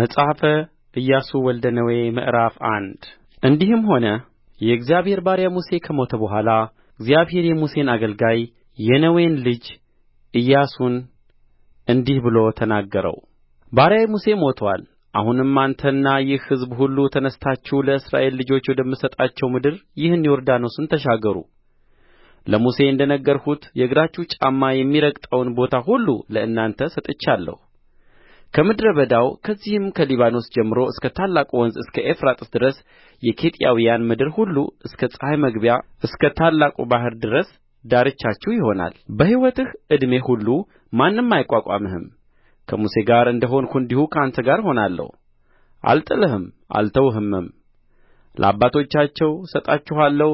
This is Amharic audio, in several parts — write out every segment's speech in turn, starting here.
መጽሐፈ ኢያሱ ወልደ ነዌ ምዕራፍ አንድ እንዲህም ሆነ የእግዚአብሔር ባሪያ ሙሴ ከሞተ በኋላ እግዚአብሔር የሙሴን አገልጋይ የነዌን ልጅ ኢያሱን እንዲህ ብሎ ተናገረው። ባሪያዬ ሙሴ ሞቶአል። አሁንም አንተና ይህ ሕዝብ ሁሉ ተነሥታችሁ ለእስራኤል ልጆች ወደምሰጣቸው ምድር ይህን ዮርዳኖስን ተሻገሩ። ለሙሴ እንደ ነገርሁት የእግራችሁ ጫማ የሚረግጠውን ቦታ ሁሉ ለእናንተ ሰጥቻለሁ ከምድረ በዳው ከዚህም ከሊባኖስ ጀምሮ እስከ ታላቁ ወንዝ እስከ ኤፍራጥስ ድረስ የኬጢያውያን ምድር ሁሉ እስከ ፀሐይ መግቢያ እስከ ታላቁ ባሕር ድረስ ዳርቻችሁ ይሆናል በሕይወትህ ዕድሜ ሁሉ ማንም አይቋቋምህም ከሙሴ ጋር እንደ ሆንሁ እንዲሁ ከአንተ ጋር እሆናለሁ አልጥልህም አልተውህምም ለአባቶቻቸው እሰጣችኋለሁ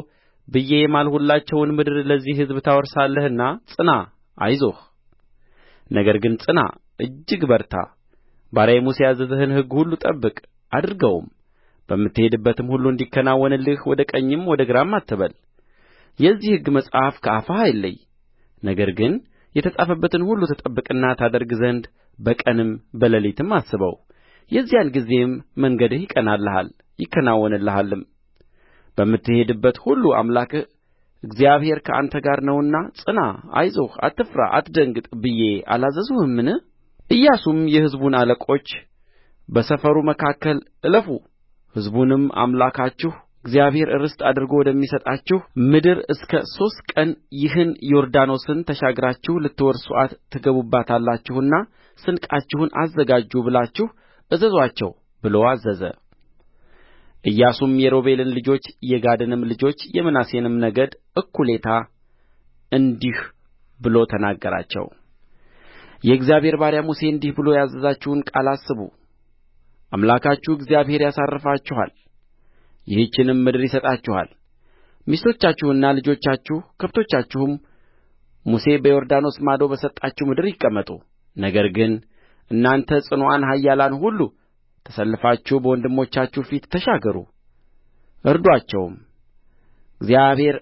ብዬ የማልሁላቸውን ምድር ለዚህ ሕዝብ ታወርሳለህና ጽና አይዞህ ነገር ግን ጽና እጅግ በርታ ባሪያዬ ሙሴ ያዘዘህን ሕግ ሁሉ ጠብቅ አድርገውም በምትሄድበትም ሁሉ እንዲከናወንልህ ወደ ቀኝም ወደ ግራም አትበል የዚህ ሕግ መጽሐፍ ከአፍህ አይለይ ነገር ግን የተጻፈበትን ሁሉ ትጠብቅና ታደርግ ዘንድ በቀንም በሌሊትም አስበው የዚያን ጊዜም መንገድህ ይቀናልሃል ይከናወንልሃልም በምትሄድበት ሁሉ አምላክህ እግዚአብሔር ከአንተ ጋር ነውና ጽና አይዞህ አትፍራ አትደንግጥ ብዬ አላዘዝሁህምን ኢያሱም የሕዝቡን አለቆች በሰፈሩ መካከል እለፉ ሕዝቡንም አምላካችሁ እግዚአብሔር ርስት አድርጎ ወደሚሰጣችሁ ምድር እስከ ሦስት ቀን ይህን ዮርዳኖስን ተሻግራችሁ ልትወርሱአት ትገቡባታላችሁና ስንቃችሁን አዘጋጁ ብላችሁ እዘዙአቸው ብሎ አዘዘ። ኢያሱም የሮቤልን ልጆች የጋድንም ልጆች የምናሴንም ነገድ እኩሌታ እንዲህ ብሎ ተናገራቸው የእግዚአብሔር ባሪያ ሙሴ እንዲህ ብሎ ያዘዛችሁን ቃል አስቡ አምላካችሁ እግዚአብሔር ያሳርፋችኋል ይህችንም ምድር ይሰጣችኋል ሚስቶቻችሁና ልጆቻችሁ ከብቶቻችሁም ሙሴ በዮርዳኖስ ማዶ በሰጣችሁ ምድር ይቀመጡ ነገር ግን እናንተ ጽኑዓን ኃያላን ሁሉ ተሰልፋችሁ በወንድሞቻችሁ ፊት ተሻገሩ እርዱአቸውም እግዚአብሔር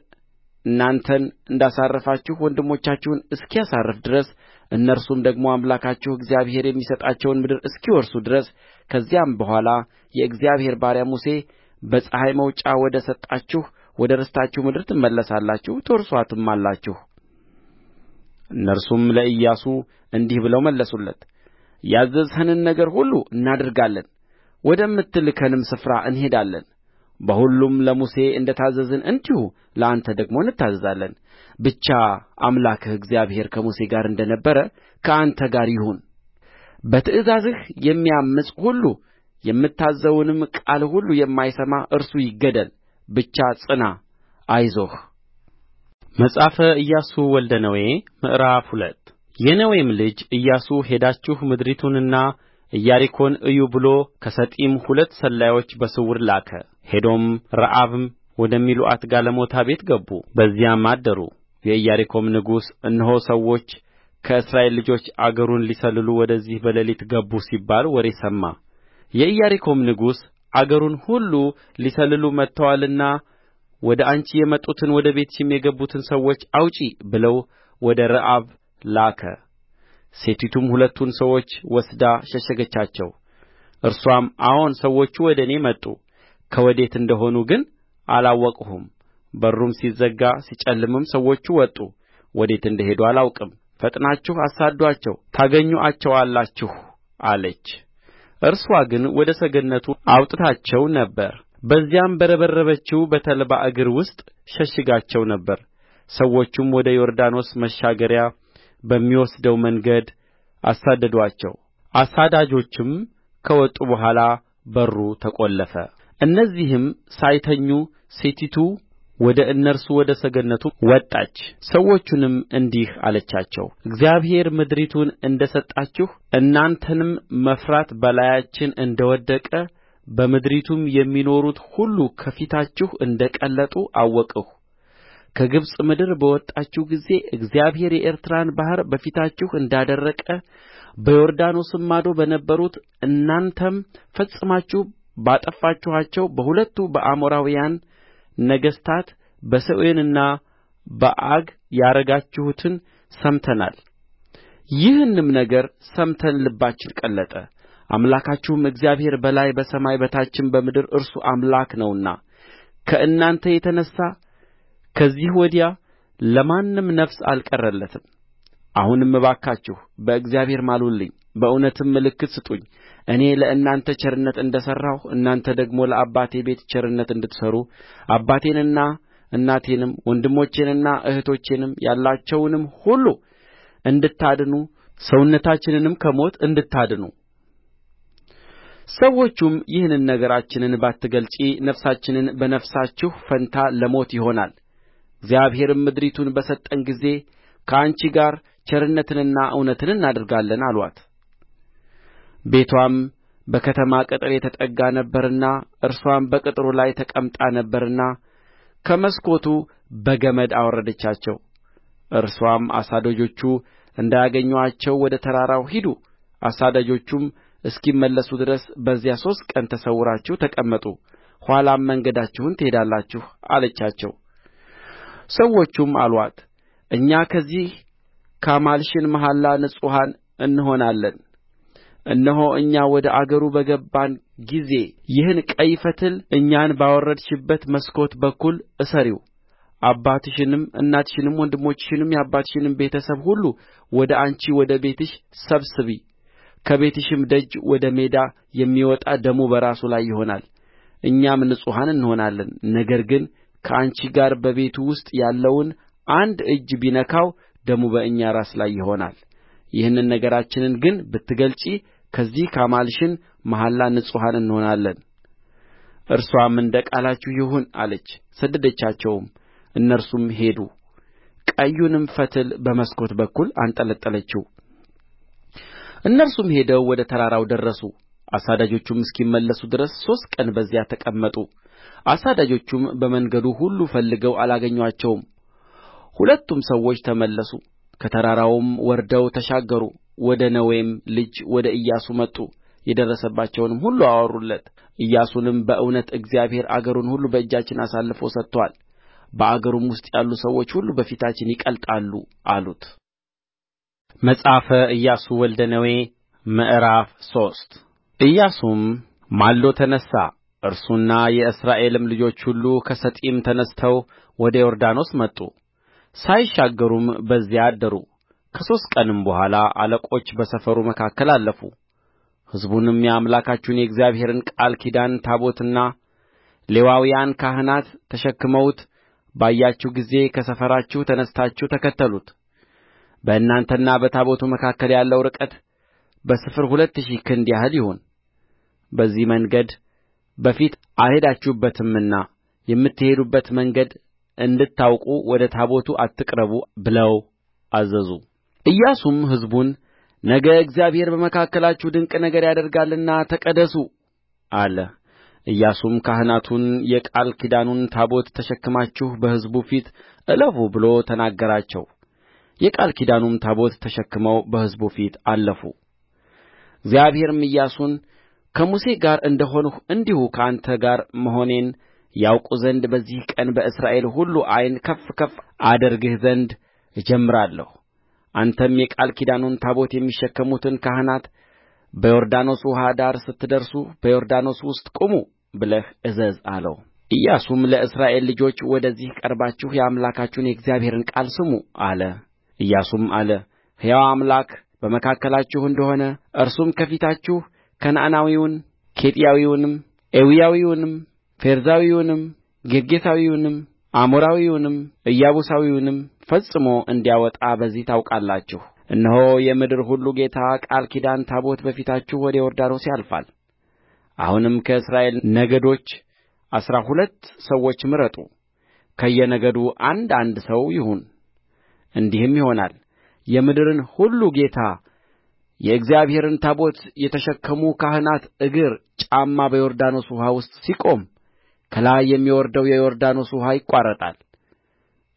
እናንተን እንዳሳረፋችሁ ወንድሞቻችሁን እስኪያሳርፍ ድረስ እነርሱም ደግሞ አምላካችሁ እግዚአብሔር የሚሰጣቸውን ምድር እስኪወርሱ ድረስ ከዚያም በኋላ የእግዚአብሔር ባሪያ ሙሴ በፀሐይ መውጫ ወደ ሰጣችሁ ወደ ርስታችሁ ምድር ትመለሳላችሁ ትወርሱአትማላችሁ። እነርሱም ለኢያሱ እንዲህ ብለው መለሱለት፣ ያዘዝኸንን ነገር ሁሉ እናደርጋለን ወደምትልከንም ስፍራ እንሄዳለን በሁሉም ለሙሴ እንደ ታዘዝን እንዲሁ ለአንተ ደግሞ እንታዘዛለን ብቻ አምላክህ እግዚአብሔር ከሙሴ ጋር እንደ ነበረ ከአንተ ጋር ይሁን በትእዛዝህ የሚያምፅ ሁሉ የምታዝዘውንም ቃል ሁሉ የማይሰማ እርሱ ይገደል ብቻ ጽና አይዞህ መጽሐፈ ኢያሱ ወልደ ነዌ ምዕራፍ ሁለት የነዌም ልጅ ኢያሱ ሄዳችሁ ምድሪቱንና ኢያሪኮን እዩ ብሎ ከሰጢም ሁለት ሰላዮች በስውር ላከ ሄዶም ረዓብም ወደሚሉአት ጋለሞታ ቤት ገቡ በዚያም አደሩ የኢያሪኮም ንጉሥ እነሆ ሰዎች ከእስራኤል ልጆች አገሩን ሊሰልሉ ወደዚህ በሌሊት ገቡ ሲባል ወሬ ሰማ የኢያሪኮም ንጉሥ አገሩን ሁሉ ሊሰልሉ መጥተዋልና ወደ አንቺ የመጡትን ወደ ቤትሽም የገቡትን ሰዎች አውጪ ብለው ወደ ረዓብ ላከ ሴቲቱም ሁለቱን ሰዎች ወስዳ ሸሸገቻቸው እርስዋም አዎን ሰዎቹ ወደ እኔ መጡ ከወዴት እንደ ሆኑ ግን አላወቅሁም በሩም ሲዘጋ ሲጨልምም ሰዎቹ ወጡ ወዴት እንደ ሄዱ አላውቅም ፈጥናችሁ አሳድዱአቸው ታገኙአቸዋላችሁ አለች እርስዋ ግን ወደ ሰገነቱ አውጥታቸው ነበር በዚያም በረበረበችው በተልባ እግር ውስጥ ሸሽጋቸው ነበር ሰዎቹም ወደ ዮርዳኖስ መሻገሪያ በሚወስደው መንገድ አሳደዱአቸው አሳዳጆችም ከወጡ በኋላ በሩ ተቈለፈ እነዚህም ሳይተኙ ሴቲቱ ወደ እነርሱ ወደ ሰገነቱ ወጣች ሰዎቹንም እንዲህ አለቻቸው እግዚአብሔር ምድሪቱን እንደ ሰጣችሁ እናንተንም መፍራት በላያችን እንደ ወደቀ በምድሪቱም የሚኖሩት ሁሉ ከፊታችሁ እንደ ቀለጡ አወቅሁ ከግብፅ ምድር በወጣችሁ ጊዜ እግዚአብሔር የኤርትራን ባሕር በፊታችሁ እንዳደረቀ በዮርዳኖስም ማዶ በነበሩት እናንተም ፈጽማችሁ ባጠፋችኋቸው በሁለቱ በአሞራውያን ነገሥታት በሴዎንና በዐግ ያደረጋችሁትን ሰምተናል። ይህንም ነገር ሰምተን ልባችን ቀለጠ። አምላካችሁም እግዚአብሔር በላይ በሰማይ በታችም በምድር እርሱ አምላክ ነውና ከእናንተ የተነሣ ከዚህ ወዲያ ለማንም ነፍስ አልቀረለትም። አሁንም እባካችሁ በእግዚአብሔር ማሉልኝ በእውነትም ምልክት ስጡኝ እኔ ለእናንተ ቸርነት እንደ ሠራሁ እናንተ ደግሞ ለአባቴ ቤት ቸርነት እንድትሠሩ አባቴንና እናቴንም ወንድሞቼንና እኅቶቼንም ያላቸውንም ሁሉ እንድታድኑ ሰውነታችንንም ከሞት እንድታድኑ ሰዎቹም ይህን ነገራችንን ባትገልጪ ነፍሳችንን በነፍሳችሁ ፈንታ ለሞት ይሆናል እግዚአብሔርም ምድሪቱን በሰጠን ጊዜ ከአንቺ ጋር ቸርነትንና እውነትን እናደርጋለን አሉአት ቤትዋም በከተማ ቅጥር የተጠጋ ነበረና እርስዋም በቅጥሩ ላይ ተቀምጣ ነበርና ከመስኮቱ በገመድ አወረደቻቸው እርስዋም አሳዳጆቹ እንዳያገኙአቸው ወደ ተራራው ሂዱ አሳዳጆቹም እስኪመለሱ ድረስ በዚያ ሦስት ቀን ተሰውራችሁ ተቀመጡ ኋላም መንገዳችሁን ትሄዳላችሁ አለቻቸው ሰዎቹም አሉአት እኛ ከዚህ ካማልሽን መሐላ ንጹሐን እንሆናለን እነሆ እኛ ወደ አገሩ በገባን ጊዜ ይህን ቀይ ፈትል እኛን ባወረድሽበት መስኮት በኩል እሰሪው አባትሽንም እናትሽንም ወንድሞችሽንም የአባትሽንም ቤተ ሰብ ሁሉ ወደ አንቺ ወደ ቤትሽ ሰብስቢ ከቤትሽም ደጅ ወደ ሜዳ የሚወጣ ደሙ በራሱ ላይ ይሆናል እኛም ንጹሐን እንሆናለን ነገር ግን ከአንቺ ጋር በቤቱ ውስጥ ያለውን አንድ እጅ ቢነካው ደሙ በእኛ ራስ ላይ ይሆናል ይህንን ነገራችንን ግን ብትገልጪ ከዚህ ካማልሽን መሐላ ንጹሐን እንሆናለን። እርሷም እንደ ቃላችሁ ይሁን አለች። ሰደደቻቸውም፣ እነርሱም ሄዱ። ቀዩንም ፈትል በመስኮት በኩል አንጠለጠለችው። እነርሱም ሄደው ወደ ተራራው ደረሱ። አሳዳጆቹም እስኪመለሱ ድረስ ሦስት ቀን በዚያ ተቀመጡ። አሳዳጆቹም በመንገዱ ሁሉ ፈልገው አላገኙአቸውም። ሁለቱም ሰዎች ተመለሱ፣ ከተራራውም ወርደው ተሻገሩ፣ ወደ ነዌም ልጅ ወደ ኢያሱ መጡ የደረሰባቸውንም ሁሉ አወሩለት ኢያሱንም በእውነት እግዚአብሔር አገሩን ሁሉ በእጃችን አሳልፎ ሰጥቶአል በአገሩም ውስጥ ያሉ ሰዎች ሁሉ በፊታችን ይቀልጣሉ አሉት መጽሐፈ ኢያሱ ወልደ ነዌ ምዕራፍ ሶስት ኢያሱም ማልዶ ተነሣ እርሱና የእስራኤልም ልጆች ሁሉ ከሰጢም ተነሥተው ወደ ዮርዳኖስ መጡ ሳይሻገሩም በዚያ አደሩ ከሦስት ቀንም በኋላ አለቆች በሰፈሩ መካከል አለፉ ሕዝቡንም የአምላካችሁን የእግዚአብሔርን ቃል ኪዳን ታቦትና ሌዋውያን ካህናት ተሸክመውት ባያችሁ ጊዜ ከሰፈራችሁ ተነሥታችሁ ተከተሉት በእናንተና በታቦቱ መካከል ያለው ርቀት በስፍር ሁለት ሺህ ክንድ ያህል ይሁን በዚህ መንገድ በፊት አልሄዳችሁበትምና የምትሄዱበት መንገድ እንድታውቁ ወደ ታቦቱ አትቅረቡ ብለው አዘዙ ኢያሱም ሕዝቡን ነገ እግዚአብሔር በመካከላችሁ ድንቅ ነገር ያደርጋልና ተቀደሱ አለ ኢያሱም ካህናቱን የቃል ኪዳኑን ታቦት ተሸክማችሁ በሕዝቡ ፊት እለፉ ብሎ ተናገራቸው የቃል ኪዳኑም ታቦት ተሸክመው በሕዝቡ ፊት አለፉ እግዚአብሔርም ኢያሱን ከሙሴ ጋር እንደ ሆንሁ እንዲሁ ከአንተ ጋር መሆኔን ያውቁ ዘንድ በዚህ ቀን በእስራኤል ሁሉ ዓይን ከፍ ከፍ አደርግህ ዘንድ እጀምራለሁ አንተም የቃል ኪዳኑን ታቦት የሚሸከሙትን ካህናት በዮርዳኖስ ውኃ ዳር ስትደርሱ በዮርዳኖስ ውስጥ ቁሙ ብለህ እዘዝ አለው ኢያሱም ለእስራኤል ልጆች ወደዚህ ቀርባችሁ የአምላካችሁን የእግዚአብሔርን ቃል ስሙ አለ ኢያሱም አለ ሕያው አምላክ በመካከላችሁ እንደሆነ እርሱም ከፊታችሁ ከነዓናዊውን ኬጢያዊውንም ኤዊያዊውንም ፌርዛዊውንም ጌርጌሳዊውንም አሞራዊውንም ኢያቡሳዊውንም ፈጽሞ እንዲያወጣ በዚህ ታውቃላችሁ እነሆ የምድር ሁሉ ጌታ ቃል ኪዳን ታቦት በፊታችሁ ወደ ዮርዳኖስ ያልፋል አሁንም ከእስራኤል ነገዶች አሥራ ሁለት ሰዎች ምረጡ ከየነገዱ አንድ አንድ ሰው ይሁን እንዲህም ይሆናል የምድርን ሁሉ ጌታ የእግዚአብሔርን ታቦት የተሸከሙ ካህናት እግር ጫማ በዮርዳኖስ ውኃ ውስጥ ሲቆም ከላይ የሚወርደው የዮርዳኖስ ውኃ ይቋረጣል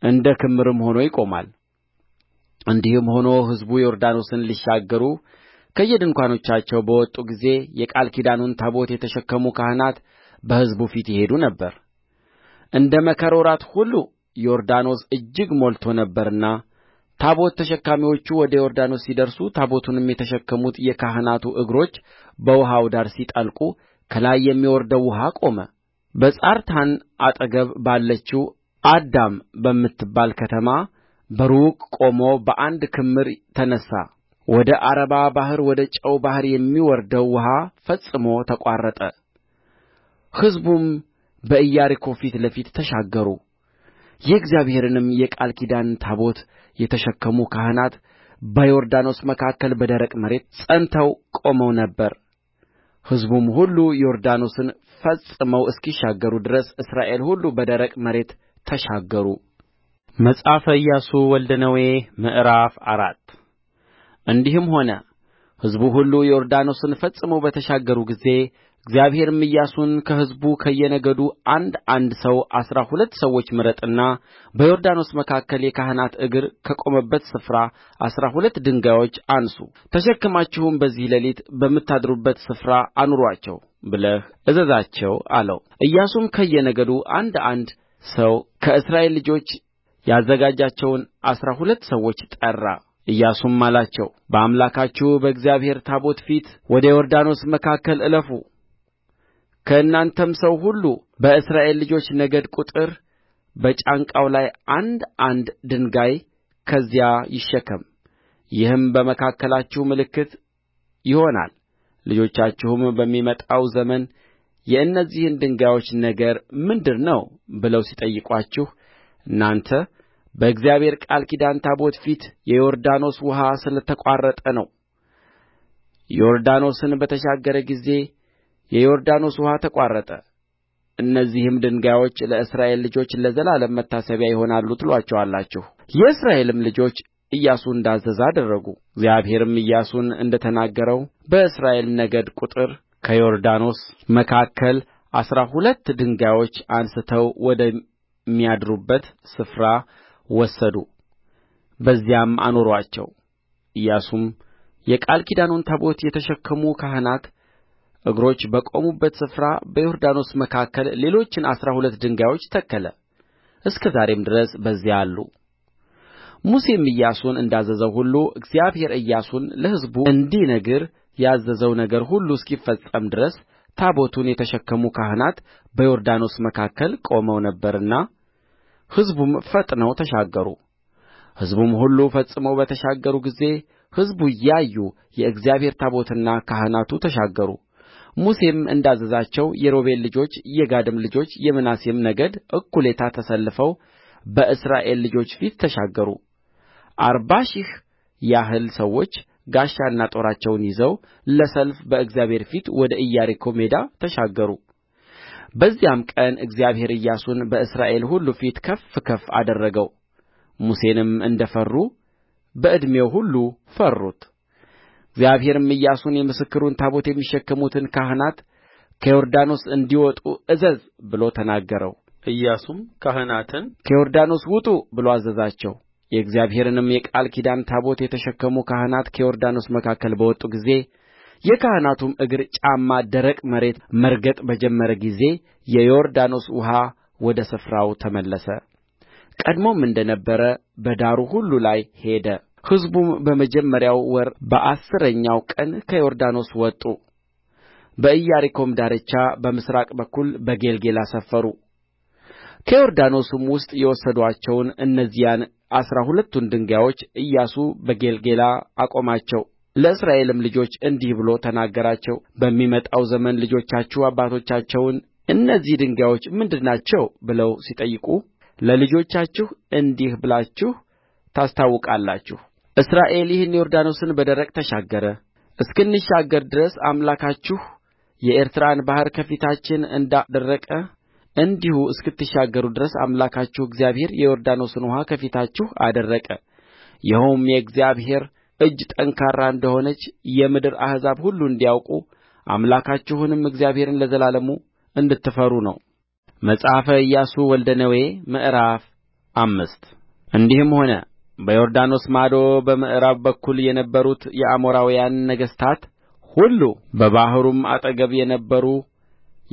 እንደ ክምርም ሆኖ ይቆማል እንዲህም ሆኖ ሕዝቡ ዮርዳኖስን ሊሻገሩ ከየድንኳኖቻቸው በወጡ ጊዜ የቃል ኪዳኑን ታቦት የተሸከሙ ካህናት በሕዝቡ ፊት ይሄዱ ነበር እንደ መከር ወራት ሁሉ ዮርዳኖስ እጅግ ሞልቶ ነበርና ታቦት ተሸካሚዎቹ ወደ ዮርዳኖስ ሲደርሱ ታቦቱንም የተሸከሙት የካህናቱ እግሮች በውኃው ዳር ሲጠልቁ ከላይ የሚወርደው ውኃ ቆመ በጻርታን አጠገብ ባለችው አዳም በምትባል ከተማ በሩቅ ቆሞ በአንድ ክምር ተነሣ ወደ ዓረባ ባሕር ወደ ጨው ባሕር የሚወርደው ውኃ ፈጽሞ ተቋረጠ ሕዝቡም በኢያሪኮ ፊት ለፊት ተሻገሩ የእግዚአብሔርንም የቃል ኪዳን ታቦት የተሸከሙ ካህናት በዮርዳኖስ መካከል በደረቅ መሬት ጸንተው ቆመው ነበር ሕዝቡም ሁሉ ዮርዳኖስን ፈጽመው እስኪሻገሩ ድረስ እስራኤል ሁሉ በደረቅ መሬት ተሻገሩ መጽሐፈ ኢያሱ ወልደ ነዌ ምዕራፍ አራት እንዲህም ሆነ ሕዝቡ ሁሉ ዮርዳኖስን ፈጽመው በተሻገሩ ጊዜ እግዚአብሔርም ኢያሱን ከሕዝቡ ከየነገዱ አንድ አንድ ሰው አሥራ ሁለት ሰዎች ምረጥና በዮርዳኖስ መካከል የካህናት እግር ከቆመበት ስፍራ አሥራ ሁለት ድንጋዮች አንሡ ተሸክማችሁም በዚህ ሌሊት በምታድሩበት ስፍራ አኑሩአቸው ብለህ እዘዛቸው አለው ኢያሱም ከየነገዱ አንድ አንድ ሰው ከእስራኤል ልጆች ያዘጋጃቸውን አሥራ ሁለት ሰዎች ጠራ ኢያሱም አላቸው በአምላካችሁ በእግዚአብሔር ታቦት ፊት ወደ ዮርዳኖስ መካከል እለፉ ከእናንተም ሰው ሁሉ በእስራኤል ልጆች ነገድ ቍጥር በጫንቃው ላይ አንድ አንድ ድንጋይ ከዚያ ይሸከም ይህም በመካከላችሁ ምልክት ይሆናል ልጆቻችሁም በሚመጣው ዘመን የእነዚህን ድንጋዮች ነገር ምንድር ነው ብለው ሲጠይቁአችሁ እናንተ በእግዚአብሔር ቃል ኪዳን ታቦት ፊት የዮርዳኖስ ውኃ ስለ ተቋረጠ ነው ዮርዳኖስን በተሻገረ ጊዜ የዮርዳኖስ ውኃ ተቋረጠ እነዚህም ድንጋዮች ለእስራኤል ልጆች ለዘላለም መታሰቢያ ይሆናሉ ትሉአቸዋላችሁ የእስራኤልም ልጆች ኢያሱ እንዳዘዘ አደረጉ እግዚአብሔርም ኢያሱን እንደ ተናገረው በእስራኤል ነገድ ቍጥር ከዮርዳኖስ መካከል አሥራ ሁለት ድንጋዮች አንሥተው ወደሚያድሩበት ስፍራ ወሰዱ በዚያም አኖሩአቸው ኢያሱም የቃል ኪዳኑን ታቦት የተሸከሙ ካህናት እግሮች በቆሙበት ስፍራ በዮርዳኖስ መካከል ሌሎችን አሥራ ሁለት ድንጋዮች ተከለ እስከ ዛሬም ድረስ በዚያ አሉ ሙሴም ኢያሱን እንዳዘዘው ሁሉ እግዚአብሔር ኢያሱን ለሕዝቡ እንዲነግር ያዘዘው ነገር ሁሉ እስኪፈጸም ድረስ ታቦቱን የተሸከሙ ካህናት በዮርዳኖስ መካከል ቆመው ነበርና ሕዝቡም ፈጥነው ተሻገሩ። ሕዝቡም ሁሉ ፈጽመው በተሻገሩ ጊዜ ሕዝቡ እያዩ የእግዚአብሔር ታቦትና ካህናቱ ተሻገሩ። ሙሴም እንዳዘዛቸው የሮቤል ልጆች የጋድም ልጆች የምናሴም ነገድ እኩሌታ ተሰልፈው በእስራኤል ልጆች ፊት ተሻገሩ። አርባ ሺህ ያህል ሰዎች ጋሻና ጦራቸውን ይዘው ለሰልፍ በእግዚአብሔር ፊት ወደ ኢያሪኮ ሜዳ ተሻገሩ በዚያም ቀን እግዚአብሔር ኢያሱን በእስራኤል ሁሉ ፊት ከፍ ከፍ አደረገው ሙሴንም እንደ ፈሩ በዕድሜው ሁሉ ፈሩት እግዚአብሔርም ኢያሱን የምስክሩን ታቦት የሚሸከሙትን ካህናት ከዮርዳኖስ እንዲወጡ እዘዝ ብሎ ተናገረው ኢያሱም ካህናትን ከዮርዳኖስ ውጡ ብሎ አዘዛቸው የእግዚአብሔርንም የቃል ኪዳን ታቦት የተሸከሙ ካህናት ከዮርዳኖስ መካከል በወጡ ጊዜ የካህናቱም እግር ጫማ ደረቅ መሬት መርገጥ በጀመረ ጊዜ የዮርዳኖስ ውኃ ወደ ስፍራው ተመለሰ ቀድሞም እንደ ነበረ በዳሩ ሁሉ ላይ ሄደ ሕዝቡም በመጀመሪያው ወር በአሥረኛው ቀን ከዮርዳኖስ ወጡ በኢያሪኮም ዳርቻ በምሥራቅ በኩል በጌልገላ ሰፈሩ ከዮርዳኖስም ውስጥ የወሰዱአቸውን እነዚያን አሥራ ሁለቱን ድንጋዮች ኢያሱ በጌልገላ አቆማቸው ለእስራኤልም ልጆች እንዲህ ብሎ ተናገራቸው በሚመጣው ዘመን ልጆቻችሁ አባቶቻቸውን እነዚህ ድንጋዮች ምንድር ናቸው ብለው ሲጠይቁ ለልጆቻችሁ እንዲህ ብላችሁ ታስታውቃላችሁ እስራኤል ይህን ዮርዳኖስን በደረቅ ተሻገረ እስክንሻገር ድረስ አምላካችሁ የኤርትራን ባሕር ከፊታችን እንዳደረቀ እንዲሁ እስክትሻገሩ ድረስ አምላካችሁ እግዚአብሔር የዮርዳኖስን ውኃ ከፊታችሁ አደረቀ ይኸውም የእግዚአብሔር እጅ ጠንካራ እንደ ሆነች የምድር አሕዛብ ሁሉ እንዲያውቁ አምላካችሁንም እግዚአብሔርን ለዘላለሙ እንድትፈሩ ነው። መጽሐፈ ኢያሱ ወልደ ነዌ ምዕራፍ አምስት እንዲህም ሆነ በዮርዳኖስ ማዶ በምዕራብ በኩል የነበሩት የአሞራውያን ነገሥታት ሁሉ በባሕሩም አጠገብ የነበሩ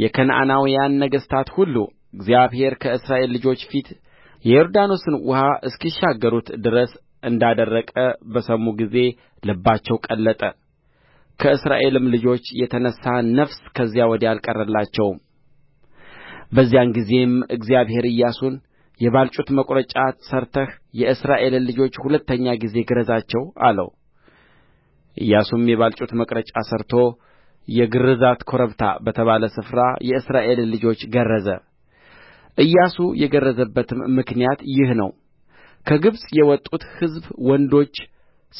የከነዓናውያን ነገሥታት ሁሉ እግዚአብሔር ከእስራኤል ልጆች ፊት የዮርዳኖስን ውኃ እስኪሻገሩት ድረስ እንዳደረቀ በሰሙ ጊዜ ልባቸው ቀለጠ ከእስራኤልም ልጆች የተነሣ ነፍስ ከዚያ ወዲያ አልቀረላቸውም በዚያን ጊዜም እግዚአብሔር ኢያሱን የባልጩት መቍረጫ ሠርተህ የእስራኤልን ልጆች ሁለተኛ ጊዜ ግረዛቸው አለው ኢያሱም የባልጩት መቍረጫ ሠርቶ የግርዛት ኮረብታ በተባለ ስፍራ የእስራኤልን ልጆች ገረዘ ኢያሱ የገረዘበትም ምክንያት ይህ ነው ከግብፅ የወጡት ሕዝብ ወንዶች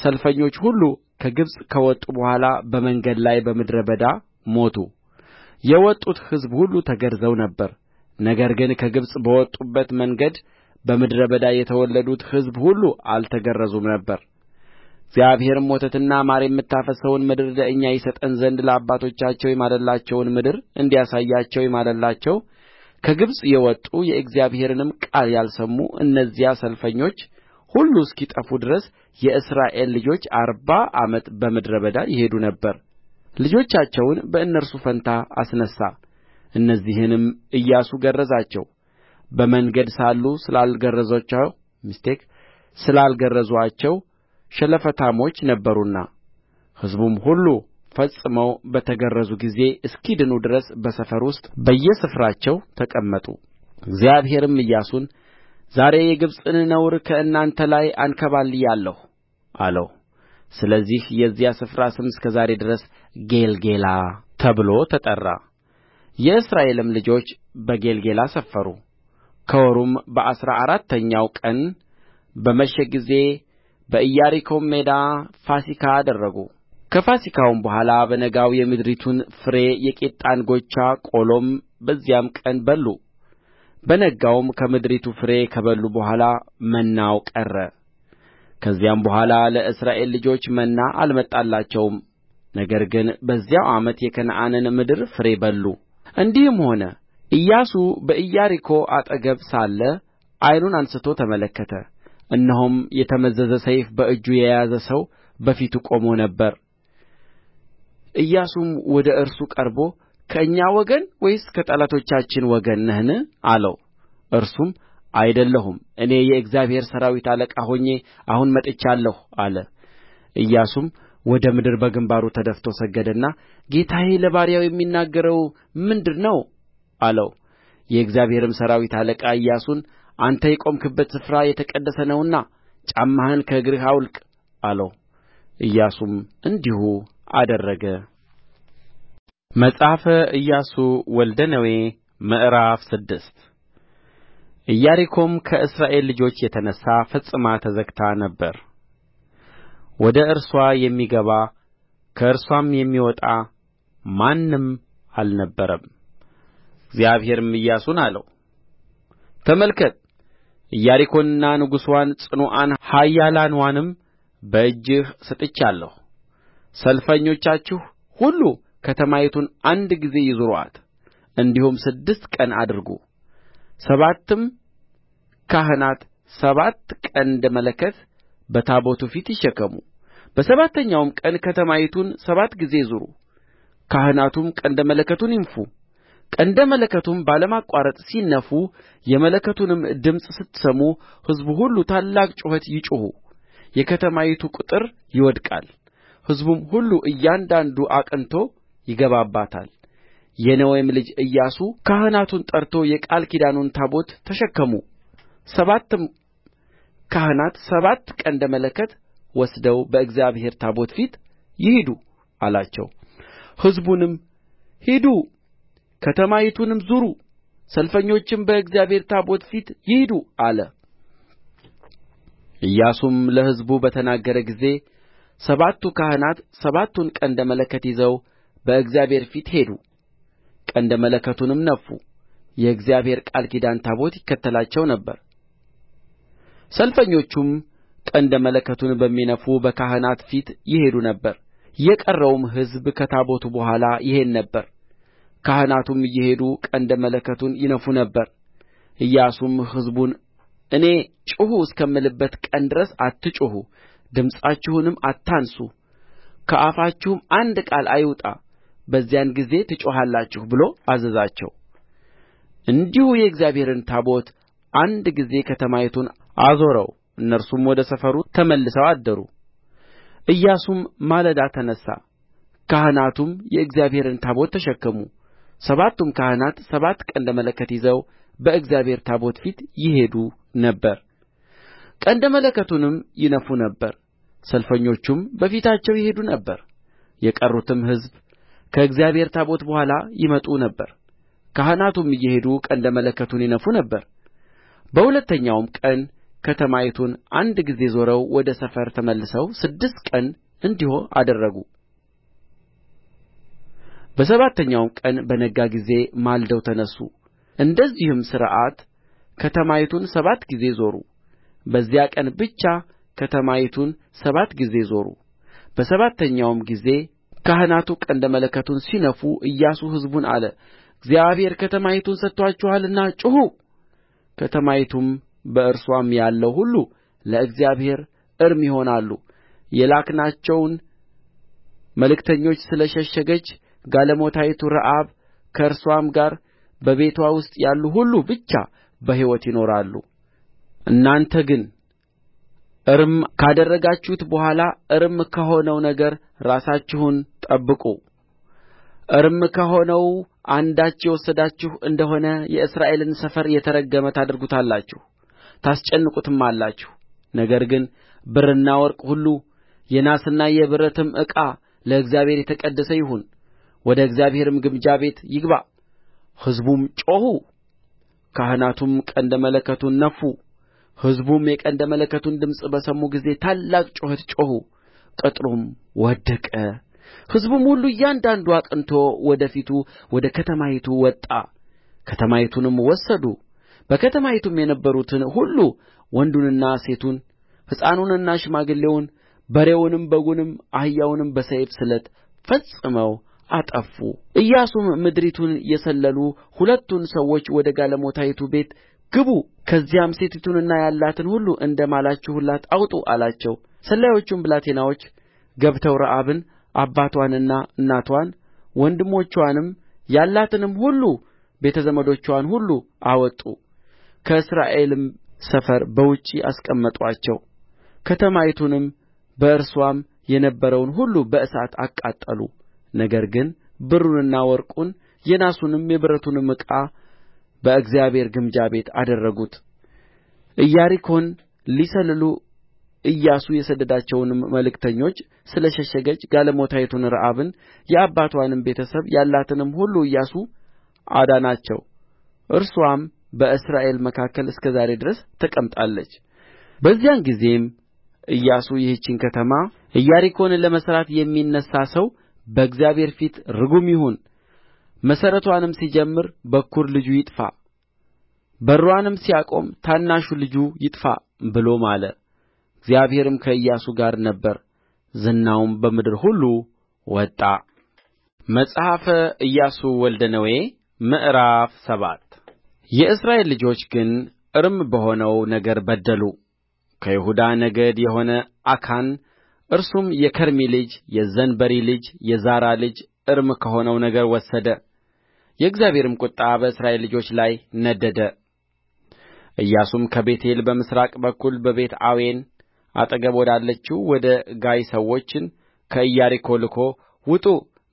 ሰልፈኞች ሁሉ ከግብፅ ከወጡ በኋላ በመንገድ ላይ በምድረ በዳ ሞቱ የወጡት ሕዝብ ሁሉ ተገርዘው ነበር ነገር ግን ከግብፅ በወጡበት መንገድ በምድረ በዳ የተወለዱት ሕዝብ ሁሉ አልተገረዙም ነበር እግዚአብሔርም ወተትና ማር የምታፈስሰውን ምድር ለእኛ ይሰጠን ዘንድ ለአባቶቻቸው የማለላቸውን ምድር እንዲያሳያቸው የማለላቸው ከግብፅ የወጡ የእግዚአብሔርንም ቃል ያልሰሙ እነዚያ ሰልፈኞች ሁሉ እስኪጠፉ ድረስ የእስራኤል ልጆች አርባ ዓመት በምድረ በዳ ይሄዱ ነበር ልጆቻቸውን በእነርሱ ፋንታ አስነሣ እነዚህንም ኢያሱ ገረዛቸው በመንገድ ሳሉ ስላልገረዙአቸው ሸለፈታሞች ነበሩና ሕዝቡም ሁሉ ፈጽመው በተገረዙ ጊዜ እስኪድኑ ድረስ በሰፈር ውስጥ በየስፍራቸው ተቀመጡ እግዚአብሔርም ኢያሱን ዛሬ የግብፅን ነውር ከእናንተ ላይ አንከባልያለሁ አለው ስለዚህ የዚያ ስፍራ ስም እስከ ዛሬ ድረስ ጌልጌላ ተብሎ ተጠራ የእስራኤልም ልጆች በጌልጌላ ሰፈሩ ከወሩም በአሥራ አራተኛው ቀን በመሸ ጊዜ በኢያሪኮም ሜዳ ፋሲካ አደረጉ ከፋሲካውም በኋላ በነጋው የምድሪቱን ፍሬ የቂጣ እንጐቻ ቆሎም በዚያም ቀን በሉ በነጋውም ከምድሪቱ ፍሬ ከበሉ በኋላ መናው ቀረ ከዚያም በኋላ ለእስራኤል ልጆች መና አልመጣላቸውም ነገር ግን በዚያው ዓመት የከነዓንን ምድር ፍሬ በሉ እንዲህም ሆነ ኢያሱ በኢያሪኮ አጠገብ ሳለ ዐይኑን አንሥቶ ተመለከተ እነሆም የተመዘዘ ሰይፍ በእጁ የያዘ ሰው በፊቱ ቆሞ ነበር። ኢያሱም ወደ እርሱ ቀርቦ ከእኛ ወገን ወይስ ከጠላቶቻችን ወገን ነህን? አለው። እርሱም አይደለሁም፣ እኔ የእግዚአብሔር ሠራዊት አለቃ ሆኜ አሁን መጥቻለሁ አለ። ኢያሱም ወደ ምድር በግንባሩ ተደፍቶ ሰገደና ጌታዬ ለባሪያው የሚናገረው ምንድር ነው? አለው። የእግዚአብሔርም ሠራዊት አለቃ ኢያሱን አንተ የቆምህበት ስፍራ የተቀደሰ ነውና ጫማህን ከእግርህ አውልቅ አለው ኢያሱም እንዲሁ አደረገ መጽሐፈ ኢያሱ ወልደ ነዌ ምዕራፍ ስድስት ኢያሪኮም ከእስራኤል ልጆች የተነሣ ፈጽማ ተዘግታ ነበር ወደ እርስዋ የሚገባ ከእርሷም የሚወጣ ማንም አልነበረም እግዚአብሔርም ኢያሱን አለው ተመልከት ኢያሪኮንና ንጉሥዋን ጽኑዓን ኃያላንዋንም በእጅህ ሰጥቻለሁ ሰልፈኞቻችሁ ሁሉ ከተማይቱን አንድ ጊዜ ይዙሩአት እንዲሁም ስድስት ቀን አድርጉ ሰባትም ካህናት ሰባት ቀንደ መለከት በታቦቱ ፊት ይሸከሙ በሰባተኛውም ቀን ከተማይቱን ሰባት ጊዜ ዙሩ ካህናቱም ቀንደ መለከቱን ይንፉ ቀንደ መለከቱም ባለማቋረጥ ሲነፉ የመለከቱንም ድምፅ ስትሰሙ ሕዝቡ ሁሉ ታላቅ ጩኸት ይጩኹ የከተማይቱ ቅጥር ይወድቃል ሕዝቡም ሁሉ እያንዳንዱ አቅንቶ ይገባባታል የነዌም ልጅ ኢያሱ ካህናቱን ጠርቶ የቃል ኪዳኑን ታቦት ተሸከሙ ሰባትም ካህናት ሰባት ቀንደ መለከት ወስደው በእግዚአብሔር ታቦት ፊት ይሂዱ አላቸው ሕዝቡንም ሂዱ ከተማይቱንም ዙሩ ሰልፈኞችም በእግዚአብሔር ታቦት ፊት ይሂዱ አለ ኢያሱም ለሕዝቡ በተናገረ ጊዜ ሰባቱ ካህናት ሰባቱን ቀንደ መለከት ይዘው በእግዚአብሔር ፊት ሄዱ ቀንደ መለከቱንም ነፉ የእግዚአብሔር ቃል ኪዳን ታቦት ይከተላቸው ነበር ሰልፈኞቹም ቀንደ መለከቱን በሚነፉ በካህናት ፊት ይሄዱ ነበር የቀረውም ሕዝብ ከታቦቱ በኋላ ይሄድ ነበር ካህናቱም እየሄዱ ቀንደ መለከቱን ይነፉ ነበር ኢያሱም ሕዝቡን እኔ ጩኹ እስከምልበት ቀን ድረስ አትጩኹ ድምፃችሁንም አታንሡ ከአፋችሁም አንድ ቃል አይውጣ በዚያን ጊዜ ትጮኻላችሁ ብሎ አዘዛቸው እንዲሁ የእግዚአብሔርን ታቦት አንድ ጊዜ ከተማይቱን አዞረው እነርሱም ወደ ሰፈሩ ተመልሰው አደሩ ኢያሱም ማለዳ ተነሣ ካህናቱም የእግዚአብሔርን ታቦት ተሸከሙ ሰባቱም ካህናት ሰባት ቀንደ መለከት ይዘው በእግዚአብሔር ታቦት ፊት ይሄዱ ነበር ቀንደ መለከቱንም ይነፉ ነበር ሰልፈኞቹም በፊታቸው ይሄዱ ነበር የቀሩትም ሕዝብ ከእግዚአብሔር ታቦት በኋላ ይመጡ ነበር ካህናቱም እየሄዱ ቀንደ መለከቱን ይነፉ ነበር በሁለተኛውም ቀን ከተማይቱን አንድ ጊዜ ዞረው ወደ ሰፈር ተመልሰው ስድስት ቀን እንዲህ አደረጉ በሰባተኛውም ቀን በነጋ ጊዜ ማልደው ተነሡ እንደዚህም ሥርዓት ከተማይቱን ሰባት ጊዜ ዞሩ በዚያ ቀን ብቻ ከተማይቱን ሰባት ጊዜ ዞሩ በሰባተኛውም ጊዜ ካህናቱ ቀንደ መለከቱን ሲነፉ ኢያሱ ሕዝቡን አለ እግዚአብሔር ከተማይቱን ሰጥቶአችኋልና ጩኹ ከተማይቱም በእርስዋም ያለው ሁሉ ለእግዚአብሔር እርም ይሆናሉ የላክናቸውን መልእክተኞች ስለ ሸሸገች ጋለሞታይቱ ረዓብ ከእርስዋም ጋር በቤትዋ ውስጥ ያሉ ሁሉ ብቻ በሕይወት ይኖራሉ እናንተ ግን እርም ካደረጋችሁት በኋላ እርም ከሆነው ነገር ራሳችሁን ጠብቁ እርም ከሆነው አንዳች የወሰዳችሁ እንደሆነ የእስራኤልን ሰፈር የተረገመ ታደርጉታላችሁ ታስጨንቁትማላችሁ ነገር ግን ብርና ወርቅ ሁሉ የናስና የብረትም ዕቃ ለእግዚአብሔር የተቀደሰ ይሁን ወደ እግዚአብሔርም ግምጃ ቤት ይግባ ሕዝቡም ጮኹ ካህናቱም ቀንደ መለከቱን ነፉ ሕዝቡም የቀንደ መለከቱን ድምፅ በሰሙ ጊዜ ታላቅ ጩኸት ጮኹ ቅጥሩም ወደቀ ሕዝቡም ሁሉ እያንዳንዱ አቅንቶ ወደ ፊቱ ወደ ከተማይቱ ወጣ ከተማይቱንም ወሰዱ በከተማይቱም የነበሩትን ሁሉ ወንዱንና ሴቱን ሕፃኑንና ሽማግሌውን በሬውንም በጉንም አህያውንም በሰይፍ ስለት ፈጽመው አጠፉ ኢያሱም ምድሪቱን የሰለሉ ሁለቱን ሰዎች ወደ ጋለሞታይቱ ቤት ግቡ ከዚያም ሴቲቱንና ያላትን ሁሉ እንደ ማላችሁላት አውጡ አላቸው ሰላዮቹም ብላቴናዎች ገብተው ረዓብን አባትዋንና እናትዋን ወንድሞችዋንም ያላትንም ሁሉ ቤተ ዘመዶችዋን ሁሉ አወጡ ከእስራኤልም ሰፈር በውጭ አስቀመጡአቸው ከተማይቱንም በእርስዋም የነበረውን ሁሉ በእሳት አቃጠሉ ነገር ግን ብሩንና ወርቁን የናሱንም የብረቱንም ዕቃ በእግዚአብሔር ግምጃ ቤት አደረጉት ኢያሪኮን ሊሰልሉ ኢያሱ የሰደዳቸውንም መልእክተኞች ስለ ሸሸገች ጋለሞታይቱን ረዓብን የአባትዋንም ቤተ ሰብ ያላትንም ሁሉ ኢያሱ አዳናቸው እርስዋም በእስራኤል መካከል እስከ ዛሬ ድረስ ተቀምጣለች በዚያን ጊዜም ኢያሱ ይህችን ከተማ ኢያሪኮን ለመሥራት የሚነሣ ሰው በእግዚአብሔር ፊት ርጉም ይሁን መሠረትዋንም ሲጀምር በኵር ልጁ ይጥፋ በርዋንም ሲያቆም ታናሹ ልጁ ይጥፋ ብሎ ማለ እግዚአብሔርም ከኢያሱ ጋር ነበረ ዝናውም በምድር ሁሉ ወጣ መጽሐፈ ኢያሱ ወልደ ነዌ ምዕራፍ ሰባት የእስራኤል ልጆች ግን እርም በሆነው ነገር በደሉ ከይሁዳ ነገድ የሆነ አካን እርሱም የከርሚ ልጅ የዘንበሪ ልጅ የዛራ ልጅ እርም ከሆነው ነገር ወሰደ የእግዚአብሔርም ቍጣ በእስራኤል ልጆች ላይ ነደደ ኢያሱም ከቤቴል በምሥራቅ በኩል በቤትአዌን አጠገብ ወዳለችው ወደ ጋይ ሰዎችን ከኢያሪኮ ልኮ ውጡ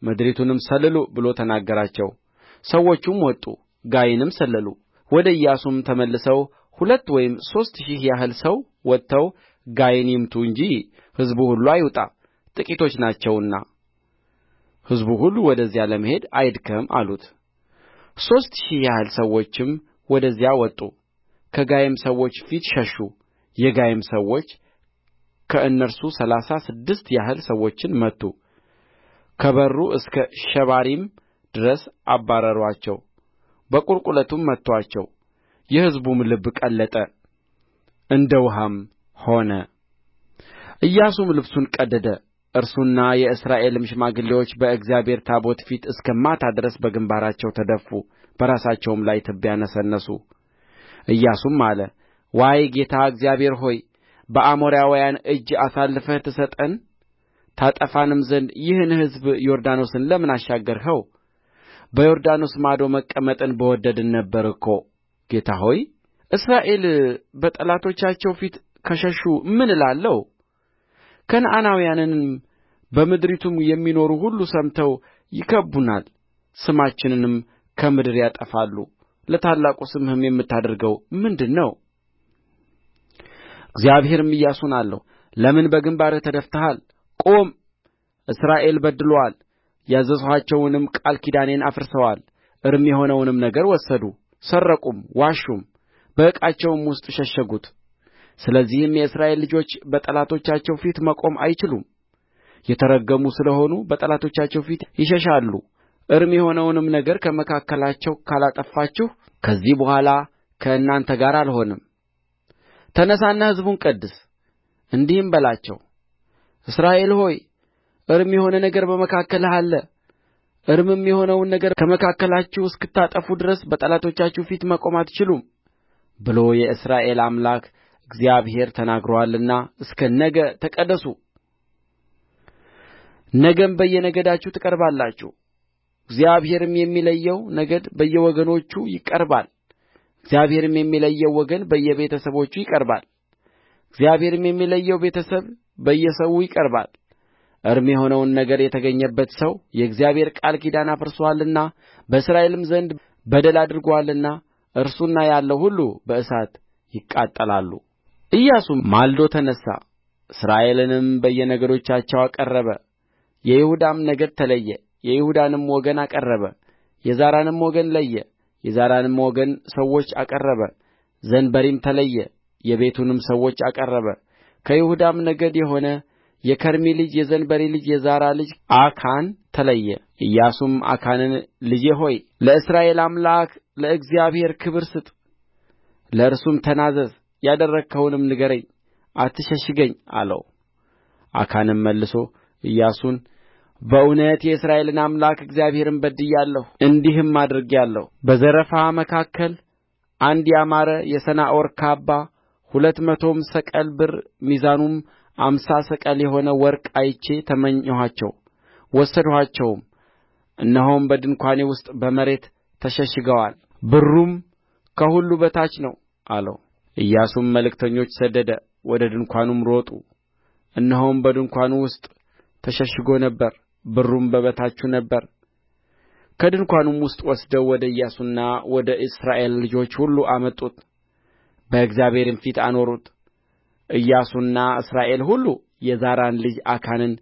ምድሪቱንም ሰልሉ ብሎ ተናገራቸው ሰዎቹም ወጡ ጋይንም ሰለሉ ወደ ኢያሱም ተመልሰው ሁለት ወይም ሦስት ሺህ ያህል ሰው ወጥተው ጋይን ይምቱ እንጂ ሕዝቡ ሁሉ አይውጣ ጥቂቶች ናቸውና ሕዝቡ ሁሉ ወደዚያ ለመሄድ አይድከም አሉት ሦስት ሺህ ያህል ሰዎችም ወደዚያ ወጡ ከጋይም ሰዎች ፊት ሸሹ የጋይም ሰዎች ከእነርሱ ሠላሳ ስድስት ያህል ሰዎችን መቱ ከበሩ እስከ ሸባሪም ድረስ አባረሩአቸው በቍልቍለቱም መቱአቸው የሕዝቡም ልብ ቀለጠ እንደ ውኃም ሆነ ኢያሱም ልብሱን ቀደደ እርሱና የእስራኤልም ሽማግሌዎች በእግዚአብሔር ታቦት ፊት እስከ ማታ ድረስ በግምባራቸው ተደፉ በራሳቸውም ላይ ትቢያ ነሰነሱ ኢያሱም አለ ዋይ ጌታ እግዚአብሔር ሆይ በአሞራውያን እጅ አሳልፈህ ትሰጠን ታጠፋንም ዘንድ ይህን ሕዝብ ዮርዳኖስን ለምን አሻገርኸው በዮርዳኖስ ማዶ መቀመጥን በወደድን ነበር እኮ ጌታ ሆይ እስራኤል በጠላቶቻቸው ፊት ከሸሹ ምን እላለሁ ከነዓናውያንንም በምድሪቱም የሚኖሩ ሁሉ ሰምተው ይከብቡናል ስማችንንም ከምድር ያጠፋሉ ለታላቁ ስምህም የምታደርገው ምንድር ነው እግዚአብሔርም ኢያሱን አለው ለምን በግምባርህ ተደፍተሃል ቁም እስራኤል በድሎአል ያዘዝኋቸውንም ቃል ኪዳኔን አፍርሰዋል እርም የሆነውንም ነገር ወሰዱ ሰረቁም ዋሹም በዕቃቸውም ውስጥ ሸሸጉት ስለዚህም የእስራኤል ልጆች በጠላቶቻቸው ፊት መቆም አይችሉም የተረገሙ ስለ ሆኑ በጠላቶቻቸው ፊት ይሸሻሉ እርም የሆነውንም ነገር ከመካከላቸው ካላጠፋችሁ ከዚህ በኋላ ከእናንተ ጋር አልሆንም ተነሣና ሕዝቡን ቀድስ እንዲህም በላቸው እስራኤል ሆይ እርም የሆነ ነገር በመካከልህ አለ እርምም የሆነውን ነገር ከመካከላችሁ እስክታጠፉ ድረስ በጠላቶቻችሁ ፊት መቆም አትችሉም ብሎ የእስራኤል አምላክ እግዚአብሔር ተናግሮአልና እስከ ነገ ተቀደሱ ነገም በየነገዳችሁ ትቀርባላችሁ እግዚአብሔርም የሚለየው ነገድ በየወገኖቹ ይቀርባል እግዚአብሔርም የሚለየው ወገን በየቤተሰቦቹ ይቀርባል እግዚአብሔርም የሚለየው ቤተሰብ በየሰዉ ይቀርባል እርም የሆነውን ነገር የተገኘበት ሰው የእግዚአብሔር ቃል ኪዳን አፍርሶአልና በእስራኤልም ዘንድ በደል አድርጎአልና እርሱና ያለው ሁሉ በእሳት ይቃጠላሉ ኢያሱም ማልዶ ተነሣ እስራኤልንም በየነገዶቻቸው አቀረበ የይሁዳም ነገድ ተለየ የይሁዳንም ወገን አቀረበ የዛራንም ወገን ለየ የዛራንም ወገን ሰዎች አቀረበ ዘንበሪም ተለየ የቤቱንም ሰዎች አቀረበ ከይሁዳም ነገድ የሆነ የከርሚ ልጅ የዘንበሪ ልጅ የዛራ ልጅ አካን ተለየ ኢያሱም አካንን ልጄ ሆይ ለእስራኤል አምላክ ለእግዚአብሔር ክብር ስጥ ለእርሱም ተናዘዝ ያደረግኸውንም ንገረኝ አትሸሽገኝ አለው አካንም መልሶ ኢያሱን በእውነት የእስራኤልን አምላክ እግዚአብሔርን በድያለሁ እንዲህም አድርጌአለሁ በዘረፋ መካከል አንድ ያማረ የሰናዖር ካባ ሁለት መቶም ሰቅል ብር ሚዛኑም አምሳ ሰቅል የሆነ ወርቅ አይቼ ተመኘኋቸው ወሰድኋቸውም እነሆም በድንኳኔ ውስጥ በመሬት ተሸሽገዋል ብሩም ከሁሉ በታች ነው አለው ኢያሱም መልእክተኞች ሰደደ ወደ ድንኳኑም ሮጡ እነሆም በድንኳኑ ውስጥ ተሸሽጎ ነበር ብሩም በበታቹ ነበረ ከድንኳኑም ውስጥ ወስደው ወደ ኢያሱና ወደ እስራኤል ልጆች ሁሉ አመጡት በእግዚአብሔርም ፊት አኖሩት ኢያሱና እስራኤል ሁሉ የዛራን ልጅ አካንን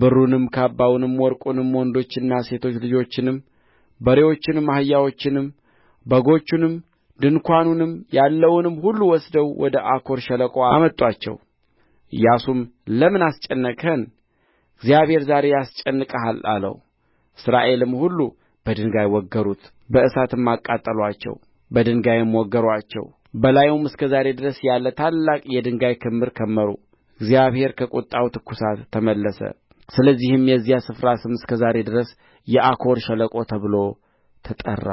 ብሩንም ካባውንም ወርቁንም ወንዶችና ሴቶች ልጆቹንም በሬዎቹንም አህያዎቹንም በጎቹንም ድንኳኑንም ያለውንም ሁሉ ወስደው ወደ አኮር ሸለቆ አመጡአቸው ኢያሱም ለምን አስጨነቅኸን እግዚአብሔር ዛሬ ያስጨንቅሃል አለው እስራኤልም ሁሉ በድንጋይ ወገሩት በእሳትም አቃጠሉአቸው በድንጋይም ወገሩአቸው በላዩም እስከ ዛሬ ድረስ ያለ ታላቅ የድንጋይ ክምር ከመሩ እግዚአብሔር ከቍጣው ትኵሳት ተመለሰ ስለዚህም የዚያ ስፍራ ስም እስከ ዛሬ ድረስ የአኮር ሸለቆ ተብሎ ተጠራ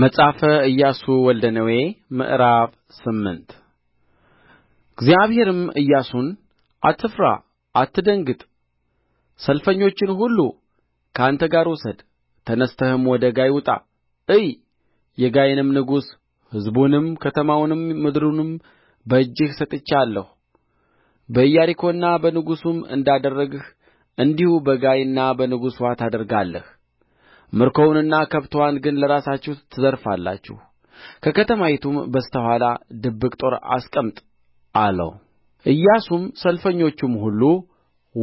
መጽሐፈ ኢያሱ ወልደ ነዌ ምዕራፍ ስምንት እግዚአብሔርም ኢያሱን አትፍራ፣ አትደንግጥ፣ ሰልፈኞችን ሁሉ ከአንተ ጋር ውሰድ፣ ተነሥተህም ወደ ጋይ ውጣ፣ እይ፣ የጋይንም ንጉሥ ሕዝቡንም ከተማውንም ምድሩንም በእጅህ ሰጥቼአለሁ። በኢያሪኮና በንጉሡም እንዳደረግህ እንዲሁ በጋይና በንጉሥዋ ታደርጋለህ ምርኮውንና ከብትዋን ግን ለራሳችሁ ትዘርፋላችሁ ከከተማይቱም በስተ ኋላ ድብቅ ጦር አስቀምጥ አለው ኢያሱም ሰልፈኞቹም ሁሉ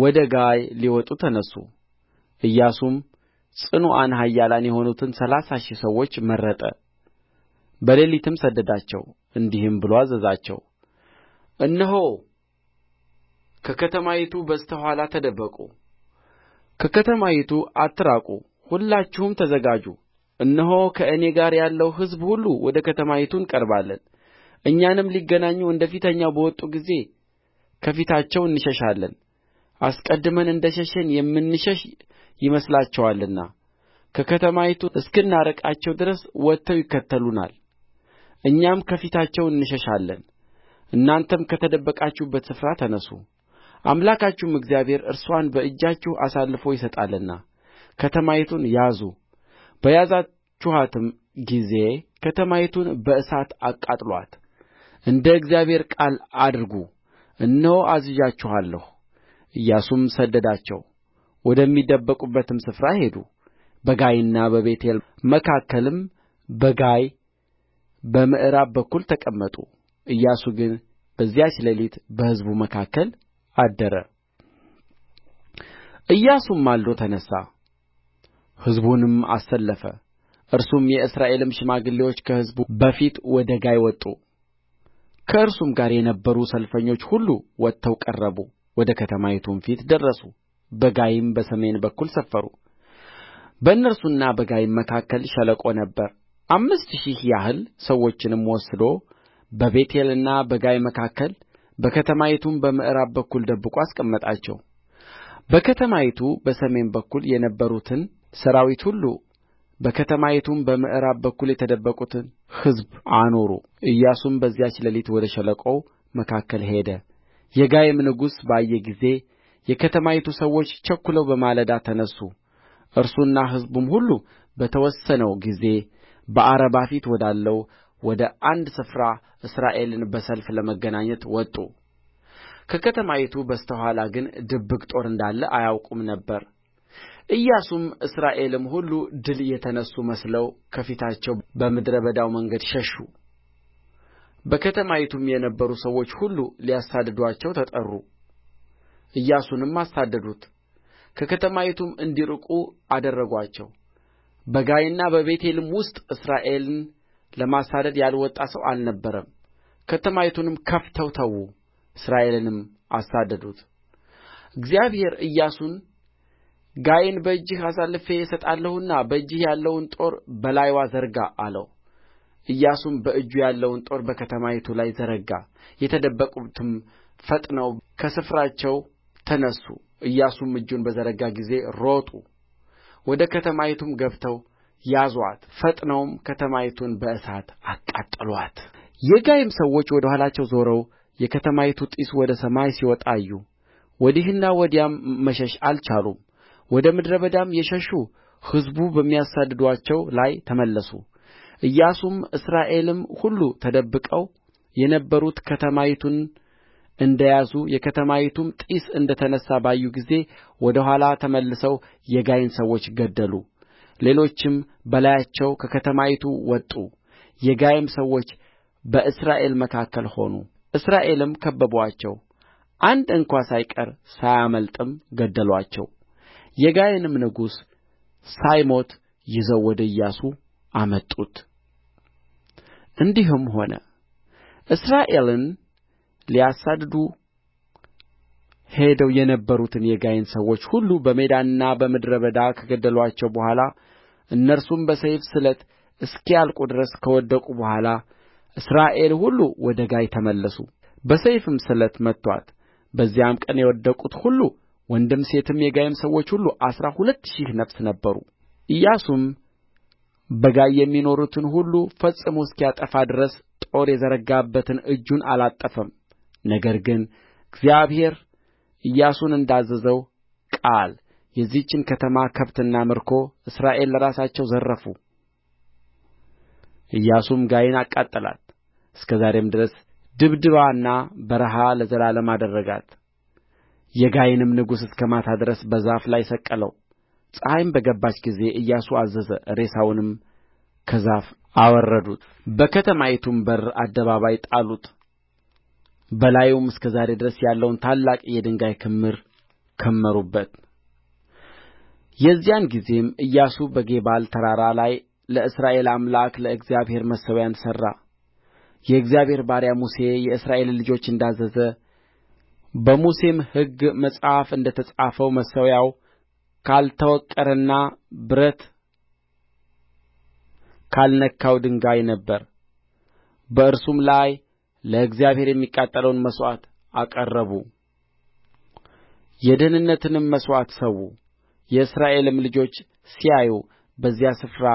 ወደ ጋይ ሊወጡ ተነሡ ኢያሱም ጽኑዓን ኃያላን የሆኑትን ሠላሳ ሺህ ሰዎች መረጠ በሌሊትም ሰደዳቸው እንዲህም ብሎ አዘዛቸው እነሆ ከከተማይቱ በስተ ኋላ ተደበቁ ከከተማይቱ አትራቁ ሁላችሁም ተዘጋጁ እነሆ ከእኔ ጋር ያለው ሕዝብ ሁሉ ወደ ከተማይቱ እንቀርባለን እኛንም ሊገናኙ እንደ ፊተኛው በወጡ ጊዜ ከፊታቸው እንሸሻለን አስቀድመን እንደ ሸሸን የምንሸሽ ይመስላቸዋልና ከከተማይቱ እስክናርቃቸው ድረስ ወጥተው ይከተሉናል እኛም ከፊታቸው እንሸሻለን እናንተም ከተደበቃችሁበት ስፍራ ተነሡ አምላካችሁም እግዚአብሔር እርስዋን በእጃችሁ አሳልፎ ይሰጣልና ከተማይቱን ያዙ በያዛችኋትም ጊዜ ከተማይቱን በእሳት አቃጥሉአት እንደ እግዚአብሔር ቃል አድርጉ እነሆ አዝዣችኋለሁ ኢያሱም ሰደዳቸው ወደሚደበቁበትም ስፍራ ሄዱ በጋይና በቤቴል መካከልም በጋይ በምዕራብ በኩል ተቀመጡ ኢያሱ ግን በዚያች ሌሊት በሕዝቡ መካከል አደረ ኢያሱም ማልዶ ተነሣ ሕዝቡንም አሰለፈ እርሱም የእስራኤልም ሽማግሌዎች ከሕዝቡ በፊት ወደ ጋይ ወጡ ከእርሱም ጋር የነበሩ ሰልፈኞች ሁሉ ወጥተው ቀረቡ ወደ ከተማይቱም ፊት ደረሱ በጋይም በሰሜን በኩል ሰፈሩ በእነርሱና በጋይም መካከል ሸለቆ ነበረ አምስት ሺህ ያህል ሰዎችንም ወስዶ በቤቴልና በጋይ መካከል በከተማይቱም በምዕራብ በኩል ደብቆ አስቀመጣቸው በከተማይቱ በሰሜን በኩል የነበሩትን ሠራዊት ሁሉ በከተማይቱም በምዕራብ በኩል የተደበቁትን ሕዝብ አኖሩ ኢያሱም በዚያች ሌሊት ወደ ሸለቆው መካከል ሄደ የጋይም ንጉሥ ባየ ጊዜ የከተማይቱ ሰዎች ቸኵለው በማለዳ ተነሡ እርሱና ሕዝቡም ሁሉ በተወሰነው ጊዜ በዓረባ ፊት ወዳለው ወደ አንድ ስፍራ እስራኤልን በሰልፍ ለመገናኘት ወጡ ከከተማይቱ በስተ ኋላ ግን ድብቅ ጦር እንዳለ አያውቁም ነበር ኢያሱም እስራኤልም ሁሉ ድል የተነሡ መስለው ከፊታቸው በምድረ በዳው መንገድ ሸሹ በከተማይቱም የነበሩ ሰዎች ሁሉ ሊያሳድዱአቸው ተጠሩ ኢያሱንም አሳደዱት ከከተማይቱም እንዲርቁ አደረጓቸው በጋይና በቤቴልም ውስጥ እስራኤልን ለማሳደድ ያልወጣ ሰው አልነበረም ከተማይቱንም ከፍተው ተዉ እስራኤልንም አሳደዱት እግዚአብሔር ኢያሱን ጋይን በእጅህ አሳልፌ እሰጣለሁና በእጅህ ያለውን ጦር በላይዋ ዘርጋ አለው ኢያሱም በእጁ ያለውን ጦር በከተማይቱ ላይ ዘረጋ የተደበቁትም ፈጥነው ከስፍራቸው ተነሡ ኢያሱም እጁን በዘረጋ ጊዜ ሮጡ ወደ ከተማይቱም ገብተው ያዙአት ፈጥነውም ከተማይቱን በእሳት አቃጠሉአት የጋይም ሰዎች ወደ ኋላቸው ዞረው የከተማይቱ ጢስ ወደ ሰማይ ሲወጣ አዩ ወዲህና ወዲያም መሸሽ አልቻሉም ወደ ምድረ በዳም የሸሹ ሕዝቡ በሚያሳድዱአቸው ላይ ተመለሱ። ኢያሱም እስራኤልም ሁሉ ተደብቀው የነበሩት ከተማይቱን እንደ ያዙ የከተማይቱም ጢስ እንደ ተነሣ ባዩ ጊዜ ወደ ኋላ ተመልሰው የጋይን ሰዎች ገደሉ። ሌሎችም በላያቸው ከከተማይቱ ወጡ። የጋይም ሰዎች በእስራኤል መካከል ሆኑ። እስራኤልም ከበቡአቸው፣ አንድ እንኳ ሳይቀር ሳያመልጥም ገደሉአቸው። የጋይንም ንጉሥ ሳይሞት ይዘው ወደ ኢያሱ አመጡት እንዲህም ሆነ እስራኤልን ሊያሳድዱ ሄደው የነበሩትን የጋይን ሰዎች ሁሉ በሜዳና በምድረ በዳ ከገደሉአቸው በኋላ እነርሱም በሰይፍ ስለት እስኪያልቁ ድረስ ከወደቁ በኋላ እስራኤል ሁሉ ወደ ጋይ ተመለሱ፣ በሰይፍም ስለት መቱአት። በዚያም ቀን የወደቁት ሁሉ ወንድም ሴትም የጋይም ሰዎች ሁሉ አሥራ ሁለት ሺህ ነፍስ ነበሩ ኢያሱም በጋይ የሚኖሩትን ሁሉ ፈጽሞ እስኪያጠፋ ድረስ ጦር የዘረጋበትን እጁን አላጠፈም ነገር ግን እግዚአብሔር ኢያሱን እንዳዘዘው ቃል የዚህችን ከተማ ከብትና ምርኮ እስራኤል ለራሳቸው ዘረፉ ኢያሱም ጋይን አቃጠላት እስከ ዛሬም ድረስ ድብድባና በረሃ ለዘላለም አደረጋት የጋይንም ንጉሥ እስከ ማታ ድረስ በዛፍ ላይ ሰቀለው ፀሐይም በገባች ጊዜ ኢያሱ አዘዘ ሬሳውንም ከዛፍ አወረዱት በከተማይቱም በር አደባባይ ጣሉት በላዩም እስከ ዛሬ ድረስ ያለውን ታላቅ የድንጋይ ክምር ከመሩበት የዚያን ጊዜም ኢያሱ በጌባል ተራራ ላይ ለእስራኤል አምላክ ለእግዚአብሔር መሠዊያን ሠራ የእግዚአብሔር ባሪያ ሙሴ የእስራኤልን ልጆች እንዳዘዘ በሙሴም ሕግ መጽሐፍ እንደ ተጻፈው መሠዊያው ካልተወቀረና ብረት ካልነካው ድንጋይ ነበረ። በእርሱም ላይ ለእግዚአብሔር የሚቃጠለውን መሥዋዕት አቀረቡ፣ የደኅንነትንም መሥዋዕት ሠዉ። የእስራኤልም ልጆች ሲያዩ በዚያ ስፍራ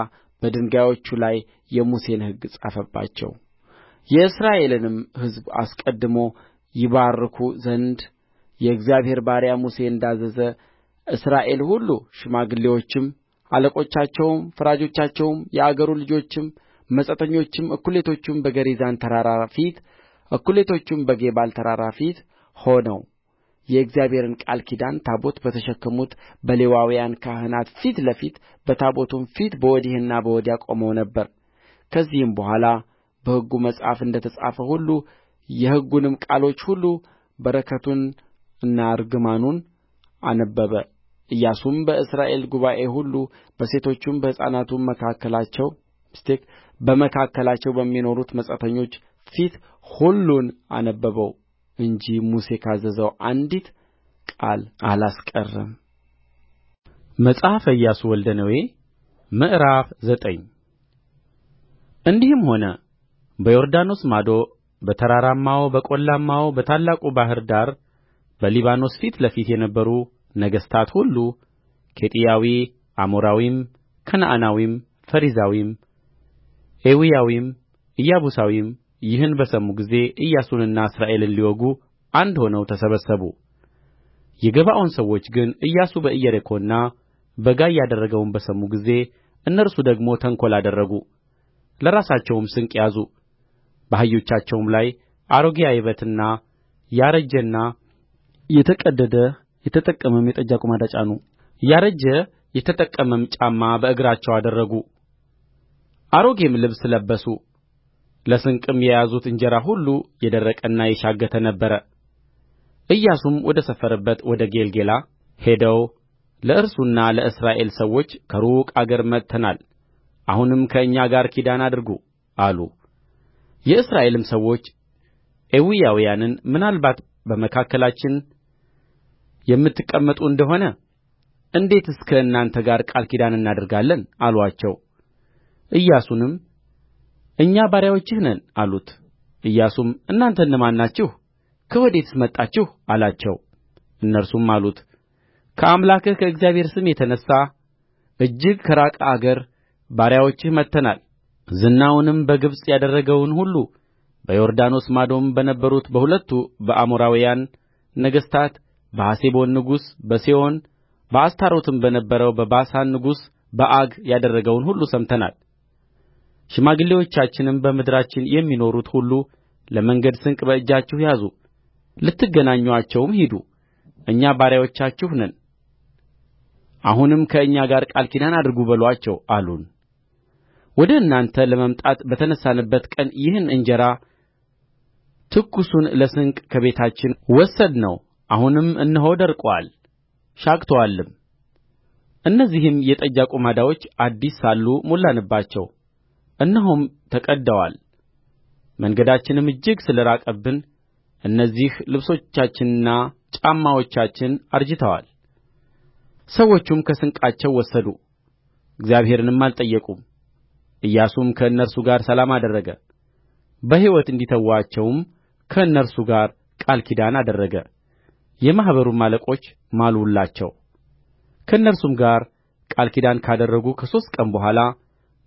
በድንጋዮቹ ላይ የሙሴን ሕግ ጻፈባቸው። የእስራኤልንም ሕዝብ አስቀድሞ ይባርኩ ዘንድ የእግዚአብሔር ባሪያ ሙሴ እንዳዘዘ እስራኤል ሁሉ ሽማግሌዎችም አለቆቻቸውም ፈራጆቻቸውም የአገሩ ልጆችም መጻተኞችም እኵሌቶቹም በገሪዛን ተራራ ፊት እኵሌቶቹም በጌባል ተራራ ፊት ሆነው የእግዚአብሔርን ቃል ኪዳን ታቦት በተሸከሙት በሌዋውያን ካህናት ፊት ለፊት በታቦቱም ፊት በወዲህና በወዲያ ቆመው ነበር። ከዚህም በኋላ በሕጉ መጽሐፍ እንደ ተጻፈ ሁሉ የሕጉንም ቃሎች ሁሉ በረከቱንና እርግማኑን አነበበ ኢያሱም በእስራኤል ጉባኤ ሁሉ በሴቶቹም በሕፃናቱም በመካከላቸው በሚኖሩት መጻተኞች ፊት ሁሉን አነበበው እንጂ ሙሴ ካዘዘው አንዲት ቃል አላስቀረም መጽሐፈ ኢያሱ ወልደ ነዌ ምዕራፍ ዘጠኝ እንዲህም ሆነ በዮርዳኖስ ማዶ በተራራማው በቈላውም በታላቁ ባሕር ዳር በሊባኖስ ፊት ለፊት የነበሩ ነገሥታት ሁሉ ኬጢያዊ አሞራዊም ከነዓናዊም ፈሪዛዊም ኤዊያዊም ኢያቡሳዊም ይህን በሰሙ ጊዜ ኢያሱንና እስራኤልን ሊወጉ አንድ ሆነው ተሰበሰቡ የገባዖን ሰዎች ግን ኢያሱ በኢያሪኮና በጋይ ያደረገውን በሰሙ ጊዜ እነርሱ ደግሞ ተንኰል አደረጉ ለራሳቸውም ስንቅ ያዙ በአህዮቻቸውም ላይ አሮጌ ዓይበትና ያረጀና የተቀደደ የተጠቀመም የጠጅ አቁማዳ ጫኑ ያረጀ የተጠቀመም ጫማ በእግራቸው አደረጉ አሮጌም ልብስ ለበሱ ለስንቅም የያዙት እንጀራ ሁሉ የደረቀና የሻገተ ነበረ ኢያሱም ወደ ሰፈረበት ወደ ጌልገላ ሄደው ለእርሱና ለእስራኤል ሰዎች ከሩቅ አገር መጥተናል አሁንም ከእኛ ጋር ኪዳን አድርጉ አሉ የእስራኤልም ሰዎች ኤዊያውያንን ምናልባት በመካከላችን የምትቀመጡ እንደ ሆነ እንዴትስ ከእናንተ ጋር ቃል ኪዳን እናደርጋለን አሉአቸው ኢያሱንም እኛ ባሪያዎችህ ነን አሉት ኢያሱም እናንተ እነማን ናችሁ ከወዴትስ መጣችሁ አላቸው እነርሱም አሉት ከአምላክህ ከእግዚአብሔር ስም የተነሣ እጅግ ከራቀ አገር ባሪያዎችህ መጥተናል ዝናውንም በግብጽ ያደረገውን ሁሉ በዮርዳኖስ ማዶም በነበሩት በሁለቱ በአሞራውያን ነገሥታት በሐሴቦን ንጉሥ በሴዎን በአስታሮትም በነበረው በባሳን ንጉሥ በዐግ ያደረገውን ሁሉ ሰምተናል ሽማግሌዎቻችንም በምድራችን የሚኖሩት ሁሉ ለመንገድ ስንቅ በእጃችሁ ያዙ ልትገናኙአቸውም ሂዱ እኛ ባሪያዎቻችሁ ነን አሁንም ከእኛ ጋር ቃል ኪዳን አድርጉ በሉአቸው አሉን ወደ እናንተ ለመምጣት በተነሣንበት ቀን ይህን እንጀራ ትኩሱን ለስንቅ ከቤታችን ወሰድነው አሁንም እነሆ ደርቆአል ሻግቶአልም እነዚህም የጠጅ አቁማዳዎች አዲስ ሳሉ ሞላንባቸው እነሆም ተቀድደዋል መንገዳችንም እጅግ ስለ ራቀብን እነዚህ ልብሶቻችንና ጫማዎቻችን አርጅተዋል ሰዎቹም ከስንቃቸው ወሰዱ እግዚአብሔርንም አልጠየቁም ኢያሱም ከእነርሱ ጋር ሰላም አደረገ በሕይወት እንዲተዋቸውም ከእነርሱ ጋር ቃል ኪዳን አደረገ የማኅበሩም አለቆች ማሉላቸው ከእነርሱም ጋር ቃል ኪዳን ካደረጉ ከሦስት ቀን በኋላ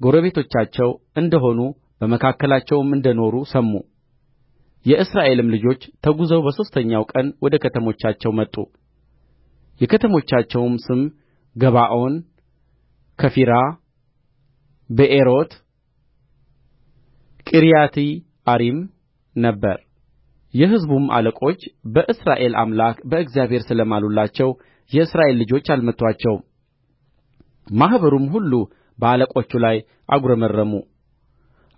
ጎረቤቶቻቸው እንደ ሆኑ በመካከላቸውም እንደ ኖሩ ሰሙ የእስራኤልም ልጆች ተጕዘው በሦስተኛው ቀን ወደ ከተሞቻቸው መጡ የከተሞቻቸውም ስም ገባዖን ከፊራ ብኤሮት ቂርያትይዓሪም ነበረ የሕዝቡም አለቆች በእስራኤል አምላክ በእግዚአብሔር ስለ ማሉላቸው የእስራኤል ልጆች አልመቱአቸውም ማኅበሩም ሁሉ በአለቆቹ ላይ አጕረመረሙ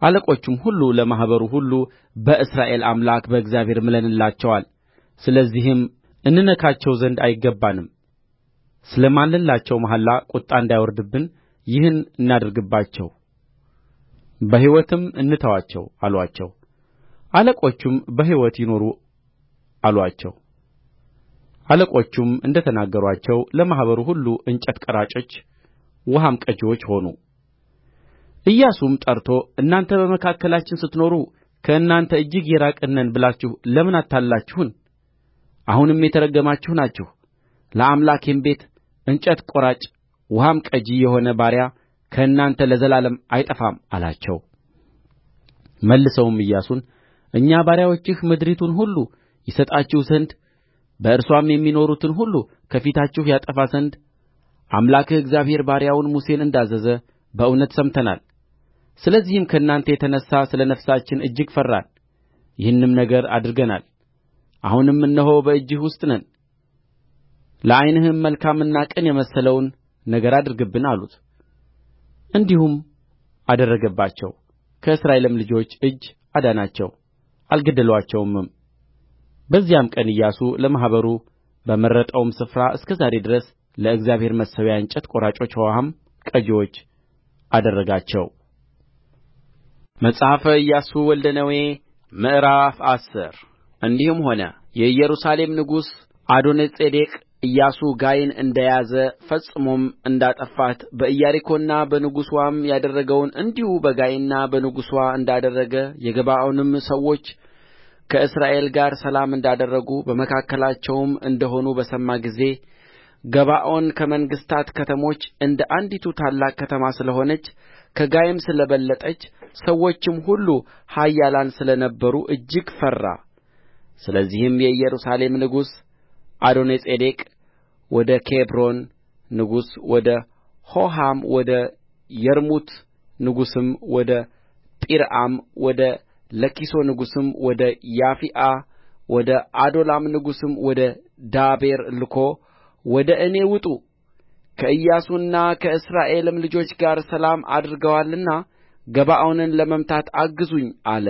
አለቆቹም ሁሉ ለማኅበሩ ሁሉ በእስራኤል አምላክ በእግዚአብሔር ምለንላቸዋል ስለዚህም እንነካቸው ዘንድ አይገባንም ስለ ማልንላቸው መሐላ ቍጣ እንዳይወርድብን ይህን እናድርግባቸው በሕይወትም እንተዋቸው አሉአቸው አለቆቹም በሕይወት ይኑሩ አሉአቸው አለቆቹም እንደ ተናገሩአቸው ለማኅበሩ ሁሉ እንጨት ቆራጮች ውኃም ቀጂዎች ሆኑ ኢያሱም ጠርቶ እናንተ በመካከላችን ስትኖሩ ከእናንተ እጅግ የራቅን ነን ብላችሁ ለምን አታለላችሁን አሁንም የተረገማችሁ ናችሁ ለአምላኬም ቤት እንጨት ቈራጭ ውኃም ቀጂ የሆነ ባሪያ ከእናንተ ለዘላለም አይጠፋም አላቸው መልሰውም ኢያሱን እኛ ባሪያዎችህ ምድሪቱን ሁሉ ይሰጣችሁ ዘንድ በእርስዋም የሚኖሩትን ሁሉ ከፊታችሁ ያጠፋ ዘንድ አምላክህ እግዚአብሔር ባሪያውን ሙሴን እንዳዘዘ በእውነት ሰምተናል። ስለዚህም ከእናንተ የተነሣ ስለ ነፍሳችን እጅግ ፈራን፣ ይህንም ነገር አድርገናል። አሁንም እነሆ በእጅህ ውስጥ ነን፣ ለዓይንህም መልካምና ቅን የመሰለውን ነገር አድርግብን አሉት እንዲሁም አደረገባቸው ከእስራኤልም ልጆች እጅ አዳናቸው አልገደሉአቸውምም በዚያም ቀን ኢያሱ ለማኅበሩ በመረጠውም ስፍራ እስከ ዛሬ ድረስ ለእግዚአብሔር መሠዊያ እንጨት ቈራጮች ውኃም ቀጂዎች አደረጋቸው መጽሐፈ ኢያሱ ወልደ ነዌ ምዕራፍ አስር እንዲህም ሆነ የኢየሩሳሌም ንጉሥ አዶኒጼዴቅ ኢያሱ ጋይን እንደ ያዘ ፈጽሞም እንዳጠፋት በኢያሪኮና በንጉሥዋም ያደረገውን እንዲሁ በጋይና በንጉሥዋ እንዳደረገ የገባዖንም ሰዎች ከእስራኤል ጋር ሰላም እንዳደረጉ በመካከላቸውም እንደሆኑ በሰማ ጊዜ ገባዖን ከመንግሥታት ከተሞች እንደ አንዲቱ ታላቅ ከተማ ስለ ሆነች ከጋይም ስለ በለጠች ሰዎችም ሁሉ ኃያላን ስለ ነበሩ እጅግ ፈራ። ስለዚህም የኢየሩሳሌም ንጉሥ አዶኒጼዴቅ ወደ ኬብሮን ንጉሥ ወደ ሆሃም ወደ የርሙት ንጉሥም ወደ ጲርአም ወደ ለኪሶ ንጉሥም ወደ ያፊዓ ወደ አዶላም ንጉሥም ወደ ዳቤር ልኮ ወደ እኔ ውጡ ከኢያሱና ከእስራኤልም ልጆች ጋር ሰላም አድርገዋልና ገባዖንን ለመምታት አግዙኝ አለ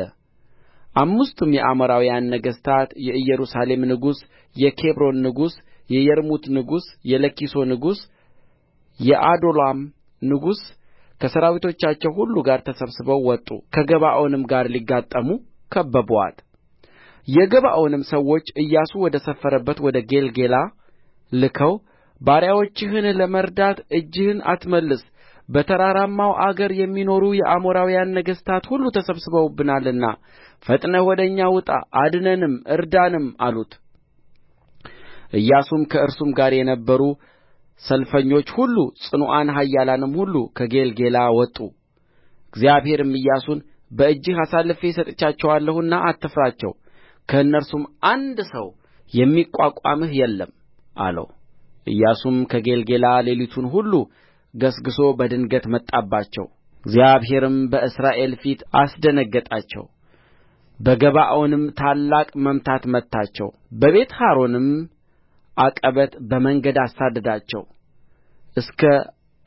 አምስቱም የአሞራውያን ነገሥታት የኢየሩሳሌም ንጉሥ የኬብሮን ንጉሥ የየርሙት ንጉሥ የለኪሶ ንጉሥ የአዶላም ንጉሥ ከሠራዊቶቻቸው ሁሉ ጋር ተሰብስበው ወጡ ከገባዖንም ጋር ሊጋጠሙ ከበቡአት የገባዖንም ሰዎች ኢያሱ ወደ ሰፈረበት ወደ ጌልገላ ልከው ባሪያዎችህን ለመርዳት እጅህን አትመልስ በተራራማው አገር የሚኖሩ የአሞራውያን ነገሥታት ሁሉ ተሰብስበውብናልና ፈጥነህ ወደ እኛ ውጣ አድነንም እርዳንም አሉት ኢያሱም ከእርሱም ጋር የነበሩ ሰልፈኞች ሁሉ ጽኑዓን ኃያላኑም ሁሉ ከጌልገላ ወጡ እግዚአብሔርም ኢያሱን በእጅህ አሳልፌ ሰጥቻቸዋለሁና አትፍራቸው ከእነርሱም አንድ ሰው የሚቋቋምህ የለም አለው ኢያሱም ከጌልገላ ሌሊቱን ሁሉ ገስግሶ በድንገት መጣባቸው እግዚአብሔርም በእስራኤል ፊት አስደነገጣቸው በገባዖንም ታላቅ መምታት መታቸው በቤትሖሮንም ዐቀበት በመንገድ አሳደዳቸው እስከ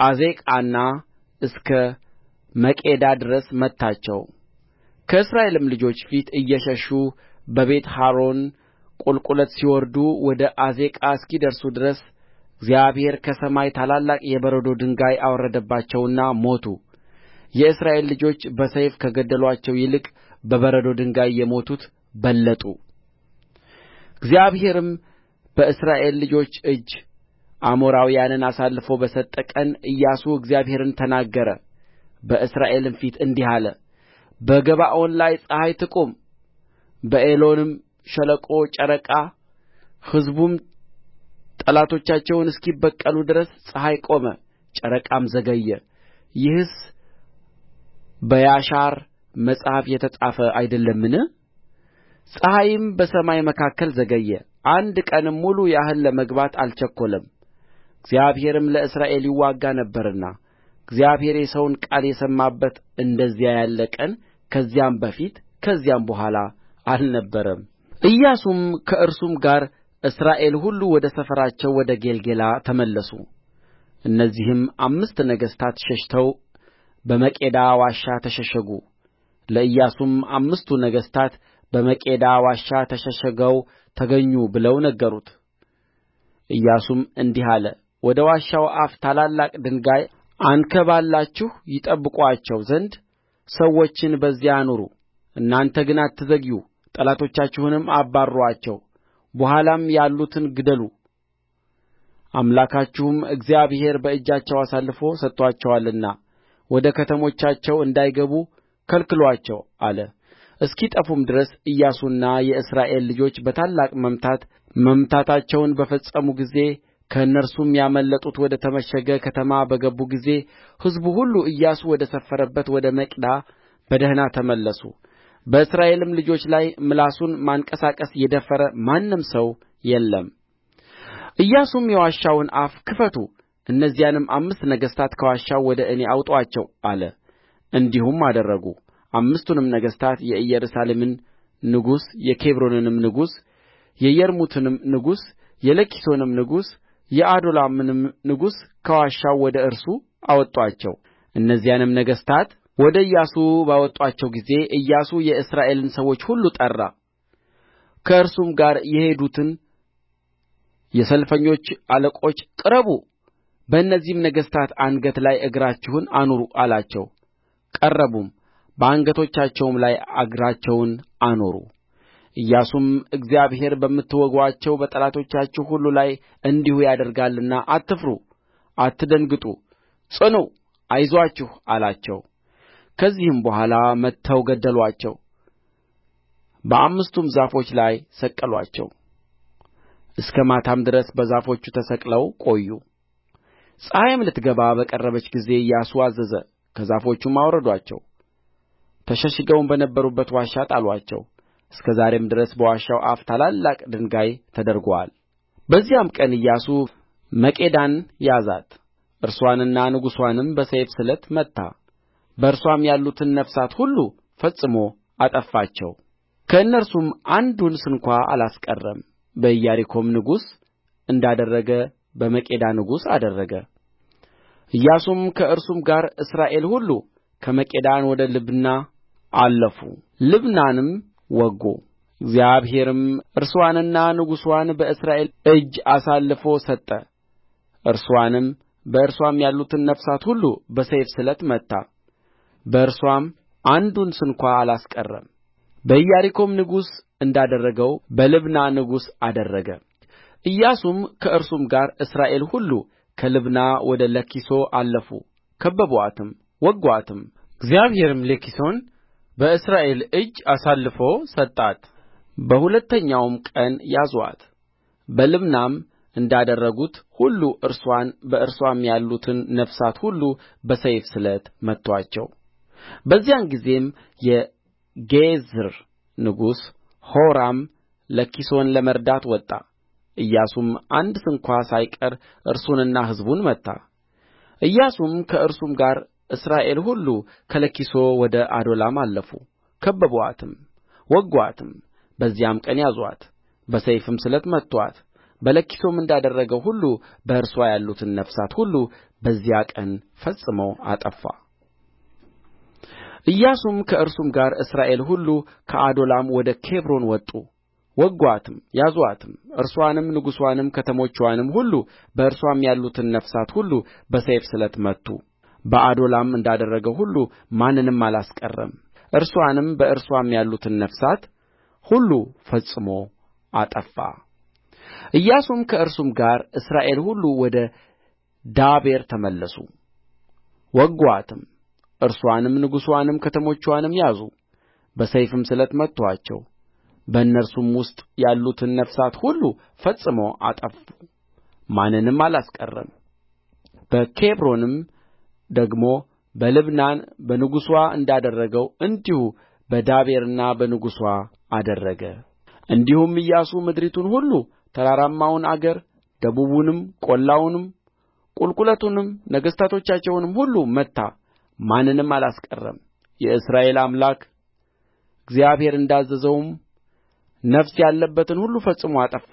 ዓዜቃና እስከ መቄዳ ድረስ መታቸው ከእስራኤልም ልጆች ፊት እየሸሹ በቤትሖሮን ቍልቍለት ሲወርዱ ወደ ዓዜቃ እስኪደርሱ ድረስ እግዚአብሔር ከሰማይ ታላላቅ የበረዶ ድንጋይ አወረደባቸውና ሞቱ የእስራኤል ልጆች በሰይፍ ከገደሉአቸው ይልቅ በበረዶ ድንጋይ የሞቱት በለጡ እግዚአብሔርም በእስራኤል ልጆች እጅ አሞራውያንን አሳልፎ በሰጠ ቀን ኢያሱ እግዚአብሔርን ተናገረ በእስራኤልም ፊት እንዲህ አለ በገባዖን ላይ ፀሐይ ትቁም በኤሎንም ሸለቆ ጨረቃ ሕዝቡም ጠላቶቻቸውን እስኪበቀሉ ድረስ ፀሐይ ቆመ ጨረቃም ዘገየ ይህስ በያሻር መጽሐፍ የተጻፈ አይደለምን ፀሐይም በሰማይ መካከል ዘገየ አንድ ቀንም ሙሉ ያህል ለመግባት አልቸኰለም እግዚአብሔርም ለእስራኤል ይዋጋ ነበርና እግዚአብሔር የሰውን ቃል የሰማበት እንደዚያ ያለ ቀን ከዚያም በፊት ከዚያም በኋላ አልነበረም ኢያሱም ከእርሱም ጋር እስራኤል ሁሉ ወደ ሰፈራቸው ወደ ጌልገላ ተመለሱ እነዚህም አምስት ነገሥታት ሸሽተው በመቄዳ ዋሻ ተሸሸጉ ለኢያሱም አምስቱ ነገሥታት በመቄዳ ዋሻ ተሸሽገው ተገኙ ብለው ነገሩት ኢያሱም እንዲህ አለ ወደ ዋሻው አፍ ታላላቅ ድንጋይ አንከባልላችሁ ይጠብቁአቸው ዘንድ ሰዎችን በዚያ አኑሩ እናንተ ግን አትዘግዩ ጠላቶቻችሁንም አባርሩአቸው በኋላም ያሉትን ግደሉ አምላካችሁም እግዚአብሔር በእጃቸው አሳልፎ ሰጥቶአቸዋልና ወደ ከተሞቻቸው እንዳይገቡ ከልክሉአቸው አለ እስኪጠፉም ድረስ ኢያሱና የእስራኤል ልጆች በታላቅ መምታት መምታታቸውን በፈጸሙ ጊዜ ከእነርሱም ያመለጡት ወደ ተመሸገ ከተማ በገቡ ጊዜ ሕዝቡ ሁሉ ኢያሱ ወደ ሰፈረበት ወደ መቄዳ በደኅና ተመለሱ በእስራኤልም ልጆች ላይ ምላሱን ማንቀሳቀስ የደፈረ ማንም ሰው የለም ኢያሱም የዋሻውን አፍ ክፈቱ እነዚያንም አምስት ነገሥታት ከዋሻው ወደ እኔ አውጡአቸው አለ እንዲሁም አደረጉ አምስቱንም ነገሥታት የኢየሩሳሌምን ንጉሥ የኬብሮንንም ንጉሥ የየርሙትንም ንጉሥ የለኪሶንም ንጉሥ የኦዶላምንም ንጉሥ ከዋሻው ወደ እርሱ አወጡአቸው እነዚያንም ነገሥታት ወደ ኢያሱ ባወጡአቸው ጊዜ ኢያሱ የእስራኤልን ሰዎች ሁሉ ጠራ ከእርሱም ጋር የሄዱትን የሰልፈኞች አለቆች ቅረቡ በእነዚህም ነገሥታት አንገት ላይ እግራችሁን አኑሩ አላቸው ቀረቡም በአንገቶቻቸውም ላይ እግራቸውን አኖሩ ኢያሱም እግዚአብሔር በምትወጉአቸው በጠላቶቻችሁ ሁሉ ላይ እንዲሁ ያደርጋልና አትፍሩ አትደንግጡ ጽኑ አይዞአችሁ አላቸው ከዚህም በኋላ መትተው ገደሉአቸው በአምስቱም ዛፎች ላይ ሰቀሉአቸው እስከ ማታም ድረስ በዛፎቹ ተሰቅለው ቆዩ ፀሐይም ልትገባ በቀረበች ጊዜ ኢያሱ አዘዘ ከዛፎቹም አወረዱአቸው ተሸሽገውም በነበሩበት ዋሻ ጣሉአቸው እስከ ዛሬም ድረስ በዋሻው አፍ ታላላቅ ድንጋይ ተደርጎአል በዚያም ቀን ኢያሱ መቄዳን ያዛት እርስዋንና ንጉሥዋንም በሰይፍ ስለት መታ በእርስዋም ያሉትን ነፍሳት ሁሉ ፈጽሞ አጠፋቸው ከእነርሱም አንዱን ስንኳ አላስቀረም በኢያሪኮም ንጉሥ እንዳደረገ በመቄዳ ንጉሥ አደረገ ኢያሱም ከእርሱም ጋር እስራኤል ሁሉ ከመቄዳ ወደ ልብና አለፉ ልብናንም ወጉ እግዚአብሔርም እርስዋንና ንጉሥዋን በእስራኤል እጅ አሳልፎ ሰጠ እርስዋንም በእርሷም ያሉትን ነፍሳት ሁሉ በሰይፍ ስለት መታ በእርሷም አንዱን ስንኳ አላስቀረም በኢያሪኮም ንጉሥ እንዳደረገው በልብና ንጉሥ አደረገ ኢያሱም ከእርሱም ጋር እስራኤል ሁሉ ከልብና ወደ ለኪሶ አለፉ ከበቡአትም ወጉአትም እግዚአብሔርም ለኪሶን በእስራኤል እጅ አሳልፎ ሰጣት በሁለተኛውም ቀን ያዙአት በልብናም እንዳደረጉት ሁሉ እርስዋን በእርስዋም ያሉትን ነፍሳት ሁሉ በሰይፍ ስለት መቱአቸው በዚያን ጊዜም የጌዝር ንጉሥ ሆራም ለኪሶን ለመርዳት ወጣ ኢያሱም አንድ ስንኳ ሳይቀር እርሱንና ሕዝቡን መታ ኢያሱም ከእርሱም ጋር እስራኤል ሁሉ ከለኪሶ ወደ ኦዶላም አለፉ ከበቡአትም ወጉአትም በዚያም ቀን ያዙአት በሰይፍም ስለት መቱአት በለኪሶም እንዳደረገው ሁሉ በእርስዋ ያሉትን ነፍሳት ሁሉ በዚያ ቀን ፈጽሞ አጠፋ ኢያሱም ከእርሱም ጋር እስራኤል ሁሉ ከኦዶላም ወደ ኬብሮን ወጡ ወጉአትም ያዙአትም እርስዋንም ንጉሥዋንም ከተሞችዋንም ሁሉ በእርስዋም ያሉትን ነፍሳት ሁሉ በሰይፍ ስለት መቱ በኦዶላም እንዳደረገው ሁሉ ማንንም አላስቀረም እርስዋንም በእርስዋም ያሉትን ነፍሳት ሁሉ ፈጽሞ አጠፋ ኢያሱም ከእርሱም ጋር እስራኤል ሁሉ ወደ ዳቤር ተመለሱ ወጉአትም እርስዋንም ንጉሥዋንም ከተሞችዋንም ያዙ በሰይፍም ስለት መቱአቸው በእነርሱም ውስጥ ያሉትን ነፍሳት ሁሉ ፈጽሞ አጠፉ ማንንም አላስቀረም በኬብሮንም ደግሞ በልብናና በንጉሥዋ እንዳደረገው እንዲሁ በዳቤርና በንጉሥዋ አደረገ እንዲሁም ኢያሱ ምድሪቱን ሁሉ ተራራማውን አገር ደቡቡንም ቈላውንም ቍልቍለቱንም ነገሥታቶቻቸውንም ሁሉ መታ ማንንም አላስቀረም የእስራኤል አምላክ እግዚአብሔር እንዳዘዘውም ነፍስ ያለበትን ሁሉ ፈጽሞ አጠፋ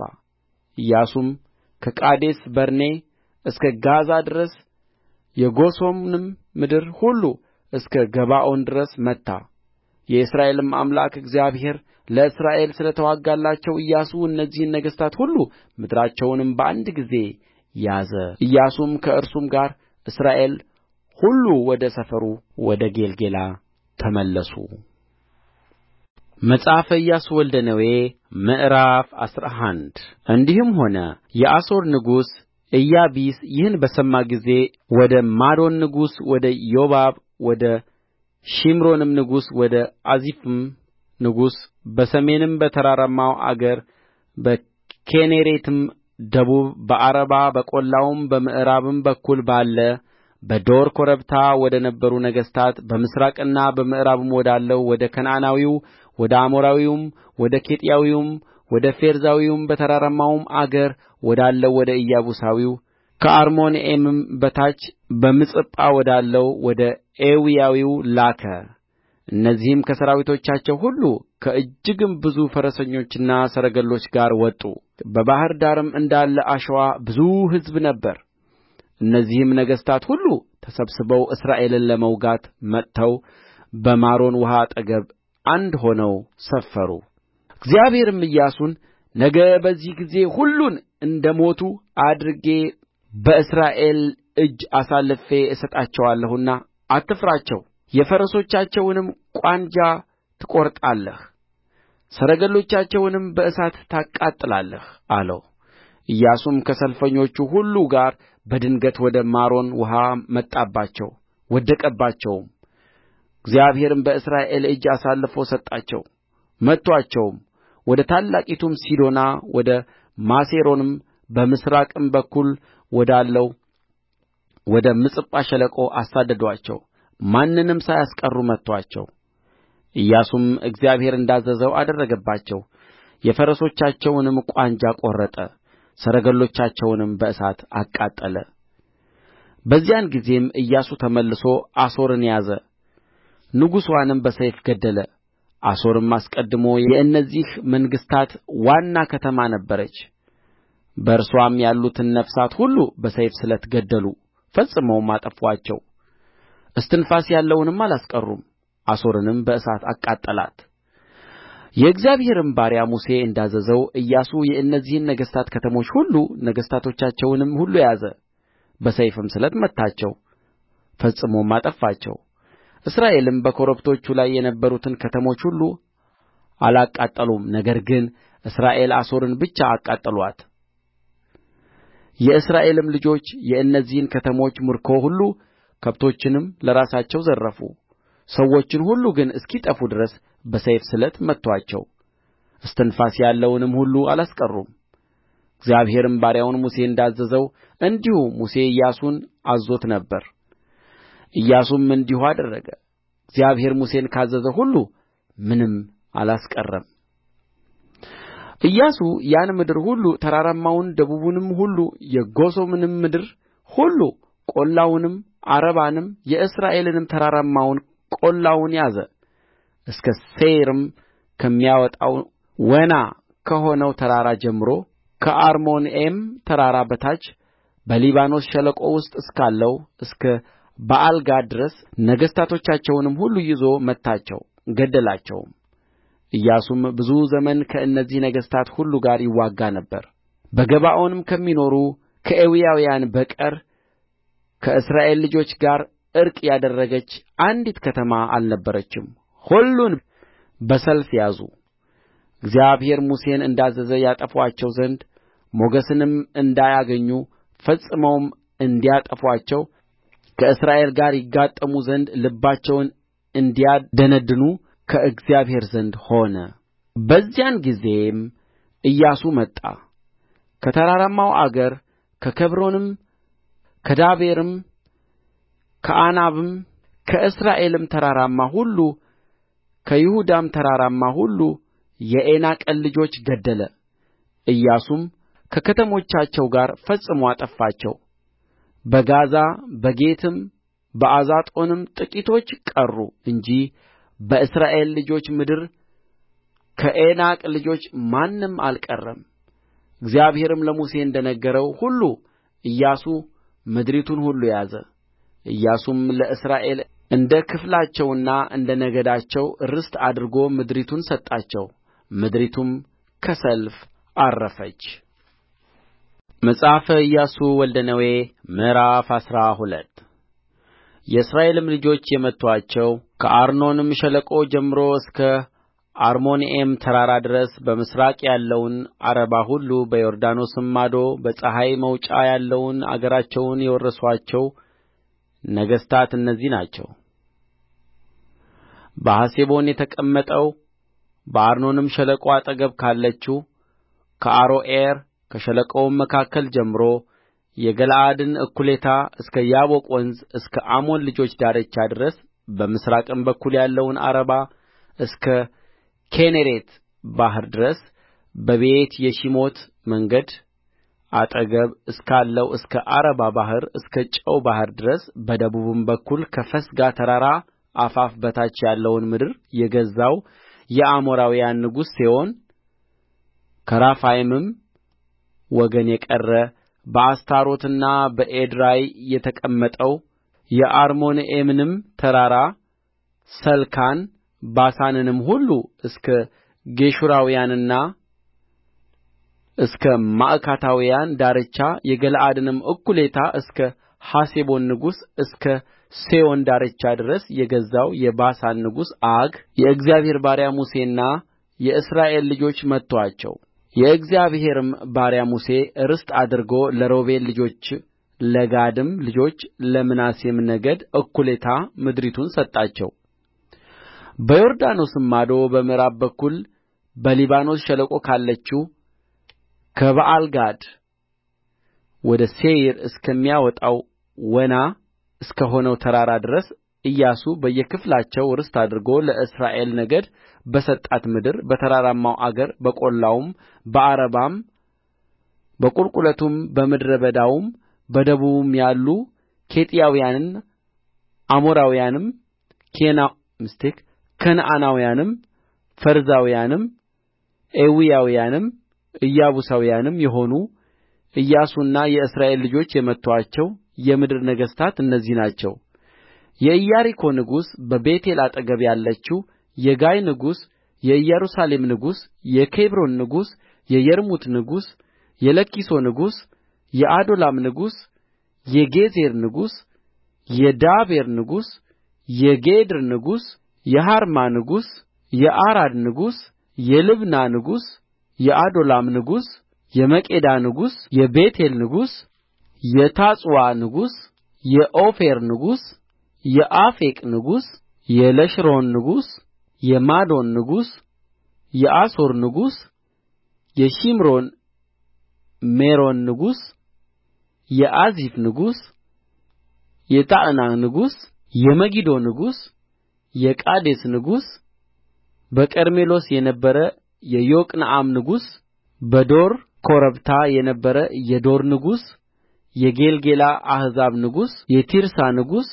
ኢያሱም ከቃዴስ በርኔ እስከ ጋዛ ድረስ የጎሶምንም ምድር ሁሉ እስከ ገባዖን ድረስ መታ የእስራኤልም አምላክ እግዚአብሔር ለእስራኤል ስለ ተዋጋላቸው ኢያሱ እነዚህን ነገሥታት ሁሉ ምድራቸውንም በአንድ ጊዜ ያዘ ኢያሱም ከእርሱም ጋር እስራኤል ሁሉ ወደ ሰፈሩ ወደ ጌልገላ ተመለሱ መጽሐፈ ኢያሱ ወልደ ነዌ ምዕራፍ አስራ አንድ እንዲህም ሆነ የአሦር ንጉሥ ኢያቢስ ይህን በሰማ ጊዜ ወደ ማዶን ንጉሥ ወደ ዮባብ ወደ ሺምሮንም ንጉሥ ወደ አዚፍም ንጉሥ በሰሜንም በተራራማው አገር በኬኔሬትም ደቡብ በዓረባ በቈላውም በምዕራብም በኩል ባለ በዶር ኮረብታ ወደ ነበሩ ነገሥታት በምሥራቅና በምዕራብም ወዳለው ወደ ከነዓናዊው ወደ አሞራዊውም ወደ ኬጢያዊውም ወደ ፌርዛዊውም በተራራማውም አገር ወዳለው ወደ ኢያቡሳዊው ከአርሞንዔምም በታች በምጽጳ ወዳለው ወደ ኤዊያዊው ላከ እነዚህም ከሠራዊቶቻቸው ሁሉ ከእጅግም ብዙ ፈረሰኞችና ሰረገሎች ጋር ወጡ በባሕር ዳርም እንዳለ አሸዋ ብዙ ሕዝብ ነበረ እነዚህም ነገሥታት ሁሉ ተሰብስበው እስራኤልን ለመውጋት መጥተው በማሮን ውኃ አጠገብ አንድ ሆነው ሰፈሩ እግዚአብሔርም ኢያሱን ነገ በዚህ ጊዜ ሁሉን እንደ ሞቱ አድርጌ በእስራኤል እጅ አሳልፌ እሰጣቸዋለሁና አትፍራቸው የፈረሶቻቸውንም ቋንጃ ትቈርጣለህ ሰረገሎቻቸውንም በእሳት ታቃጥላለህ አለው ኢያሱም ከሰልፈኞቹ ሁሉ ጋር በድንገት ወደ ማሮን ውኃ መጣባቸው ወደቀባቸውም እግዚአብሔርም በእስራኤል እጅ አሳልፎ ሰጣቸው መቱአቸውም ወደ ታላቂቱም ሲዶና ወደ ማሴሮንም በምሥራቅም በኩል ወዳለው ወደ ምጽጳ ሸለቆ አሳደዱአቸው ማንንም ሳያስቀሩ መቱአቸው ኢያሱም እግዚአብሔር እንዳዘዘው አደረገባቸው የፈረሶቻቸውንም ቋንጃ ቈረጠ ሰረገሎቻቸውንም በእሳት አቃጠለ በዚያን ጊዜም ኢያሱ ተመልሶ አሶርን ያዘ ንጉሥዋንም በሰይፍ ገደለ አሦርም አስቀድሞ የእነዚህ መንግሥታት ዋና ከተማ ነበረች በእርስዋም ያሉትን ነፍሳት ሁሉ በሰይፍ ስለት ገደሉ ፈጽመውም አጠፉአቸው እስትንፋስ ያለውንም አላስቀሩም አሦርንም በእሳት አቃጠላት የእግዚአብሔርም ባሪያ ሙሴ እንዳዘዘው ኢያሱ የእነዚህን ነገሥታት ከተሞች ሁሉ ነገሥታቶቻቸውንም ሁሉ ያዘ በሰይፍም ስለት መታቸው ፈጽሞም አጠፋቸው እስራኤልም በኮረብቶቹ ላይ የነበሩትን ከተሞች ሁሉ አላቃጠሉም ነገር ግን እስራኤል አሶርን ብቻ አቃጠሉአት የእስራኤልም ልጆች የእነዚህን ከተሞች ምርኮ ሁሉ ከብቶችንም ለራሳቸው ዘረፉ ሰዎችን ሁሉ ግን እስኪጠፉ ድረስ በሰይፍ ስለት መቱአቸው እስትንፋስ ያለውንም ሁሉ አላስቀሩም እግዚአብሔርም ባሪያውን ሙሴ እንዳዘዘው እንዲሁ ሙሴ ኢያሱን አዝዞት ነበር ኢያሱም እንዲሁ አደረገ። እግዚአብሔር ሙሴን ካዘዘው ሁሉ ምንም አላስቀረም። ኢያሱ ያን ምድር ሁሉ ተራራማውን፣ ደቡቡንም ሁሉ የጎሶምንም ምድር ሁሉ ቈላውንም፣ አረባንም የእስራኤልንም ተራራማውን ቈላውን ያዘ እስከ ሴይርም ከሚያወጣው ወና ከሆነው ተራራ ጀምሮ ከአርሞንዔም ተራራ በታች በሊባኖስ ሸለቆ ውስጥ እስካለው እስከ በአልጋድ ድረስ ነገሥታቶቻቸውንም ሁሉ ይዞ መታቸው ገደላቸውም ኢያሱም ብዙ ዘመን ከእነዚህ ነገሥታት ሁሉ ጋር ይዋጋ ነበር በገባዖንም ከሚኖሩ ከኤዊያውያን በቀር ከእስራኤል ልጆች ጋር ዕርቅ ያደረገች አንዲት ከተማ አልነበረችም ሁሉን በሰልፍ ያዙ እግዚአብሔር ሙሴን እንዳዘዘ ያጠፉአቸው ዘንድ ሞገስንም እንዳያገኙ ፈጽመውም እንዲያጠፉአቸው ከእስራኤል ጋር ይጋጠሙ ዘንድ ልባቸውን እንዲያደነድኑ ከእግዚአብሔር ዘንድ ሆነ በዚያን ጊዜም ኢያሱ መጣ ከተራራማው አገር ከኬብሮንም ከዳቤርም ከአናብም ከእስራኤልም ተራራማ ሁሉ ከይሁዳም ተራራማ ሁሉ የዔናቅን ልጆች ገደለ ኢያሱም ከከተሞቻቸው ጋር ፈጽሞ አጠፋቸው በጋዛ በጌትም በአዛጦንም ጥቂቶች ቀሩ እንጂ በእስራኤል ልጆች ምድር ከዔናቅ ልጆች ማንም አልቀረም እግዚአብሔርም ለሙሴ እንደ ነገረው ሁሉ ኢያሱ ምድሪቱን ሁሉ ያዘ ኢያሱም ለእስራኤል እንደ ክፍላቸውና እንደ ነገዳቸው ርስት አድርጎ ምድሪቱን ሰጣቸው ምድሪቱም ከሰልፍ ዐረፈች መጽሐፈ ኢያሱ ወልደ ነዌ ምዕራፍ አስራ ሁለት የእስራኤልም ልጆች የመቱአቸው ከአርኖንም ሸለቆ ጀምሮ እስከ አርሞንዔም ተራራ ድረስ በምሥራቅ ያለውን ዓረባ ሁሉ በዮርዳኖስም ማዶ በፀሐይ መውጫ ያለውን አገራቸውን የወረሱአቸው ነገሥታት እነዚህ ናቸው። በሐሴቦን የተቀመጠው በአርኖንም ሸለቆ አጠገብ ካለችው ከአሮዔር ከሸለቆውም መካከል ጀምሮ የገለዓድን እኩሌታ እስከ ያቦቅ ወንዝ እስከ አሞን ልጆች ዳርቻ ድረስ በምሥራቅም በኩል ያለውን ዓረባ እስከ ኪኔሬት ባሕር ድረስ በቤትየሺሞት መንገድ አጠገብ እስካለው እስከ ዓረባ ባሕር እስከ ጨው ባሕር ድረስ በደቡብም በኩል ከፈስጋ ተራራ አፋፍ በታች ያለውን ምድር የገዛው የአሞራውያን ንጉሥ ሴዎን ከራፋይምም ወገን የቀረ በአስታሮትና በኤድራይ የተቀመጠው የአርሞንዔምንም ተራራ ሰልካን ባሳንንም ሁሉ እስከ ጌሹራውያንና እስከ ማዕካታውያን ዳርቻ የገለዓድንም እኩሌታ እስከ ሐሴቦን ንጉሥ እስከ ሴዎን ዳርቻ ድረስ የገዛው የባሳን ንጉሥ ዐግ የእግዚአብሔር ባሪያ ሙሴና የእስራኤል ልጆች መቱአቸው የእግዚአብሔርም ባሪያ ሙሴ ርስት አድርጎ ለሮቤል ልጆች ለጋድም ልጆች ለምናሴም ነገድ እኩሌታ ምድሪቱን ሰጣቸው በዮርዳኖስም ማዶ በምዕራብ በኩል በሊባኖስ ሸለቆ ካለችው ከበኣልጋድ ወደ ሴይር እስከሚያወጣው ወና እስከ ሆነው ተራራ ድረስ ኢያሱ በየክፍላቸው ርስት አድርጎ ለእስራኤል ነገድ በሰጣት ምድር በተራራማው አገር በቈላውም በዓረባም በቍልቍለቱም በምድረ በዳውም በደቡቡም ያሉ ኬጢያውያንን አሞራውያንም ከነዓናውያንም ፌርዛውያንም ኤዊያውያንም ኢያቡሳውያንም የሆኑ ኢያሱና የእስራኤል ልጆች የመቱአቸው የምድር ነገሥታት እነዚህ ናቸው የኢያሪኮ ንጉሥ በቤቴል አጠገብ ያለችው የጋይ ንጉሥ የኢየሩሳሌም ንጉሥ የኬብሮን ንጉሥ የየርሙት ንጉሥ የለኪሶ ንጉሥ የኦዶላም ንጉሥ የጌዝር ንጉሥ የዳቤር ንጉሥ የጌድር ንጉሥ የሔርማ ንጉሥ የአራድ ንጉሥ የልብና ንጉሥ የኦዶላም ንጉሥ የመቄዳ ንጉሥ የቤቴል ንጉሥ የታጱዋ ንጉሥ የኦፌር ንጉሥ የአፌቅ ንጉሥ የለሸሮን ንጉሥ የማዶን ንጉሥ የአሶር ንጉሥ የሺምሮን ሜሮን ንጉሥ የአዚፍ ንጉሥ የታዕናክ ንጉሥ የመጊዶ ንጉሥ የቃዴስ ንጉሥ በቀርሜሎስ የነበረ የዮቅንዓም ንጉሥ በዶር ኮረብታ የነበረ የዶር ንጉሥ የጌልገላ አሕዛብ ንጉሥ የቲርሳ ንጉሥ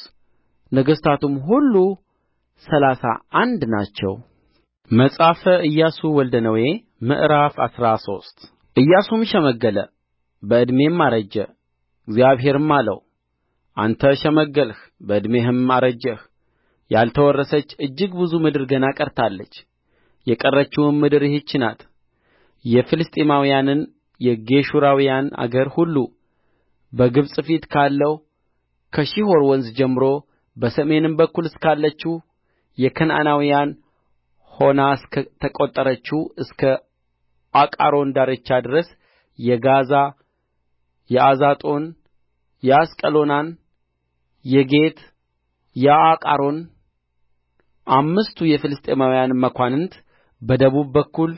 ነገሥታቱም ሁሉ ሠላሳ አንድ ናቸው መጽሐፈ ኢያሱ ወልደ ነዌ ምዕራፍ አስራ ሶስት ኢያሱም ሸመገለ በዕድሜም አረጀ እግዚአብሔርም አለው አንተ ሸመገልህ በዕድሜህም አረጀህ ያልተወረሰች እጅግ ብዙ ምድር ገና ቀርታለች የቀረችውም ምድር ይህች ናት የፍልስጥኤማውያንን የጌሹራውያን አገር ሁሉ በግብጽ ፊት ካለው ከሺሖር ወንዝ ጀምሮ በሰሜን በኩል እስካለችው የከነዓናውያን ሆና እስከ ተቈጠረችው እስከ አቃሮን ዳርቻ ድረስ የጋዛ የአዛጦን ፣የአስቀሎናን፣ የጌት የአቃሮን አምስቱ የፍልስጥኤማውያን መኳንንት በደቡብ በኩል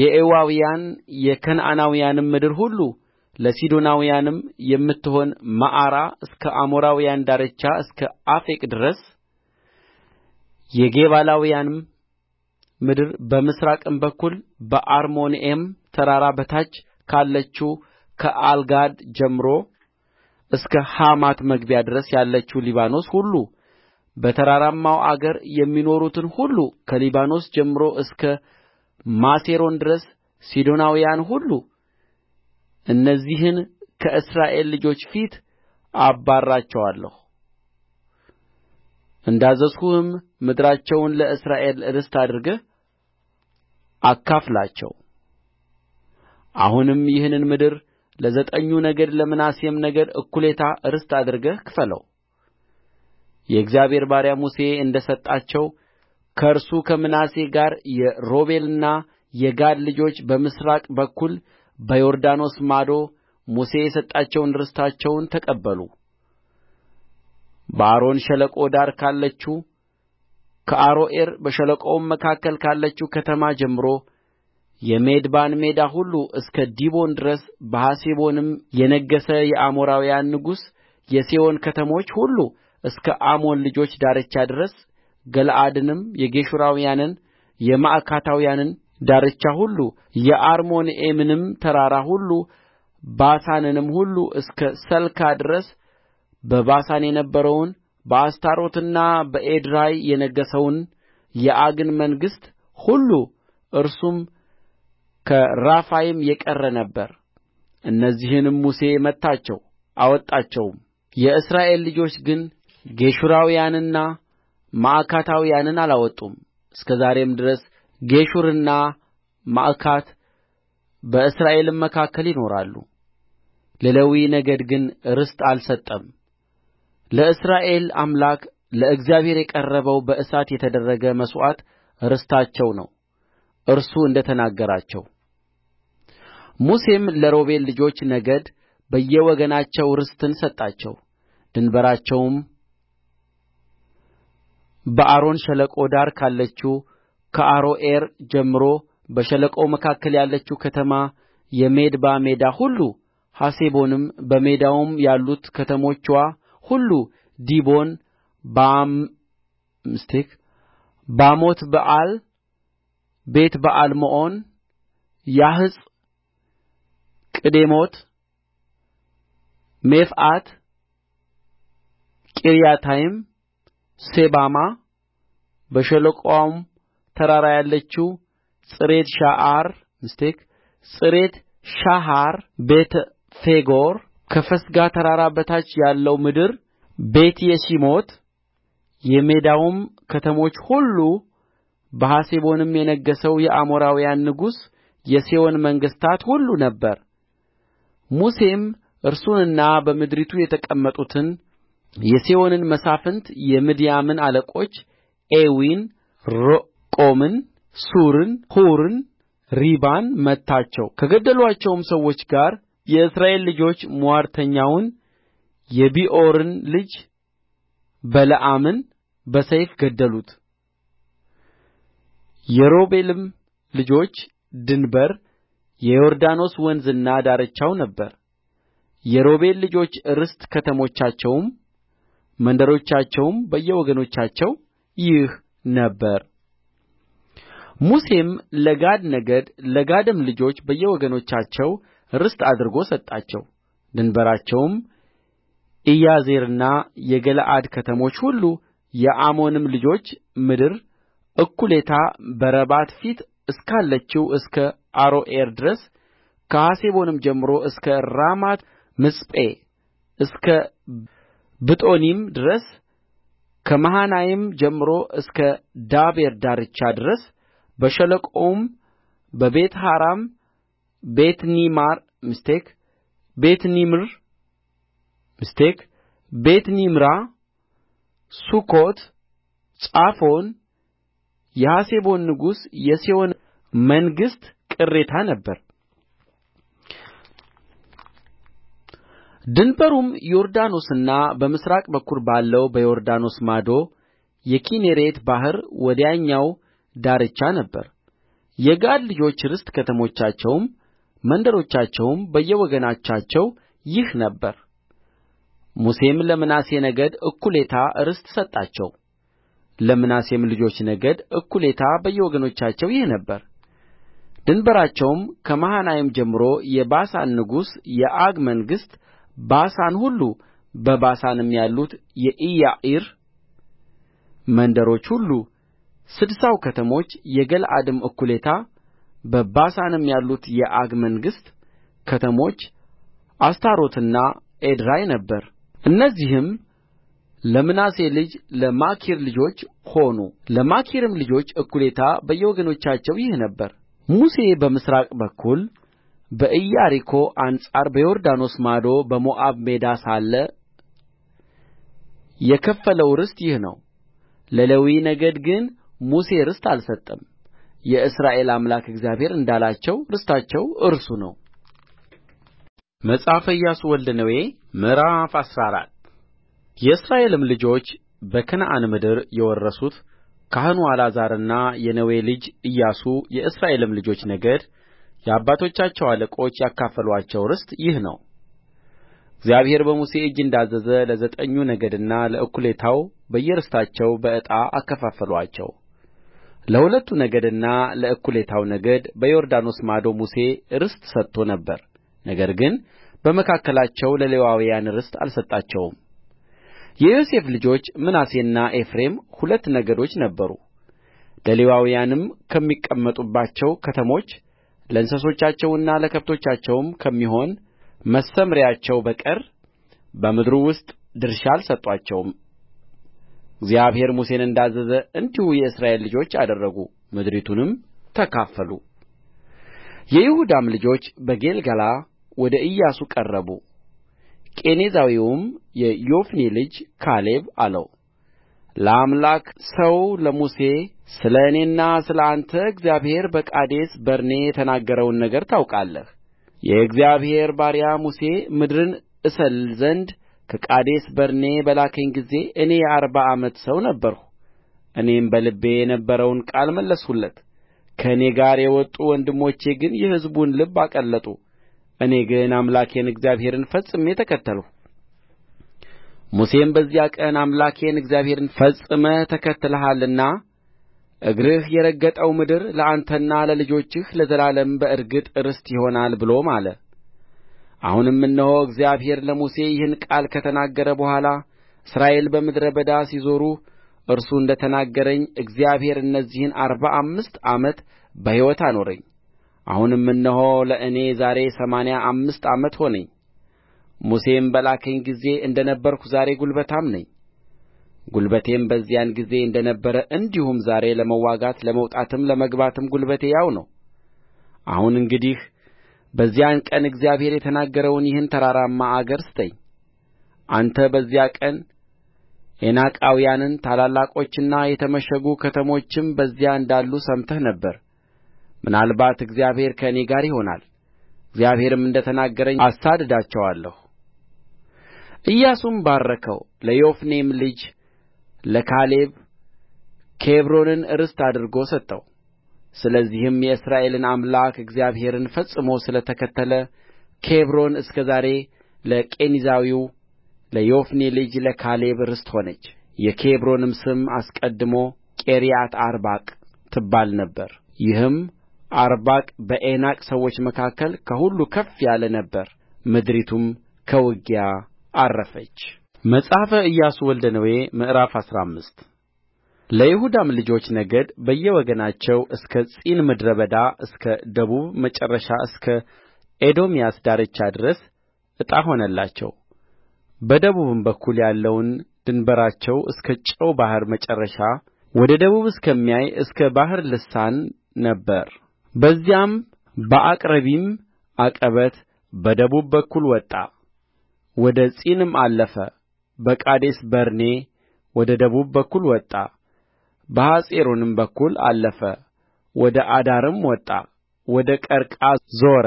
የኤዋውያን የከነዓናውያንም ምድር ሁሉ ለሲዶናውያንም የምትሆን መዓራ እስከ አሞራውያን ዳርቻ እስከ አፌቅ ድረስ የጌባላውያንም ምድር በምሥራቅም በኩል በአርሞንዔም ተራራ በታች ካለችው ከአልጋድ ጀምሮ እስከ ሐማት መግቢያ ድረስ ያለችው ሊባኖስ ሁሉ በተራራማው አገር የሚኖሩትን ሁሉ ከሊባኖስ ጀምሮ እስከ ማሴሮን ድረስ ሲዶናውያን ሁሉ እነዚህን ከእስራኤል ልጆች ፊት አባርራቸዋለሁ እንዳዘዝሁህም ምድራቸውን ለእስራኤል ርስት አድርገህ አካፍላቸው አሁንም ይህን ምድር ለዘጠኙ ነገድ ለምናሴም ነገድ እኩሌታ ርስት አድርገህ ክፈለው የእግዚአብሔር ባሪያ ሙሴ እንደ ሰጣቸው ከእርሱ ከምናሴ ጋር የሮቤልና የጋድ ልጆች በምሥራቅ በኩል በዮርዳኖስ ማዶ ሙሴ የሰጣቸውን ርስታቸውን ተቀበሉ በአርኖን ሸለቆ ዳር ካለችው ከአሮዔር በሸለቆውም መካከል ካለችው ከተማ ጀምሮ የሜድባን ሜዳ ሁሉ እስከ ዲቦን ድረስ በሐሴቦንም የነገሠ የአሞራውያን ንጉሥ የሴዎን ከተሞች ሁሉ እስከ አሞን ልጆች ዳርቻ ድረስ ገለዓድንም የጌሹራውያንን የማዕካታውያንን ዳርቻ ሁሉ የአርሞንዔምንም ተራራ ሁሉ ባሳንንም ሁሉ እስከ ሰልካ ድረስ በባሳን የነበረውን በአስታሮትና በኤድራይ የነገሠውን የዐግን መንግሥት ሁሉ እርሱም ከራፋይም የቀረ ነበር። እነዚህንም ሙሴ መታቸው አወጣቸውም። የእስራኤል ልጆች ግን ጌሹራውያንንና ማዕካታውያንን አላወጡም እስከ ዛሬም ድረስ ጌሹርና ማዕካት በእስራኤልም መካከል ይኖራሉ ለሌዊ ነገድ ግን ርስት አልሰጠም ለእስራኤል አምላክ ለእግዚአብሔር የቀረበው በእሳት የተደረገ መሥዋዕት ርስታቸው ነው እርሱ እንደ ተናገራቸው ሙሴም ለሮቤል ልጆች ነገድ በየወገናቸው ርስትን ሰጣቸው ድንበራቸውም በአርኖን ሸለቆ ዳር ካለችው ከአሮዔር ጀምሮ በሸለቆው መካከል ያለችው ከተማ የሜድባ ሜዳ ሁሉ ሐሴቦንም በሜዳውም ያሉት ከተሞችዋ ሁሉ ዲቦን ባሞት በኣል ቤትበኣልሜዎን ያሀጽ ቅዴሞት ሜፍዓት ቂርያታይም ሴባማ በሸለቆውም ተራራ ያለችው ጼሬትሻዓር ቤተ ፌጎር ከፈስጋ ተራራ በታች ያለው ምድር ቤትየሺሞት የሜዳውም ከተሞች ሁሉ በሐሴቦንም የነገሠው የአሞራውያን ንጉሥ የሴዎን መንግሥታት ሁሉ ነበረ። ሙሴም እርሱንና በምድሪቱ የተቀመጡትን የሴዎንን መሳፍንት የምድያምን አለቆች ኤዊን ቆምን ሱርን ሑርን ሪባን መታቸው ከገደሉአቸውም ሰዎች ጋር የእስራኤል ልጆች ምዋርተኛውን የቢዖርን ልጅ በለዓምን በሰይፍ ገደሉት የሮቤልም ልጆች ድንበር የዮርዳኖስ ወንዝና ዳርቻው ነበር የሮቤል ልጆች ርስት ከተሞቻቸውም መንደሮቻቸውም በየወገኖቻቸው ይህ ነበረ ሙሴም ለጋድ ነገድ ለጋድም ልጆች በየወገኖቻቸው ርስት አድርጎ ሰጣቸው ድንበራቸውም ኢያዜርና የገለዓድ ከተሞች ሁሉ የአሞንም ልጆች ምድር እኩሌታ በረባት ፊት እስካለችው እስከ አሮዔር ድረስ ከሐሴቦንም ጀምሮ እስከ ራማት ምጽጴ እስከ ብጦኒም ድረስ ከመሃናይም ጀምሮ እስከ ዳቤር ዳርቻ ድረስ በሸለቆውም በቤትሃራም ቤትኒምራ ሱኮት ጻፎን የሐሴቦን ንጉሥ የሴዎን መንግሥት ቅሬታ ነበረ ድንበሩም ዮርዳኖስና በምሥራቅ በኩል ባለው በዮርዳኖስ ማዶ የኪኔሬት ባሕር ወዲያኛው ዳርቻ ነበረ የጋድ ልጆች ርስት ከተሞቻቸውም መንደሮቻቸውም በየወገኖቻቸው ይህ ነበረ ሙሴም ለምናሴ ነገድ እኩሌታ ርስት ሰጣቸው ለምናሴም ልጆች ነገድ እኩሌታ በየወገኖቻቸው ይህ ነበረ ድንበራቸውም ከመሃናይም ጀምሮ የባሳን ንጉሥ የዐግ መንግሥት ባሳን ሁሉ በባሳንም ያሉት የኢያዕር መንደሮች ሁሉ ስድሳው ከተሞች የገለዓድም እኩሌታ በባሳንም ያሉት የዐግ መንግሥት ከተሞች አስታሮትና ኤድራይ ነበረ እነዚህም ለምናሴ ልጅ ለማኪር ልጆች ሆኑ ለማኪርም ልጆች እኩሌታ በየወገኖቻቸው ይህ ነበረ ሙሴ በምሥራቅ በኩል በኢያሪኮ አንጻር በዮርዳኖስ ማዶ በሞዓብ ሜዳ ሳለ የከፈለው ርስት ይህ ነው ለሌዊ ነገድ ግን ሙሴ ርስት አልሰጠም የእስራኤል አምላክ እግዚአብሔር እንዳላቸው ርስታቸው እርሱ ነው መጽሐፈ ኢያሱ ወልደ ነዌ ምዕራፍ አስራ አራት የእስራኤልም ልጆች በከነዓን ምድር የወረሱት ካህኑ አልዓዛርና የነዌ ልጅ ኢያሱ የእስራኤልም ልጆች ነገድ የአባቶቻቸው አለቆች ያካፈሉአቸው ርስት ይህ ነው። እግዚአብሔር በሙሴ እጅ እንዳዘዘ ለዘጠኙ ነገድና ለእኩሌታው በየርስታቸው በዕጣ አከፋፈሏቸው። ለሁለቱ ነገድና ለእኩሌታው ነገድ በዮርዳኖስ ማዶ ሙሴ ርስት ሰጥቶ ነበር ነገር ግን በመካከላቸው ለሌዋውያን ርስት አልሰጣቸውም የዮሴፍ ልጆች ምናሴና ኤፍሬም ሁለት ነገዶች ነበሩ ለሌዋውያንም ከሚቀመጡባቸው ከተሞች ለእንስሶቻቸውና ለከብቶቻቸውም ከሚሆን መሰምርያቸው በቀር በምድሩ ውስጥ ድርሻ አልሰጡአቸውም እግዚአብሔር ሙሴን እንዳዘዘ እንዲሁ የእስራኤል ልጆች አደረጉ ምድሪቱንም ተካፈሉ የይሁዳም ልጆች በጌልገላ ወደ ኢያሱ ቀረቡ ቄኔዛዊውም የዮፎኒ ልጅ ካሌብ አለው ለአምላክ ሰው ለሙሴ ስለ እኔና ስለ አንተ እግዚአብሔር በቃዴስ በርኔ የተናገረውን ነገር ታውቃለህ። የእግዚአብሔር ባሪያ ሙሴ ምድርን እሰልል ዘንድ ከቃዴስ በርኔ በላከኝ ጊዜ እኔ የአርባ ዓመት ሰው ነበርሁ እኔም በልቤ የነበረውን ቃል መለስሁለት ከእኔ ጋር የወጡ ወንድሞቼ ግን የሕዝቡን ልብ አቀለጡ እኔ ግን አምላኬን እግዚአብሔርን ፈጽሜ ተከተልሁ ሙሴም በዚያ ቀን አምላኬን እግዚአብሔርን ፈጽመህ ተከትለሃልና እግርህ የረገጠው ምድር ለአንተና ለልጆችህ ለዘላለም በእርግጥ ርስት ይሆናል ብሎ ማለ አሁንም እነሆ እግዚአብሔር ለሙሴ ይህን ቃል ከተናገረ በኋላ እስራኤል በምድረ በዳ ሲዞሩ እርሱ እንደ ተናገረኝ እግዚአብሔር እነዚህን አርባ አምስት ዓመት በሕይወት አኖረኝ። አሁንም እነሆ ለእኔ ዛሬ ሰማንያ አምስት ዓመት ሆነኝ። ሙሴም በላከኝ ጊዜ እንደ ነበርሁ ዛሬ ጒልበታም ነኝ። ጒልበቴም በዚያን ጊዜ እንደ ነበረ እንዲሁም ዛሬ ለመዋጋት ለመውጣትም ለመግባትም ጒልበቴ ያው ነው። አሁን እንግዲህ በዚያን ቀን እግዚአብሔር የተናገረውን ይህን ተራራማ አገር ስጠኝ አንተ በዚያ ቀን ዔናቃውያንን ታላላቆችና የተመሸጉ ከተሞችም በዚያ እንዳሉ ሰምተህ ነበር ምናልባት እግዚአብሔር ከእኔ ጋር ይሆናል እግዚአብሔርም እንደ ተናገረኝ አሳድዳቸዋለሁ ኢያሱም ባረከው ለዮፍኔም ልጅ ለካሌብ ኬብሮንን ርስት አድርጎ ሰጠው ስለዚህም የእስራኤልን አምላክ እግዚአብሔርን ፈጽሞ ስለ ተከተለ ኬብሮን እስከ ዛሬ ለቄኒዛዊው ለዮፎኒ ልጅ ለካሌብ ርስት ሆነች። የኬብሮንም ስም አስቀድሞ ቂርያትአርባቅ ትባል ነበር። ይህም አርባቅ በዔናቅ ሰዎች መካከል ከሁሉ ከፍ ያለ ነበር። ምድሪቱም ከውጊያ ዐረፈች። መጽሐፈ ኢያሱ ወልደ ነዌ ምዕራፍ አስራ አምስት ለይሁዳም ልጆች ነገድ በየወገናቸው እስከ ጺን ምድረ በዳ እስከ ደቡብ መጨረሻ እስከ ኤዶምያስ ዳርቻ ድረስ ዕጣ ሆነላቸው በደቡብም በኩል ያለውን ድንበራቸው እስከ ጨው ባሕር መጨረሻ ወደ ደቡብ እስከሚያይ እስከ ባሕር ልሳን ነበረ በዚያም በአቅረቢም ዐቀበት በደቡብ በኩል ወጣ ወደ ጺንም አለፈ በቃዴስ በርኔ ወደ ደቡብ በኩል ወጣ በሐጽሮንም በኩል አለፈ ወደ አዳርም ወጣ ወደ ቀርቃ ዞረ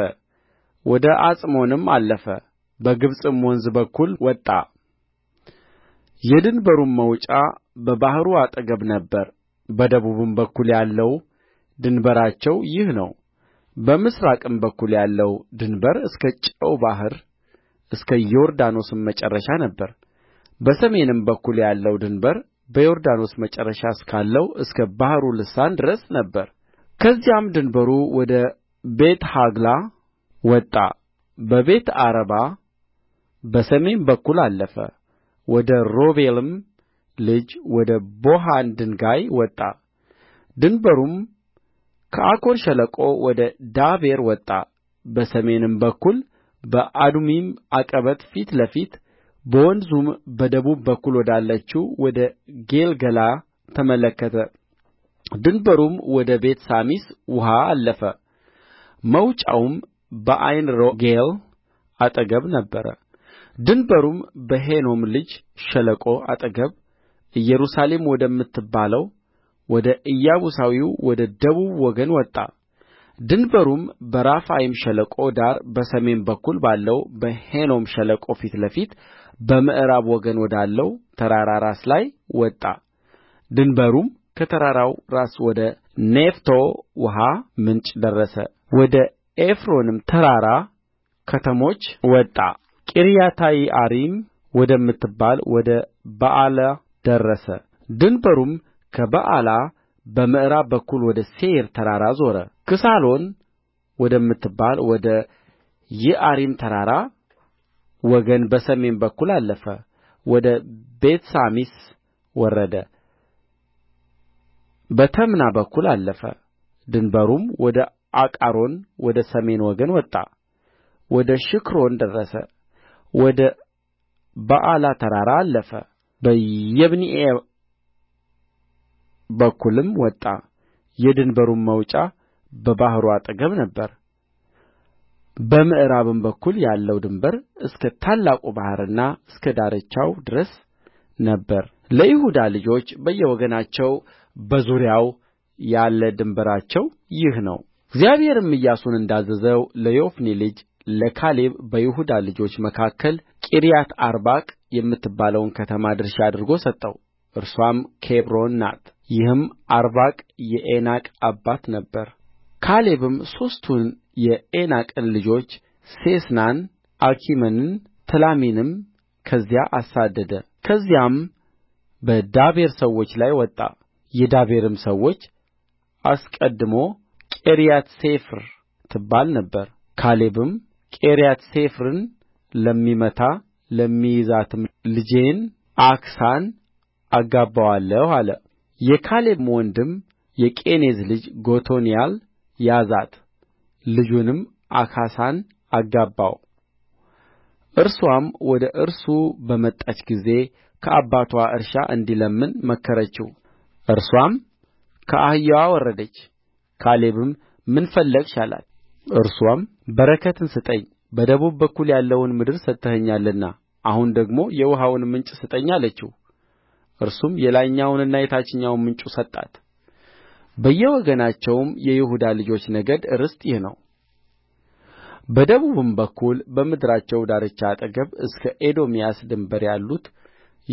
ወደ ዓጽሞንም አለፈ በግብጽም ወንዝ በኩል ወጣ የድንበሩም መውጫ በባሕሩ አጠገብ ነበረ በደቡብም በኩል ያለው ድንበራቸው ይህ ነው በምሥራቅም በኩል ያለው ድንበር እስከ ጨው ባሕር እስከ ዮርዳኖስም መጨረሻ ነበረ በሰሜንም በኩል ያለው ድንበር በዮርዳኖስ መጨረሻ እስካለው እስከ ባሕሩ ልሳን ድረስ ነበረ ከዚያም ድንበሩ ወደ ቤትሖግላ ወጣ በቤት አረባ በሰሜን በኩል አለፈ ወደ ሮቤልም ልጅ ወደ ቦሀን ድንጋይ ወጣ ድንበሩም ከአኮር ሸለቆ ወደ ዳቤር ወጣ በሰሜንም በኩል በአዱሚም ዐቀበት ፊት ለፊት በወንዙም በደቡብ በኩል ወዳለችው ወደ ጌልገላ ተመለከተ ድንበሩም ወደ ቤትሳሚስ ውኃ አለፈ መውጫውም በዓይንሮጌል አጠገብ ነበረ ድንበሩም በሄኖም ልጅ ሸለቆ አጠገብ ኢየሩሳሌም ወደምትባለው ወደ ኢያቡሳዊው ወደ ደቡብ ወገን ወጣ ድንበሩም በራፋይም ሸለቆ ዳር በሰሜን በኩል ባለው በሄኖም ሸለቆ ፊት ለፊት በምዕራብ ወገን ወዳለው ተራራ ራስ ላይ ወጣ ድንበሩም ከተራራው ራስ ወደ ኔፍቶ ውኃ ምንጭ ደረሰ ወደ ኤፍሮንም ተራራ ከተሞች ወጣ ቂርያትይዓሪም ወደምትባል ወደ በኣላ ደረሰ ድንበሩም ከበኣላ በምዕራብ በኩል ወደ ሴይር ተራራ ዞረ ክሳሎን ወደምትባል ወደ ይዓሪም ተራራ ወገን በሰሜን በኩል አለፈ ወደ ቤትሳሚስ ወረደ በተምና በኩል አለፈ ድንበሩም ወደ አቃሮን ወደ ሰሜን ወገን ወጣ ወደ ሽክሮን ደረሰ ወደ በኣላ ተራራ አለፈ በየብኒኤ በኩልም ወጣ የድንበሩም መውጫ በባሕሩ አጠገብ ነበረ በምዕራብም በኩል ያለው ድንበር እስከ ታላቁ ባሕርና እስከ ዳርቻው ድረስ ነበረ ለይሁዳ ልጆች በየወገናቸው በዙሪያው ያለ ድንበራቸው ይህ ነው እግዚአብሔርም ኢያሱን እንዳዘዘው ለዮፎኒ ልጅ ለካሌብ በይሁዳ ልጆች መካከል ቂርያትአርባቅ የምትባለውን ከተማ ድርሻ አድርጎ ሰጠው እርስዋም ኬብሮን ናት ይህም አርባቅ የዔናቅ አባት ነበረ ካሌብም ሦስቱን የዔናቅን ልጆች ሴሲንን አኪመንን ተላሚንም ከዚያ አሳደደ ከዚያም በዳቤር ሰዎች ላይ ወጣ የዳቤርም ሰዎች አስቀድሞ ቂርያትሤፍር ትባል ነበር ካሌብም ቂርያትሤፍርን ለሚመታ ለሚይዛትም ልጄን ዓክሳን አጋባዋለሁ አለ የካሌብም ወንድም የቄኔዝ ልጅ ጎቶንያል ያዛት ልጁንም ዓክሳን አጋባው እርስዋም ወደ እርሱ በመጣች ጊዜ ከአባትዋ እርሻ እንዲለምን መከረችው እርስዋም ከአህያዋ ወረደች ካሌብም ምን ፈለግሽ አላት እርስዋም በረከትን ስጠኝ በደቡብ በኩል ያለውን ምድር ሰጥተኸኛልና አሁን ደግሞ የውኃውን ምንጭ ስጠኝ አለችው እርሱም የላይኛውንና የታችኛውን ምንጭ ሰጣት በየወገናቸውም የይሁዳ ልጆች ነገድ ርስት ይህ ነው በደቡብም በኩል በምድራቸው ዳርቻ አጠገብ እስከ ኤዶምያስ ድንበር ያሉት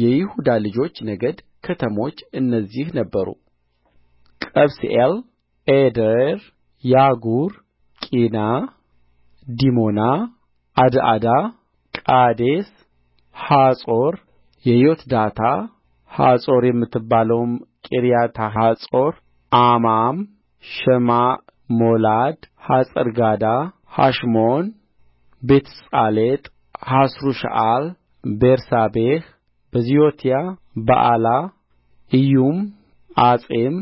የይሁዳ ልጆች ነገድ ከተሞች እነዚህ ነበሩ ቀብስኤል ዔዴር ያጉር ቂና ዲሞና ዓድዓዳ ቃዴስ ሐጾር የዮትዳታ ሐጾር የምትባለውም ቂርያትሐጾር አማም ሸማ ሞላድ ሐጸርጋዳ ሐሽሞን ቤትጳሌጥ ሐጸርሹዓል ቤርሳቤህ በዚዮትያ በዓላ ዒዪም ዓጼም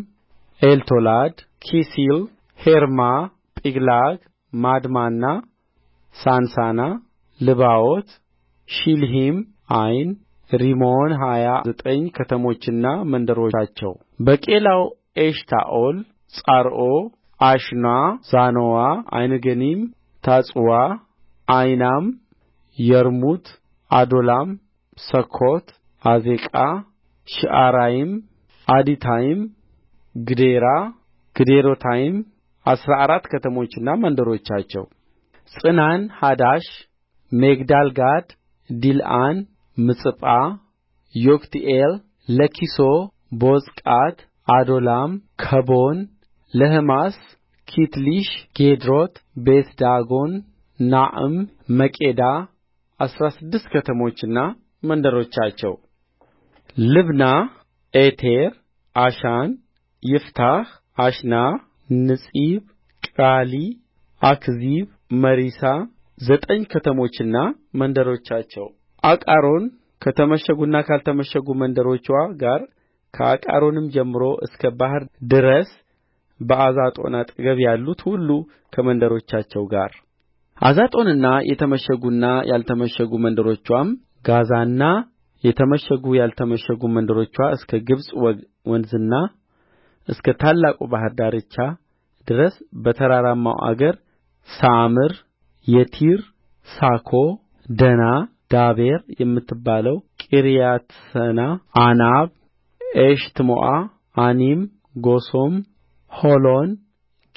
ኤልቶላድ ኪሲል ሔርማ ጺቅላግ ማድማና ሳንሳና ልባዎት ሺልሂም ዓይን ሪሞን ሀያ ዘጠኝ ከተሞችና መንደሮቻቸው በቈላው ኤሽታኦል ጻርኦ አሽና ዛኖዋ ዓይንገኒም ታጱዋ ዓይናም የርሙት አዶላም ሰኰት ዓዜቃ ሽዓራይም አዲታይም ግዴራ ግዴሮታይም አሥራ አራት ከተሞችና መንደሮቻቸው ጽናን ሐዳሽ ሚግዳልጋድ ዲልዓን ምጽጳ ዮቅትኤል ለኪሶ ቦጽቃት ዓዶላም ከቦን ለሕማስ ኪትሊሽ ግዴሮት ቤትዳጎን ናዕም፣ መቄዳ አሥራ ስድስት ከተሞችና መንደሮቻቸው ልብና ዔቴር ዓሻን ይፍታሕ አሽና ንጺብ ቅዒላ አክዚብ መሪሳ ዘጠኝ ከተሞችና መንደሮቻቸው አቃሮን ከተመሸጉና ካልተመሸጉ መንደሮችዋ ጋር ከአቃሮንም ጀምሮ እስከ ባሕር ድረስ በአዛጦን አጠገብ ያሉት ሁሉ ከመንደሮቻቸው ጋር አዛጦንና የተመሸጉና ያልተመሸጉ መንደሮችዋም ጋዛና የተመሸጉ ያልተመሸጉ መንደሮችዋ እስከ ግብጽ ወንዝና እስከ ታላቁ ባሕር ዳርቻ ድረስ በተራራማው አገር ሳምር፣ የቲር፣ ሳኮ፣ ደና፣ ዳቤር የምትባለው ቂርያትሰና አናብ ኤሽትሞዓ ዓኒም ጎሶም ሖሎን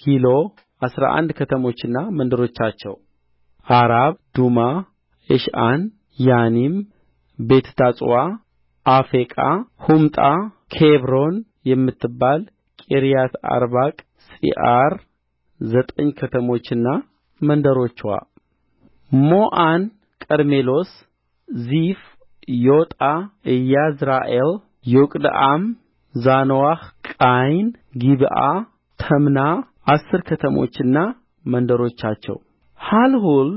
ጊሎ አሥራ አንድ ከተሞችና መንደሮቻቸው አራብ ዱማ ኤሽዓን ያኒም ቤትታጱዋ አፌቃ ሑምጣ ኬብሮን የምትባል ቂርያትአርባቅ ጺዖር ዘጠኝ ከተሞችና መንደሮችዋ ማዖን ቀርሜሎስ ዚፍ ዩጣ ኢይዝራኤል ዮቅድዓም ዛኖዋሕ ቃይን ጊብዓ ተምና አሥር ከተሞችና መንደሮቻቸው ሐልሑል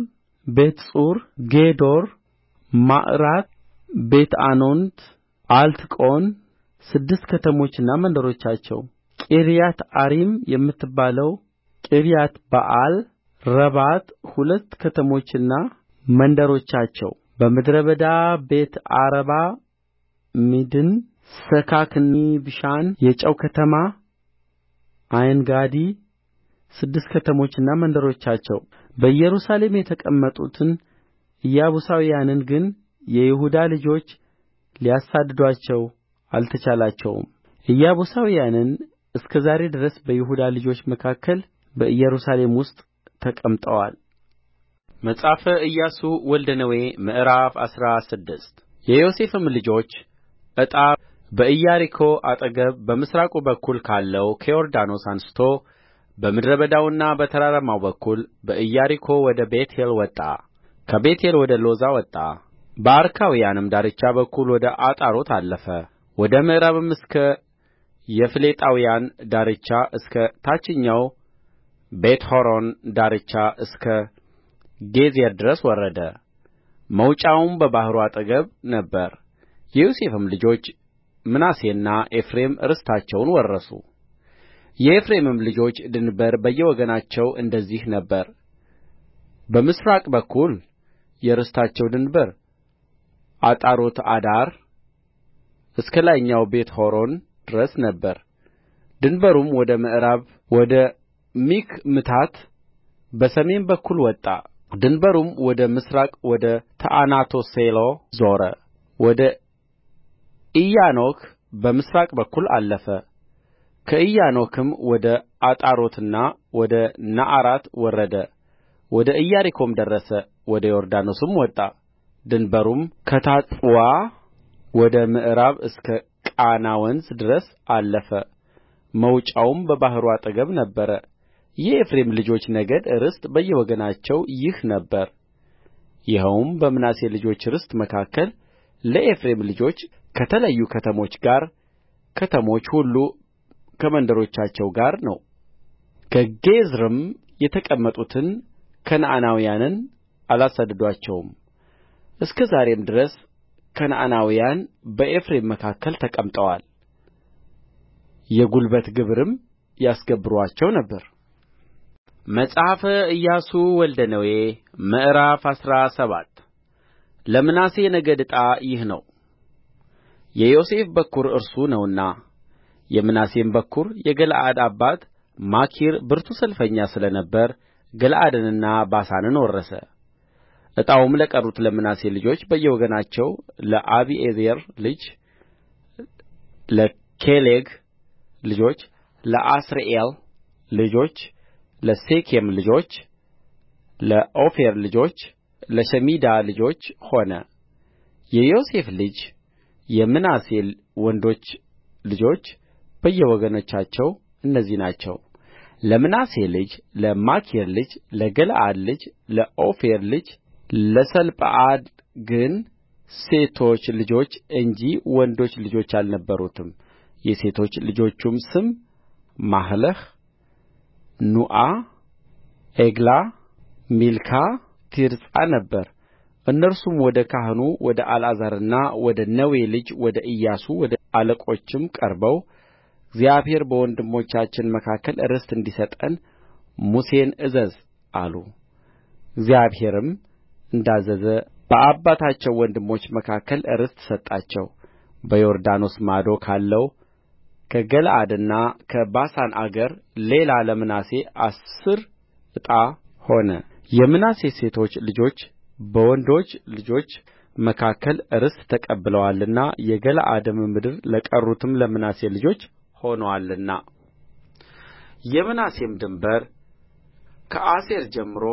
ቤትጹር ጌዶር ማዕራት ቤትዓኖት ኤልትቆን ስድስት ከተሞችና መንደሮቻቸው ቂርያትይዓሪም የምትባለው ቂርያትበኣል ረባት ሁለት ከተሞችና መንደሮቻቸው በምድረ በዳ ቤትዓረባ ሚዲን ሰካክኒብሻን የጨው ከተማ ዓይንጋዲ ስድስት ከተሞችና መንደሮቻቸው በኢየሩሳሌም የተቀመጡትን ኢያቡሳውያንን ግን የይሁዳ ልጆች ሊያሳድዱአቸው አልተቻላቸውም ኢያቡሳውያንም እስከ ዛሬ ድረስ በይሁዳ ልጆች መካከል በኢየሩሳሌም ውስጥ ተቀምጠዋል መጽሐፈ ኢያሱ ወልደ ነዌ ምዕራፍ አስራ ስድስት የዮሴፍም ልጆች ዕጣ በኢያሪኮ አጠገብ በምሥራቁ በኩል ካለው ከዮርዳኖስ አንሥቶ በምድረ በዳውና በተራራማው በኩል በኢያሪኮ ወደ ቤቴል ወጣ ከቤቴል ወደ ሎዛ ወጣ በአርካውያንም ዳርቻ በኩል ወደ አጣሮት አለፈ ወደ ምዕራብም እስከ የፍሌጣውያን ዳርቻ እስከ ታችኛው ቤትሖሮን ዳርቻ እስከ ጌዝር ድረስ ወረደ። መውጫውም በባሕሩ አጠገብ ነበር። የዮሴፍም ልጆች ምናሴና ኤፍሬም ርስታቸውን ወረሱ የኤፍሬምም ልጆች ድንበር በየወገናቸው እንደዚህ ነበረ በምሥራቅ በኩል የርስታቸው ድንበር አጣሮት አዳር እስከ ላይኛው ቤትሖሮን ድረስ ነበረ ድንበሩም ወደ ምዕራብ ወደ ሚክምታት በሰሜን በኩል ወጣ ድንበሩም ወደ ምሥራቅ ወደ ተአናትሴሎ ዞረ ወደ ኢያኖክ በምሥራቅ በኩል አለፈ ከኢያኖክም ወደ አጣሮትና ወደ ነዓራት ወረደ ወደ ኢያሪኮም ደረሰ ወደ ዮርዳኖስም ወጣ ድንበሩም ከታጱዋ ወደ ምዕራብ እስከ ቃና ወንዝ ድረስ አለፈ መውጫውም በባሕሩ አጠገብ ነበረ የኤፍሬም ልጆች ነገድ ርስት በየወገናቸው ይህ ነበር ይኸውም በምናሴ ልጆች ርስት መካከል ለኤፍሬም ልጆች ከተለዩ ከተሞች ጋር ከተሞች ሁሉ ከመንደሮቻቸው ጋር ነው ከጌዝርም የተቀመጡትን ከነዓናውያንን አላሳደዱአቸውም እስከ ዛሬም ድረስ ከነዓናውያን በኤፍሬም መካከል ተቀምጠዋል የጉልበት ግብርም ያስገብሩአቸው ነበር መጽሐፈ ኢያሱ ወልደ ነዌ ምዕራፍ አስራ ሰባት ለምናሴ ነገድ ዕጣ ይህ ነው የዮሴፍ በኵር እርሱ ነውና የምናሴም በኵር የገለዓድ አባት ማኪር ብርቱ ሰልፈኛ ስለ ነበረ ገለዓድንና ባሳንን ወረሰ ዕጣውም ለቀሩት ለምናሴ ልጆች በየወገናቸው ለአቢዔዝር ልጅ ለኬሌግ ልጆች ለአሥሪኤል ልጆች ለሴኬም ልጆች ለኦፌር ልጆች ለሸሚዳ ልጆች ሆነ የዮሴፍ ልጅ የምናሴ ወንዶች ልጆች በየወገኖቻቸው እነዚህ ናቸው ለምናሴ ልጅ ለማኪር ልጅ ለገለዓድ ልጅ ለኦፌር ልጅ ለሰለጰዓድ ግን ሴቶች ልጆች እንጂ ወንዶች ልጆች አልነበሩትም የሴቶች ልጆቹም ስም ማህለህ ኑዓ ዔግላ ሚልካ ቲርጻ ነበረ እነርሱም ወደ ካህኑ ወደ አልዓዛርና ወደ ነዌ ልጅ ወደ ኢያሱ ወደ አለቆችም ቀርበው እግዚአብሔር በወንድሞቻችን መካከል ርስት እንዲሰጠን ሙሴን እዘዝ አሉ። እግዚአብሔርም እንዳዘዘ በአባታቸው ወንድሞች መካከል ርስት ሰጣቸው። በዮርዳኖስ ማዶ ካለው ከገለዓድና ከባሳን አገር ሌላ ለምናሴ አሥር ዕጣ ሆነ። የምናሴ ሴቶች ልጆች በወንዶች ልጆች መካከል ርስት ተቀብለዋልና የገለዓድም ምድር ለቀሩት ለምናሴ ልጆች ሆኖአልና የምናሴም ድንበር ከአሴር ጀምሮ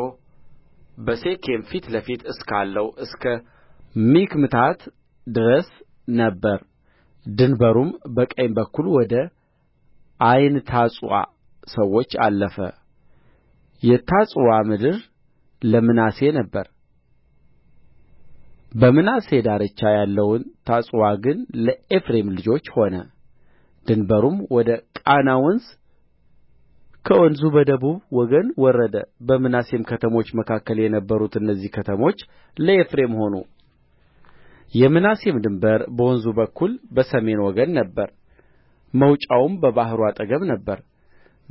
በሴኬም ፊት ለፊት እስካለው እስከ ሚክምታት ድረስ ነበረ ድንበሩም በቀኝ በኩል ወደ ዓይንታጱዋ ሰዎች አለፈ የታጱዋ ምድር ለምናሴ ነበረ በምናሴ ዳርቻ ያለው ታጱዋ ግን ለኤፍሬም ልጆች ሆነ ድንበሩም ወደ ቃና ወንዝ ከወንዙ በደቡብ ወገን ወረደ በምናሴም ከተሞች መካከል የነበሩት እነዚህ ከተሞች ለኤፍሬም ሆኑ የምናሴም ድንበር በወንዙ በኩል በሰሜን ወገን ነበረ መውጫውም በባሕሩ አጠገብ ነበረ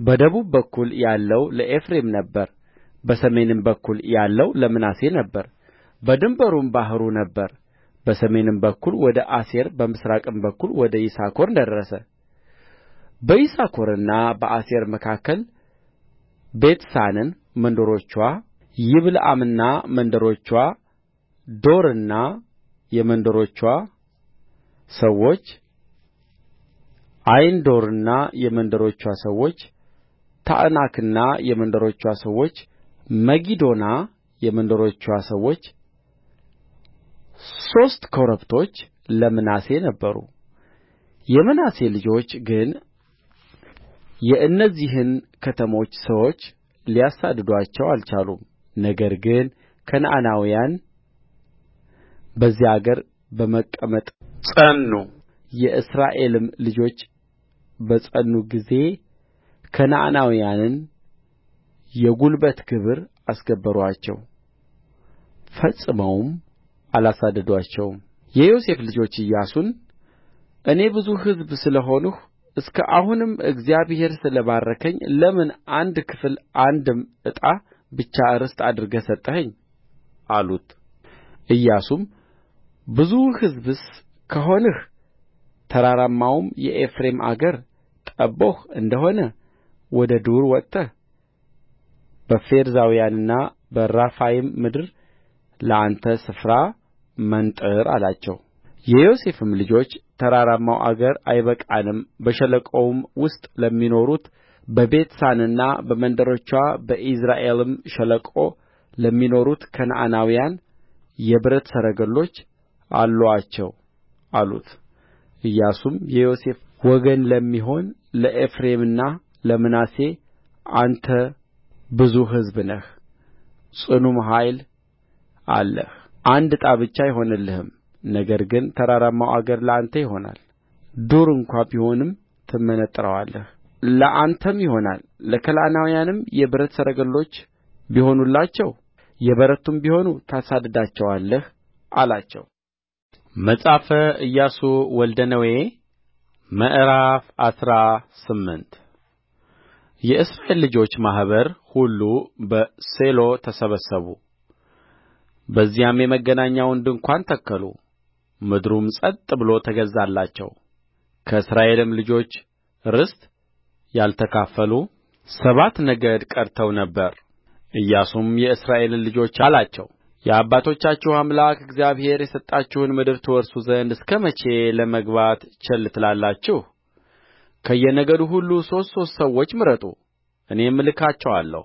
በደቡብ በኩል ያለው ለኤፍሬም ነበረ በሰሜንም በኩል ያለው ለምናሴ ነበረ በድንበሩም ባሕሩ ነበረ በሰሜን በኩል ወደ አሴር በምሥራቅም በኩል ወደ ይሳኮር ደረሰ በይሳኮርና በአሴር መካከል ቤትሳንን መንደሮችዋ ይብልዓምና መንደሮችዋ ዶርና የመንደሮችዋ ሰዎች ዓይንዶርና የመንደሮችዋ ሰዎች ታዕናክና የመንደሮችዋ ሰዎች መጊዶና የመንደሮችዋ ሰዎች ሦስት ኮረብቶች ለምናሴ ነበሩ የምናሴ ልጆች ግን የእነዚህን ከተሞች ሰዎች ሊያሳድዱአቸው አልቻሉም ነገር ግን ከነዓናውያን በዚያ አገር በመቀመጥ ጸኑ የእስራኤልም ልጆች በጸኑ ጊዜ ከነዓናውያንን የጉልበት ግብር አስገበሩአቸው ፈጽመውም አላሳደዱአቸውም የዮሴፍ ልጆች ኢያሱን እኔ ብዙ ሕዝብ ስለ ሆንሁ እስከ አሁንም እግዚአብሔር ስለ ባረከኝ ለምን አንድ ክፍል አንድም ዕጣ ብቻ ርስት አድርገህ ሰጠኸኝ አሉት ኢያሱም ብዙ ሕዝብስ ከሆንህ ተራራማውም የኤፍሬም አገር ጠብቦህ እንደሆነ ወደ ዱር ወጥተህ በፌርዛውያንና በራፋይም ምድር ለአንተ ስፍራ መንጥር አላቸው የዮሴፍም ልጆች ተራራማው አገር አይበቃንም በሸለቆውም ውስጥ ለሚኖሩት በቤትሳንና በመንደሮችዋ በኢይዝራኤልም ሸለቆ ለሚኖሩት ከነዓናውያን የብረት ሰረገሎች አሉአቸው አሉት ኢያሱም የዮሴፍ ወገን ለሚሆን ለኤፍሬምና ለምናሴ አንተ ብዙ ሕዝብ ነህ ጽኑም ኃይል አለህ አንድ ዕጣ ብቻ አይሆንልህም ነገር ግን ተራራማው አገር ለአንተ ይሆናል ዱር እንኳ ቢሆንም ትመነጥረዋለህ ለአንተም ይሆናል ለከነዓናውያንም የብረት ሰረገሎች ቢሆኑላቸው የበረቱም ቢሆኑ ታሳድዳቸዋለህ አላቸው መጽሐፈ ኢያሱ ወልደ ነዌ ምዕራፍ አስራ ስምንት የእስራኤል ልጆች ማኅበር ሁሉ በሴሎ ተሰበሰቡ በዚያም የመገናኛውን ድንኳን ተከሉ ምድሩም ጸጥ ብሎ ተገዛላቸው ከእስራኤልም ልጆች ርስት ያልተካፈሉ ሰባት ነገድ ቀርተው ነበር ኢያሱም የእስራኤልን ልጆች አላቸው የአባቶቻችሁ አምላክ እግዚአብሔር የሰጣችሁን ምድር ትወርሱ ዘንድ እስከ መቼ ለመግባት ቸል ትላላችሁ ከየነገዱ ሁሉ ሦስት ሦስት ሰዎች ምረጡ እኔም እልካቸዋለሁ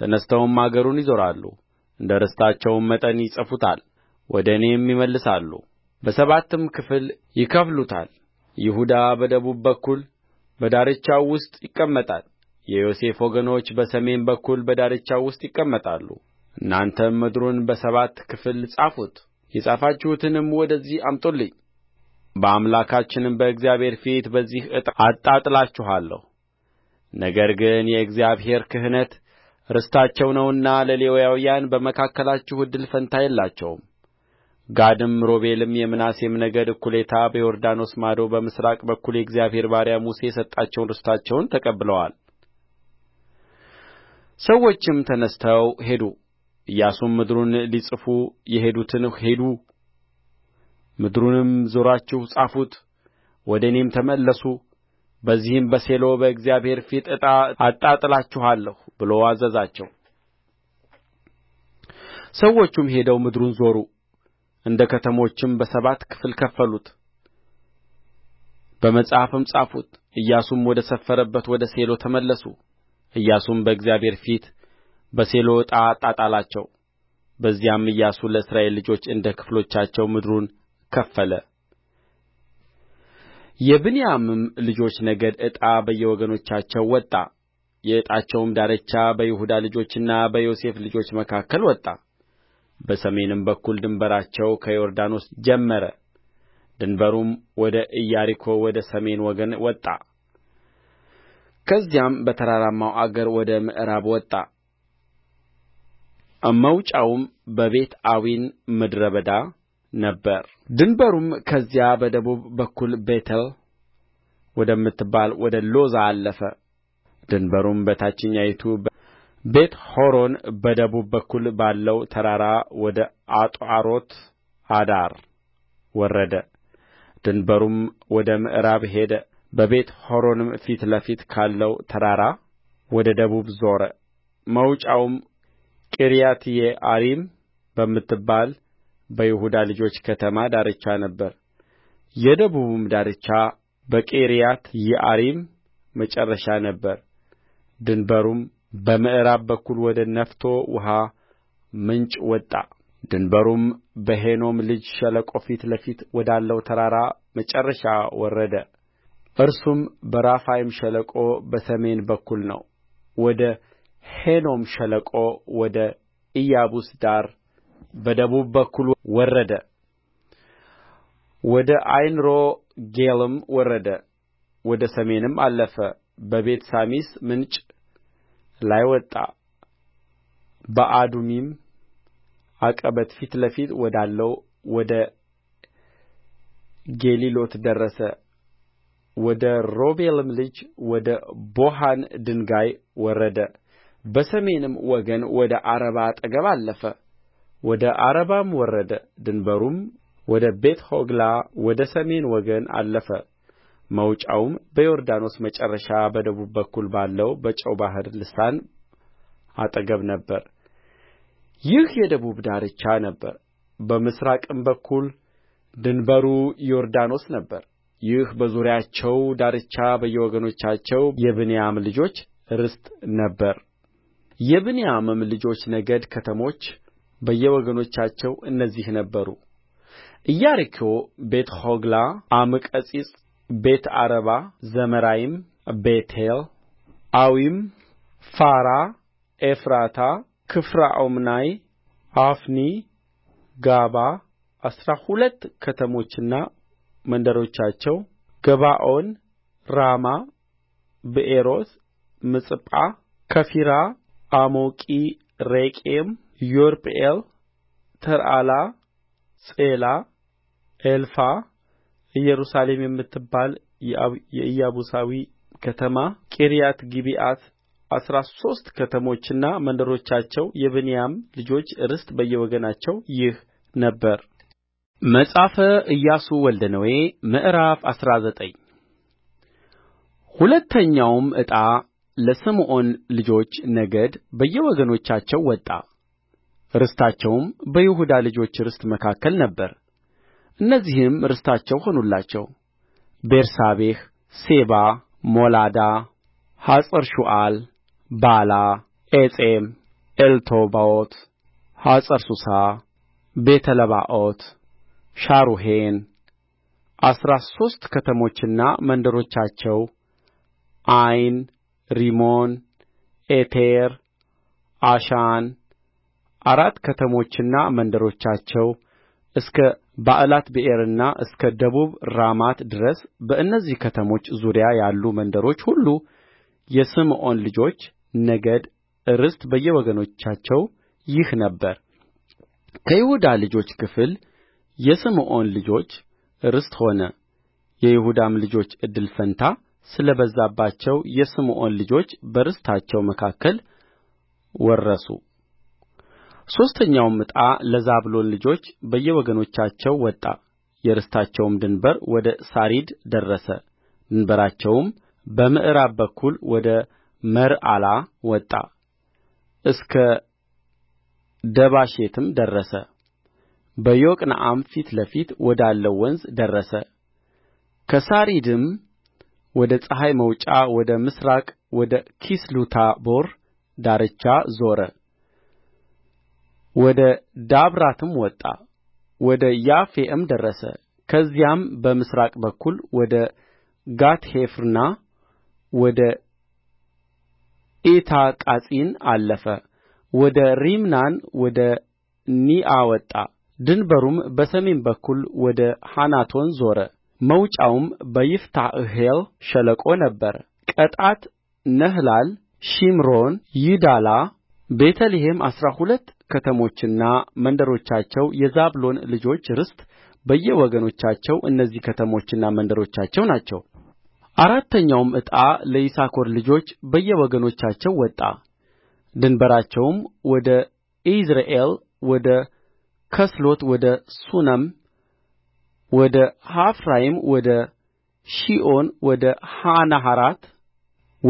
ተነሥተውም አገሩን ይዞራሉ እንደ ርስታቸውም መጠን ይጽፉታል ወደ እኔም ይመለሳሉ በሰባትም ክፍል ይከፍሉታል ይሁዳ በደቡብ በኩል በዳርቻው ውስጥ ይቀመጣል የዮሴፍ ወገኖች በሰሜን በኩል በዳርቻው ውስጥ ይቀመጣሉ እናንተም ምድሩን በሰባት ክፍል ጻፉት የጻፋችሁትንም ወደዚህ አምጡልኝ በአምላካችንም በእግዚአብሔር ፊት በዚህ ዕጣ አጣጥላችኋለሁ ነገር ግን የእግዚአብሔር ክህነት ርስታቸው ነውና ለሌዋውያን በመካከላችሁ እድል ፈንታ የላቸውም ጋድም ሮቤልም የምናሴም ነገድ እኩሌታ በዮርዳኖስ ማዶ በምሥራቅ በኩል የእግዚአብሔር ባሪያ ሙሴ የሰጣቸውን ርስታቸውን ተቀብለዋል ሰዎችም ተነሥተው ሄዱ ኢያሱም ምድሩን ሊጽፉ የሄዱትን ሂዱ ምድሩንም ዞራችሁ ጻፉት ወደ እኔም ተመለሱ በዚህም በሴሎ በእግዚአብሔር ፊት ዕጣ አጣጥላችኋለሁ ብሎ አዘዛቸው ሰዎቹም ሄደው ምድሩን ዞሩ እንደ ከተሞችም በሰባት ክፍል ከፈሉት በመጽሐፍም ጻፉት ኢያሱም ወደ ሰፈረበት ወደ ሴሎ ተመለሱ ኢያሱም በእግዚአብሔር ፊት በሴሎ ዕጣ አጣጣላቸው በዚያም ኢያሱ ለእስራኤል ልጆች እንደ ክፍሎቻቸው ምድሩን ከፈለ የብንያምም ልጆች ነገድ ዕጣ በየወገኖቻቸው ወጣ የዕጣቸውም ዳርቻ በይሁዳ ልጆችና በዮሴፍ ልጆች መካከል ወጣ በሰሜን በኩል ድንበራቸው ከዮርዳኖስ ጀመረ ድንበሩም ወደ ኢያሪኮ ወደ ሰሜን ወገን ወጣ ከዚያም በተራራማው አገር ወደ ምዕራብ ወጣ መውጫውም በቤትአዌን ምድረ በዳ ነበረ ድንበሩም ከዚያ በደቡብ በኩል ቤቴል ወደምትባል ወደ ሎዛ አለፈ ድንበሩም በታችኛይቱ ቤትሖሮን በደቡብ በኩል ባለው ተራራ ወደ አጣሮት አዳር ወረደ ድንበሩም ወደ ምዕራብ ሄደ በቤትሖሮንም ፊት ለፊት ካለው ተራራ ወደ ደቡብ ዞረ መውጫውም ቂርያትይዓሪም በምትባል በይሁዳ ልጆች ከተማ ዳርቻ ነበር። የደቡብም ዳርቻ በቂርያትይዓሪም መጨረሻ ነበር። ድንበሩም በምዕራብ በኩል ወደ ነፍቶ ውኃ ምንጭ ወጣ። ድንበሩም በሄኖም ልጅ ሸለቆ ፊት ለፊት ወዳለው ተራራ መጨረሻ ወረደ። እርሱም በራፋይም ሸለቆ በሰሜን በኩል ነው። ወደ ሄኖም ሸለቆ ወደ ኢያቡስ ዳር በደቡብ በኩል ወረደ ወደ ዓይንሮጌልም ወረደ ወደ ሰሜንም አለፈ በቤት ሳሚስ ምንጭ ላይ ወጣ በአዱሚም ዐቀበት ፊት ለፊት ወዳለው ወደ ጌሊሎት ደረሰ ወደ ሮቤልም ልጅ ወደ ቦሀን ድንጋይ ወረደ በሰሜንም ወገን ወደ ዓረባ አጠገብ አለፈ ወደ ዓረባም ወረደ ድንበሩም ወደ ቤትሖግላ ወደ ሰሜን ወገን አለፈ መውጫውም በዮርዳኖስ መጨረሻ በደቡብ በኩል ባለው በጨው ባሕር ልሳን አጠገብ ነበረ ይህ የደቡብ ዳርቻ ነበረ በምሥራቅም በኩል ድንበሩ ዮርዳኖስ ነበረ ይህ በዙሪያቸው ዳርቻ በየወገኖቻቸው የብንያም ልጆች ርስት ነበረ የብንያምም ልጆች ነገድ ከተሞች በየወገኖቻቸው እነዚህ ነበሩ ኢያሪኮ ቤትሖግላ ዓመቀጺጽ ቤትዓረባ ዘማራይም ቤቴል አዊም ፋራ ኤፍራታ ክፊርዓሞናይ አፍኒ ጋባ አሥራ ሁለት ከተሞችና መንደሮቻቸው ገባዖን ራማ ብኤሮት ምጽጳ ከፊራ አሞቂ ሬቄም ዮርጵኤል ተርአላ ጼላ ኤልፋ ኢየሩሳሌም የምትባል የኢያቡሳዊ ከተማ ቂርያትጊብዓት አሥራ ሦስት ከተሞችና መንደሮቻቸው የብንያም ልጆች ርስት በየወገናቸው ይህ ነበረ መጽሐፈ ኢያሱ ወልደ ነዌ ምዕራፍ አስራ ዘጠኝ ሁለተኛውም ዕጣ ለስምዖን ልጆች ነገድ በየወገኖቻቸው ወጣ ርስታቸውም በይሁዳ ልጆች ርስት መካከል ነበረ እነዚህም ርስታቸው ሆኑላቸው ቤርሳቤህ ሴባ ሞላዳ ሐጸርሹዓል ባላ ኤጼም፣ ኤልቶላድ ሐጸርሱሳ ቤተ ለባኦት ሻሩሔን አሥራ ሦስት ከተሞችና መንደሮቻቸው አይን ሪሞን ኤቴር አሻን አራት ከተሞችና መንደሮቻቸው እስከ ባዕላትብኤርና እስከ ደቡብ ራማት ድረስ በእነዚህ ከተሞች ዙሪያ ያሉ መንደሮች ሁሉ የስምዖን ልጆች ነገድ ርስት በየወገኖቻቸው ይህ ነበረ ከይሁዳ ልጆች ክፍል የስምዖን ልጆች ርስት ሆነ የይሁዳም ልጆች ዕድል ፈንታ ስለ በዛባቸው የስምዖን ልጆች በርስታቸው መካከል ወረሱ ሦስተኛውም ዕጣ ለዛብሎን ልጆች በየወገኖቻቸው ወጣ የርስታቸውም ድንበር ወደ ሣሪድ ደረሰ ድንበራቸውም በምዕራብ በኩል ወደ መርዓላ ወጣ እስከ ደባሼትም ደረሰ በዮቅንዓም ፊት ለፊት ወዳለው ወንዝ ደረሰ ከሣሪድም ወደ ፀሐይ መውጫ ወደ ምሥራቅ ወደ ኪስሎትታቦር ዳርቻ ዞረ ወደ ዳብራትም ወጣ ወደ ያፊዓም ደረሰ ከዚያም በምሥራቅ በኩል ወደ ጋትሔፍርና ወደ ኢታቃጺን አለፈ ወደ ሪምናን ወደ ኒዓ ወጣ ድንበሩም በሰሜን በኩል ወደ ሐናቶን ዞረ መውጫውም በይፍታሕኤል ሸለቆ ነበረ ቀጣት ነህላል ሺምሮን ይዳላ ቤተ ልሔም አሥራ ሁለት ከተሞችና መንደሮቻቸው የዛብሎን ልጆች ርስት በየወገኖቻቸው እነዚህ ከተሞችና መንደሮቻቸው ናቸው አራተኛውም ዕጣ ለይሳኮር ልጆች በየወገኖቻቸው ወጣ ድንበራቸውም ወደ ኢይዝራኤል ወደ ከስሎት ወደ ሱነም ወደ ሐፍራይም ወደ ሺኦን ወደ አናሐራት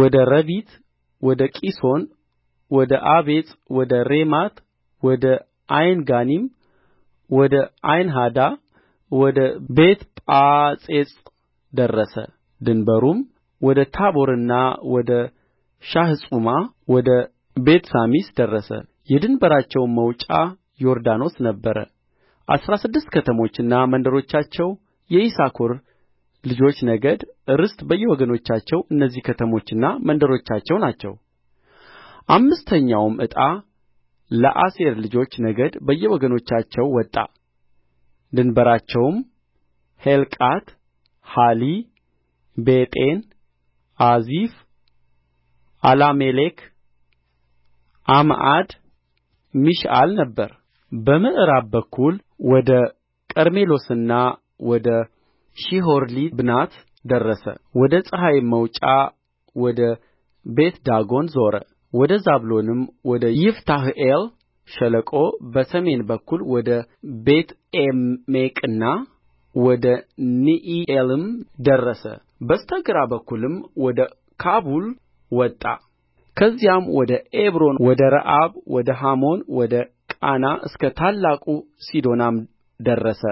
ወደ ረቢት ወደ ቂሶን ወደ አቤጽ ወደ ሬማት ወደ ዓይንጋኒም ወደ ዓይንሐዳ ወደ ቤትጳጼጽ ደረሰ ድንበሩም ወደ ታቦርና ወደ ሻሕጹማ ወደ ቤትሳሚስ ደረሰ የድንበራቸውም መውጫ ዮርዳኖስ ነበረ አሥራ ስድስት ከተሞችና መንደሮቻቸው የይሳኮር ልጆች ነገድ ርስት በየወገኖቻቸው እነዚህ ከተሞችና መንደሮቻቸው ናቸው አምስተኛውም ዕጣ ለአሴር ልጆች ነገድ በየወገኖቻቸው ወጣ ድንበራቸውም ሔልቃት ሐሊ ቤጤን አዚፍ አላሜሌክ ዓምዓድ ሚሽአል ነበር በምዕራብ በኩል ወደ ቀርሜሎስና ወደ ሺሖርሊብናት ደረሰ ወደ ፀሐይም መውጫ ወደ ቤትዳጎን ዞረ ወደ ዛብሎንም ወደ ይፍታሕኤል ሸለቆ በሰሜን በኩል ወደ ቤትዔሜቅና ወደ ንዒኤልም ደረሰ በስተ ግራ በኩልም ወደ ካቡል ወጣ ከዚያም ወደ ዔብሮን ወደ ረአብ ወደ ሐሞን ወደ ቃና እስከ ታላቁ ሲዶናም ደረሰ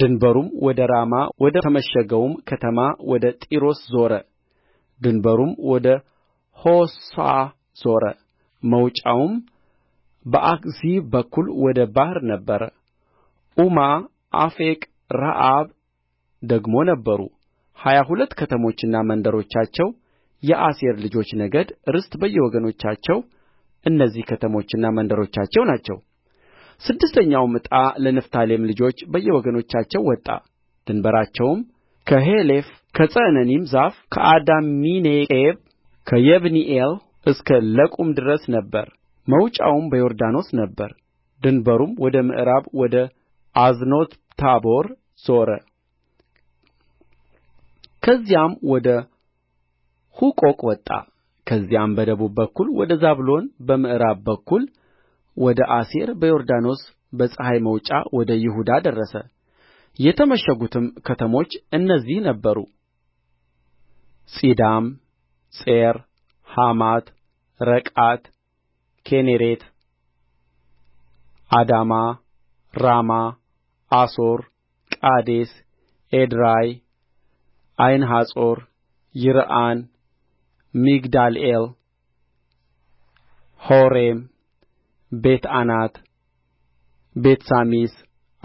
ድንበሩም ወደ ራማ ወደ ተመሸገውም ከተማ ወደ ጢሮስ ዞረ ድንበሩም ወደ ሖሳ ዞረ መውጫውም በአክዚብ በኩል ወደ ባሕር ነበረ ዑማ አፌቅ ረአብ ደግሞ ነበሩ ሀያ ሁለት ከተሞችና መንደሮቻቸው የአሴር ልጆች ነገድ ርስት በየወገኖቻቸው እነዚህ ከተሞችና መንደሮቻቸው ናቸው ስድስተኛውም ዕጣ ለንፍታሌም ልጆች በየወገኖቻቸው ወጣ ድንበራቸውም ከሔሌፍ ከጸዕነኒም ዛፍ ከአዳሚኔቄብ ከየብኒኤል እስከ ለቁም ድረስ ነበረ መውጫውም በዮርዳኖስ ነበረ ድንበሩም ወደ ምዕራብ ወደ አዝኖትታቦር ዞረ ከዚያም ወደ ሁቆቅ ወጣ ከዚያም በደቡብ በኩል ወደ ዛብሎን በምዕራብ በኩል ወደ አሴር በዮርዳኖስ በፀሐይ መውጫ ወደ ይሁዳ ደረሰ የተመሸጉትም ከተሞች እነዚህ ነበሩ ጺዲም ጼር ሐማት ረቃት ኬኔሬት አዳማ ራማ አሶር ቃዴስ ኤድራይ ዓይንሐጾር ይርኦን ሚግዳልኤል ሖሬም ቤት ቤትሳሚስ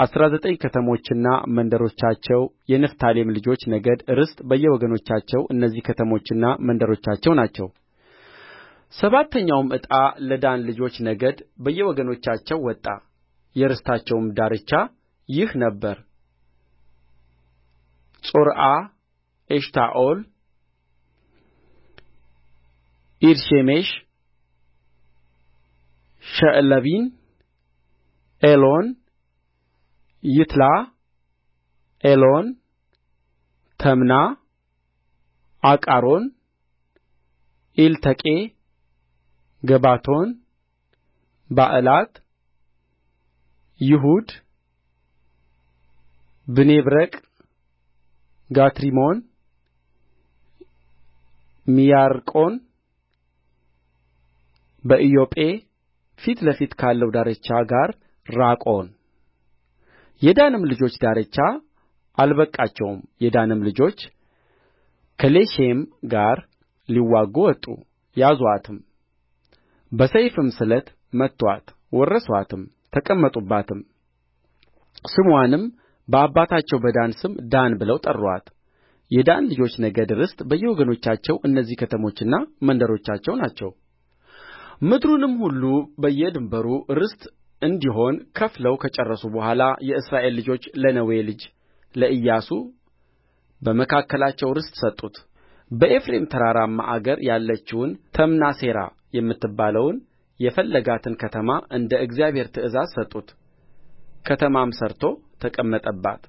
አሥራ ዘጠኝ ከተሞችና መንደሮቻቸው የንፍታሌም ልጆች ነገድ ርስት በየወገኖቻቸው እነዚህ ከተሞችና መንደሮቻቸው ናቸው ሰባተኛውም ዕጣ ለዳን ልጆች ነገድ በየወገኖቻቸው ወጣ የርስታቸውም ዳርቻ ይህ ነበረ ጾርዓ ኤሽታኦል ዒርሼሜሽ ሸዕለቢን ኤሎን ይትላ ኤሎን ተምና አቃሮን ኢልተቄ ገባቶን ባዕላት ይሁድ ብኔብረቅ ጋትሪሞን ሜያርቆን በኢዮጴ ፊት ለፊት ካለው ዳርቻ ጋር ራቆን የዳንም ልጆች ዳርቻ አልበቃቸውም የዳንም ልጆች ከሌሼም ጋር ሊዋጉ ወጡ ያዙአትም በሰይፍም ስለት መቱአት ወረሱአትም ተቀመጡባትም ስምዋንም በአባታቸው በዳን ስም ዳን ብለው ጠሩአት የዳን ልጆች ነገድ ርስት በየወገኖቻቸው እነዚህ ከተሞችና መንደሮቻቸው ናቸው ምድሩንም ሁሉ በየድንበሩ ርስት እንዲሆን ከፍለው ከጨረሱ በኋላ የእስራኤል ልጆች ለነዌ ልጅ ለኢያሱ በመካከላቸው ርስት ሰጡት በኤፍሬም ተራራማ አገር ያለችውን ተምናሴራ የምትባለውን የፈለጋትን ከተማ እንደ እግዚአብሔር ትእዛዝ ሰጡት ከተማም ሠርቶ ተቀመጠባት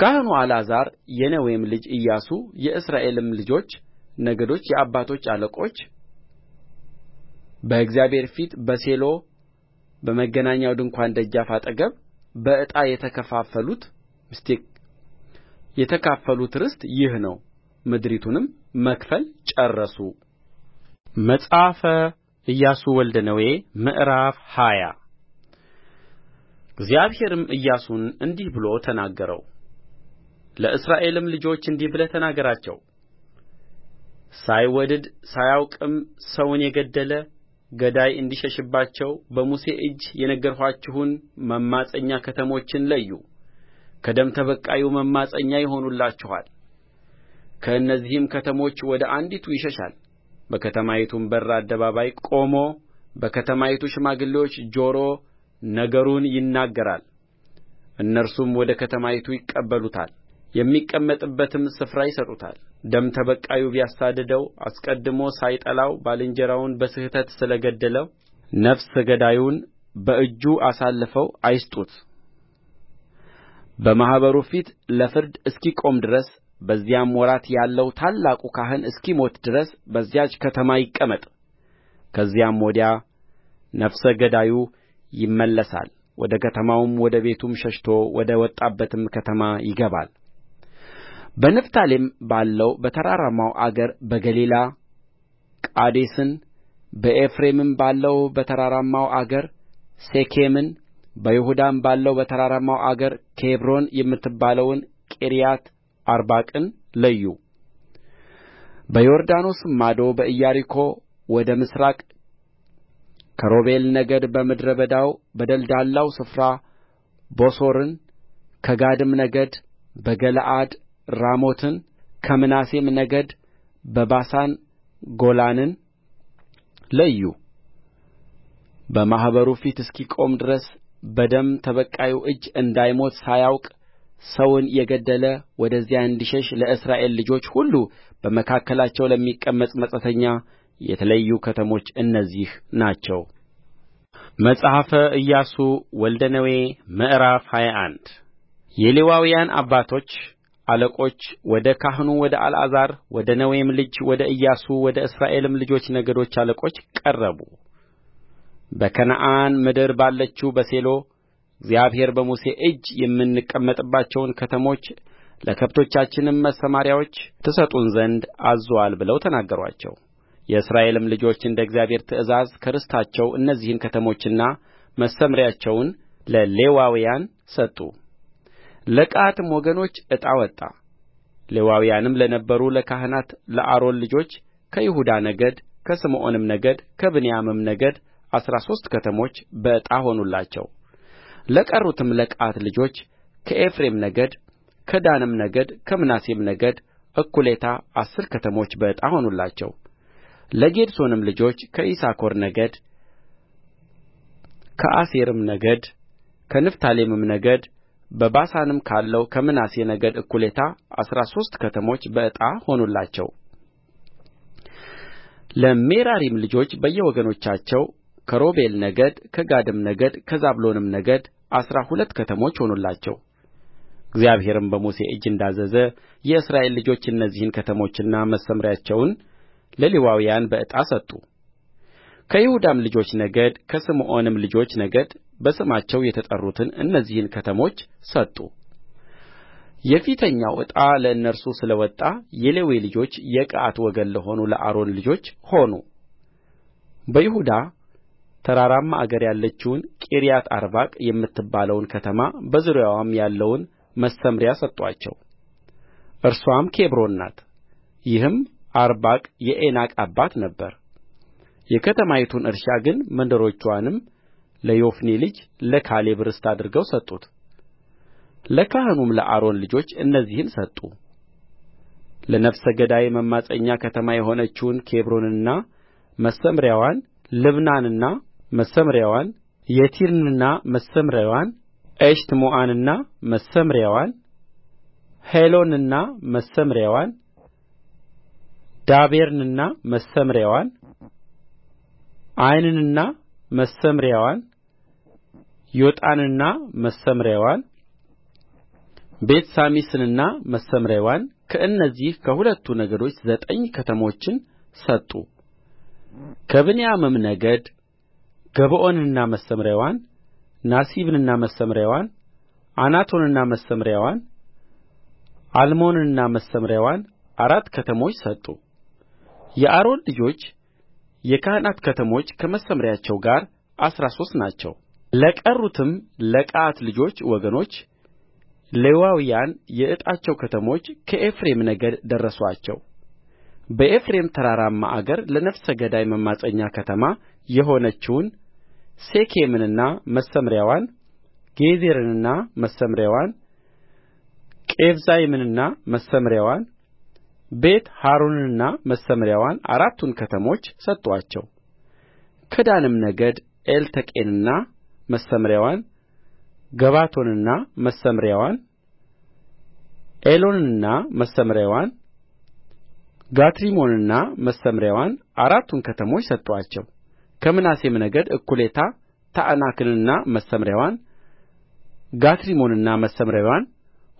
ካህኑ አልዓዛር የነዌም ልጅ ኢያሱ የእስራኤልም ልጆች ነገዶች የአባቶች አለቆች በእግዚአብሔር ፊት በሴሎ በመገናኛው ድንኳን ደጃፍ አጠገብ በዕጣ የተካፈሉት ርስት ይህ ነው ምድሪቱንም መክፈል ጨረሱ መጽሐፈ ኢያሱ ወልደ ነዌ ምዕራፍ ሃያ እግዚአብሔርም ኢያሱን እንዲህ ብሎ ተናገረው። ለእስራኤልም ልጆች እንዲህ ብለህ ተናገራቸው። ሳይወድድ ሳያውቅም ሰውን የገደለ ገዳይ እንዲሸሽባቸው በሙሴ እጅ የነገርኋችሁን መማፀኛ ከተሞችን ለዩ። ከደም ተበቃዩ መማፀኛ ይሆኑላችኋል። ከእነዚህም ከተሞች ወደ አንዲቱ ይሸሻል በከተማይቱም በር አደባባይ ቆሞ በከተማይቱ ሽማግሌዎች ጆሮ ነገሩን ይናገራል እነርሱም ወደ ከተማይቱ ይቀበሉታል የሚቀመጥበትም ስፍራ ይሰጡታል ደም ተበቃዩ ቢያሳድደው አስቀድሞ ሳይጠላው ባልንጀራውን በስሕተት ስለ ገደለው ነፍሰ ገዳዩን በእጁ አሳልፈው አይስጡት በማኅበሩ ፊት ለፍርድ እስኪቆም ድረስ በዚያም ወራት ያለው ታላቁ ካህን እስኪሞት ድረስ በዚያች ከተማ ይቀመጥ ከዚያም ወዲያ ነፍሰ ገዳዩ ይመለሳል ወደ ከተማውም ወደ ቤቱም ሸሽቶ ወደ ወጣበትም ከተማ ይገባል በንፍታሌም ባለው በተራራማው አገር በገሊላ ቃዴስን በኤፍሬምም ባለው በተራራማው አገር ሴኬምን በይሁዳም ባለው በተራራማው አገር ኬብሮን የምትባለውን ቂርያት አርባቅን ለዩ በዮርዳኖስም ማዶ በኢያሪኮ ወደ ምሥራቅ ከሮቤል ነገድ በምድረ በዳው በደልዳላው ስፍራ ቦሶርን ከጋድም ነገድ በገለዓድ ራሞትን ከምናሴም ነገድ በባሳን ጎላንን ለዩ በማኅበሩ ፊት እስኪቆም ድረስ በደም ተበቃዩ እጅ እንዳይሞት ሳያውቅ ሰውን የገደለ ወደዚያ እንዲሸሽ ለእስራኤል ልጆች ሁሉ በመካከላቸው ለሚቀመጥ መጻተኛ የተለዩ ከተሞች እነዚህ ናቸው መጽሐፈ ኢያሱ ወልደ ነዌ ምዕራፍ ሃያ አንድ የሌዋውያን አባቶች አለቆች ወደ ካህኑ ወደ አልዓዛር ወደ ነዌም ልጅ ወደ ኢያሱ ወደ እስራኤልም ልጆች ነገዶች አለቆች ቀረቡ በከነዓን ምድር ባለችው በሴሎ እግዚአብሔር በሙሴ እጅ የምንቀመጥባቸውን ከተሞች ለከብቶቻችንም መሰማሪያዎች ትሰጡን ዘንድ አዝዞአል ብለው ተናገሩአቸው የእስራኤልም ልጆች እንደ እግዚአብሔር ትእዛዝ ከርስታቸው እነዚህን ከተሞችና መሰምርያቸውን ለሌዋውያን ሰጡ ለቀዓትም ወገኖች ዕጣ ወጣ ሌዋውያንም ለነበሩ ለካህናት ለአሮን ልጆች ከይሁዳ ነገድ ከስምዖንም ነገድ ከብንያምም ነገድ አሥራ ሦስት ከተሞች በዕጣ ሆኑላቸው ለቀሩትም ለቀዓት ልጆች ከኤፍሬም ነገድ ከዳንም ነገድ ከምናሴም ነገድ እኩሌታ አሥር ከተሞች በዕጣ ሆኑላቸው ለጌድሶንም ልጆች ከይሳኮር ነገድ ከአሴርም ነገድ ከንፍታሌምም ነገድ በባሳንም ካለው ከምናሴ ነገድ እኩሌታ አሥራ ሦስት ከተሞች በዕጣ ሆኑላቸው ለሜራሪም ልጆች በየወገኖቻቸው ከሮቤል ነገድ ከጋድም ነገድ ከዛብሎንም ነገድ አሥራ ሁለት ከተሞች ሆኑላቸው እግዚአብሔርም በሙሴ እጅ እንዳዘዘ የእስራኤል ልጆች እነዚህን ከተሞችና መሰምርያቸውን ለሌዋውያን በዕጣ ሰጡ ከይሁዳም ልጆች ነገድ ከስምዖንም ልጆች ነገድ በስማቸው የተጠሩትን እነዚህን ከተሞች ሰጡ። የፊተኛው ዕጣ ለእነርሱ ስለ ወጣ የሌዊ ልጆች የቀዓት ወገን ለሆኑ ለአሮን ልጆች ሆኑ። በይሁዳ ተራራማ አገር ያለችውን ቂርያትአርባቅ የምትባለውን ከተማ በዙሪያዋም ያለውን መሰምርያ ሰጡአቸው እርስዋም ኬብሮን ናት ይህም አርባቅ የዔናቅ አባት ነበረ የከተማይቱን እርሻ ግን መንደሮችዋንም ለዮፎኒ ልጅ ለካሌብ ርስት አድርገው ሰጡት ለካህኑም ለአሮን ልጆች እነዚህን ሰጡ ለነፍሰ ገዳይ መማፀኛ ከተማ የሆነችውን ኬብሮንንና መሰምርያዋን ልብናንና መሰምርያዋን የቲርንና መሰምርያዋን ኤሽትሞዓንና መሰምርያዋን ሄሎንና መሰምርያዋን ዳቤርንና መሰምርያዋን ዓይንንና መሰምርያዋን ዮጣንና መሰምርያዋን ቤትሳሚስንና መሰምርያዋን ከእነዚህ ከሁለቱ ነገዶች ዘጠኝ ከተሞችን ሰጡ ከብንያምም ነገድ ገባዖንንና መሰምርያዋን ናሲብንና መሰምርያዋን አናቶትንና መሰምርያዋን አልሞንንና መሰምርያዋን አራት ከተሞች ሰጡ የአሮን ልጆች የካህናት ከተሞች ከመሰምርያቸው ጋር አሥራ ሦስት ናቸው ለቀሩትም ለቀዓት ልጆች ወገኖች ሌዋውያን የዕጣቸው ከተሞች ከኤፍሬም ነገድ ደረሱአቸው በኤፍሬም ተራራማ አገር ለነፍሰ ገዳይ መማፀኛ ከተማ የሆነችውን ሴኬምንና መሰምርያዋን ጌዝርንና መሰምርያዋን ቂብጻይምንና መሰምርያዋን ቤትሖሮንንና መሰምርያዋን አራቱን ከተሞች ሰጡአቸው ከዳንም ነገድ ኤልተቄንና መሰምርያዋን ገባቶንና መሰምርያዋን ኤሎንንና መሰምርያዋን ጋትሪሞንንና መሰምርያዋን አራቱን ከተሞች ሰጡአቸው ከምናሴም ነገድ እኩሌታ ታዕናክንና መሰምርያዋን ጋትሪሞንንና መሰምርያዋን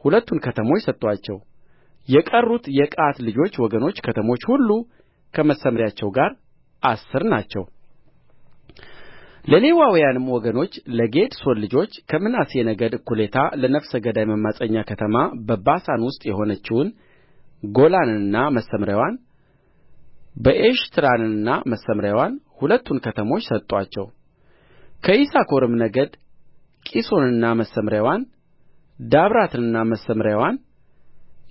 ሁለቱን ከተሞች ሰጡአቸው የቀሩት የቀዓት ልጆች ወገኖች ከተሞች ሁሉ ከመሰምርያቸው ጋር አሥር ናቸው ለሌዋውያንም ወገኖች ለጌድሶን ልጆች ከምናሴ ነገድ እኩሌታ ለነፍሰ ገዳይ መማፀኛ ከተማ በባሳን ውስጥ የሆነችውን ጎላንንና መሰምርያዋን በኤሽትራንና መሰምርያዋን ሁለቱን ከተሞች ሰጡአቸው ከይሳኮርም ነገድ ቂሶንንና መሰምርያዋን ዳብራትንና መሰምርያዋን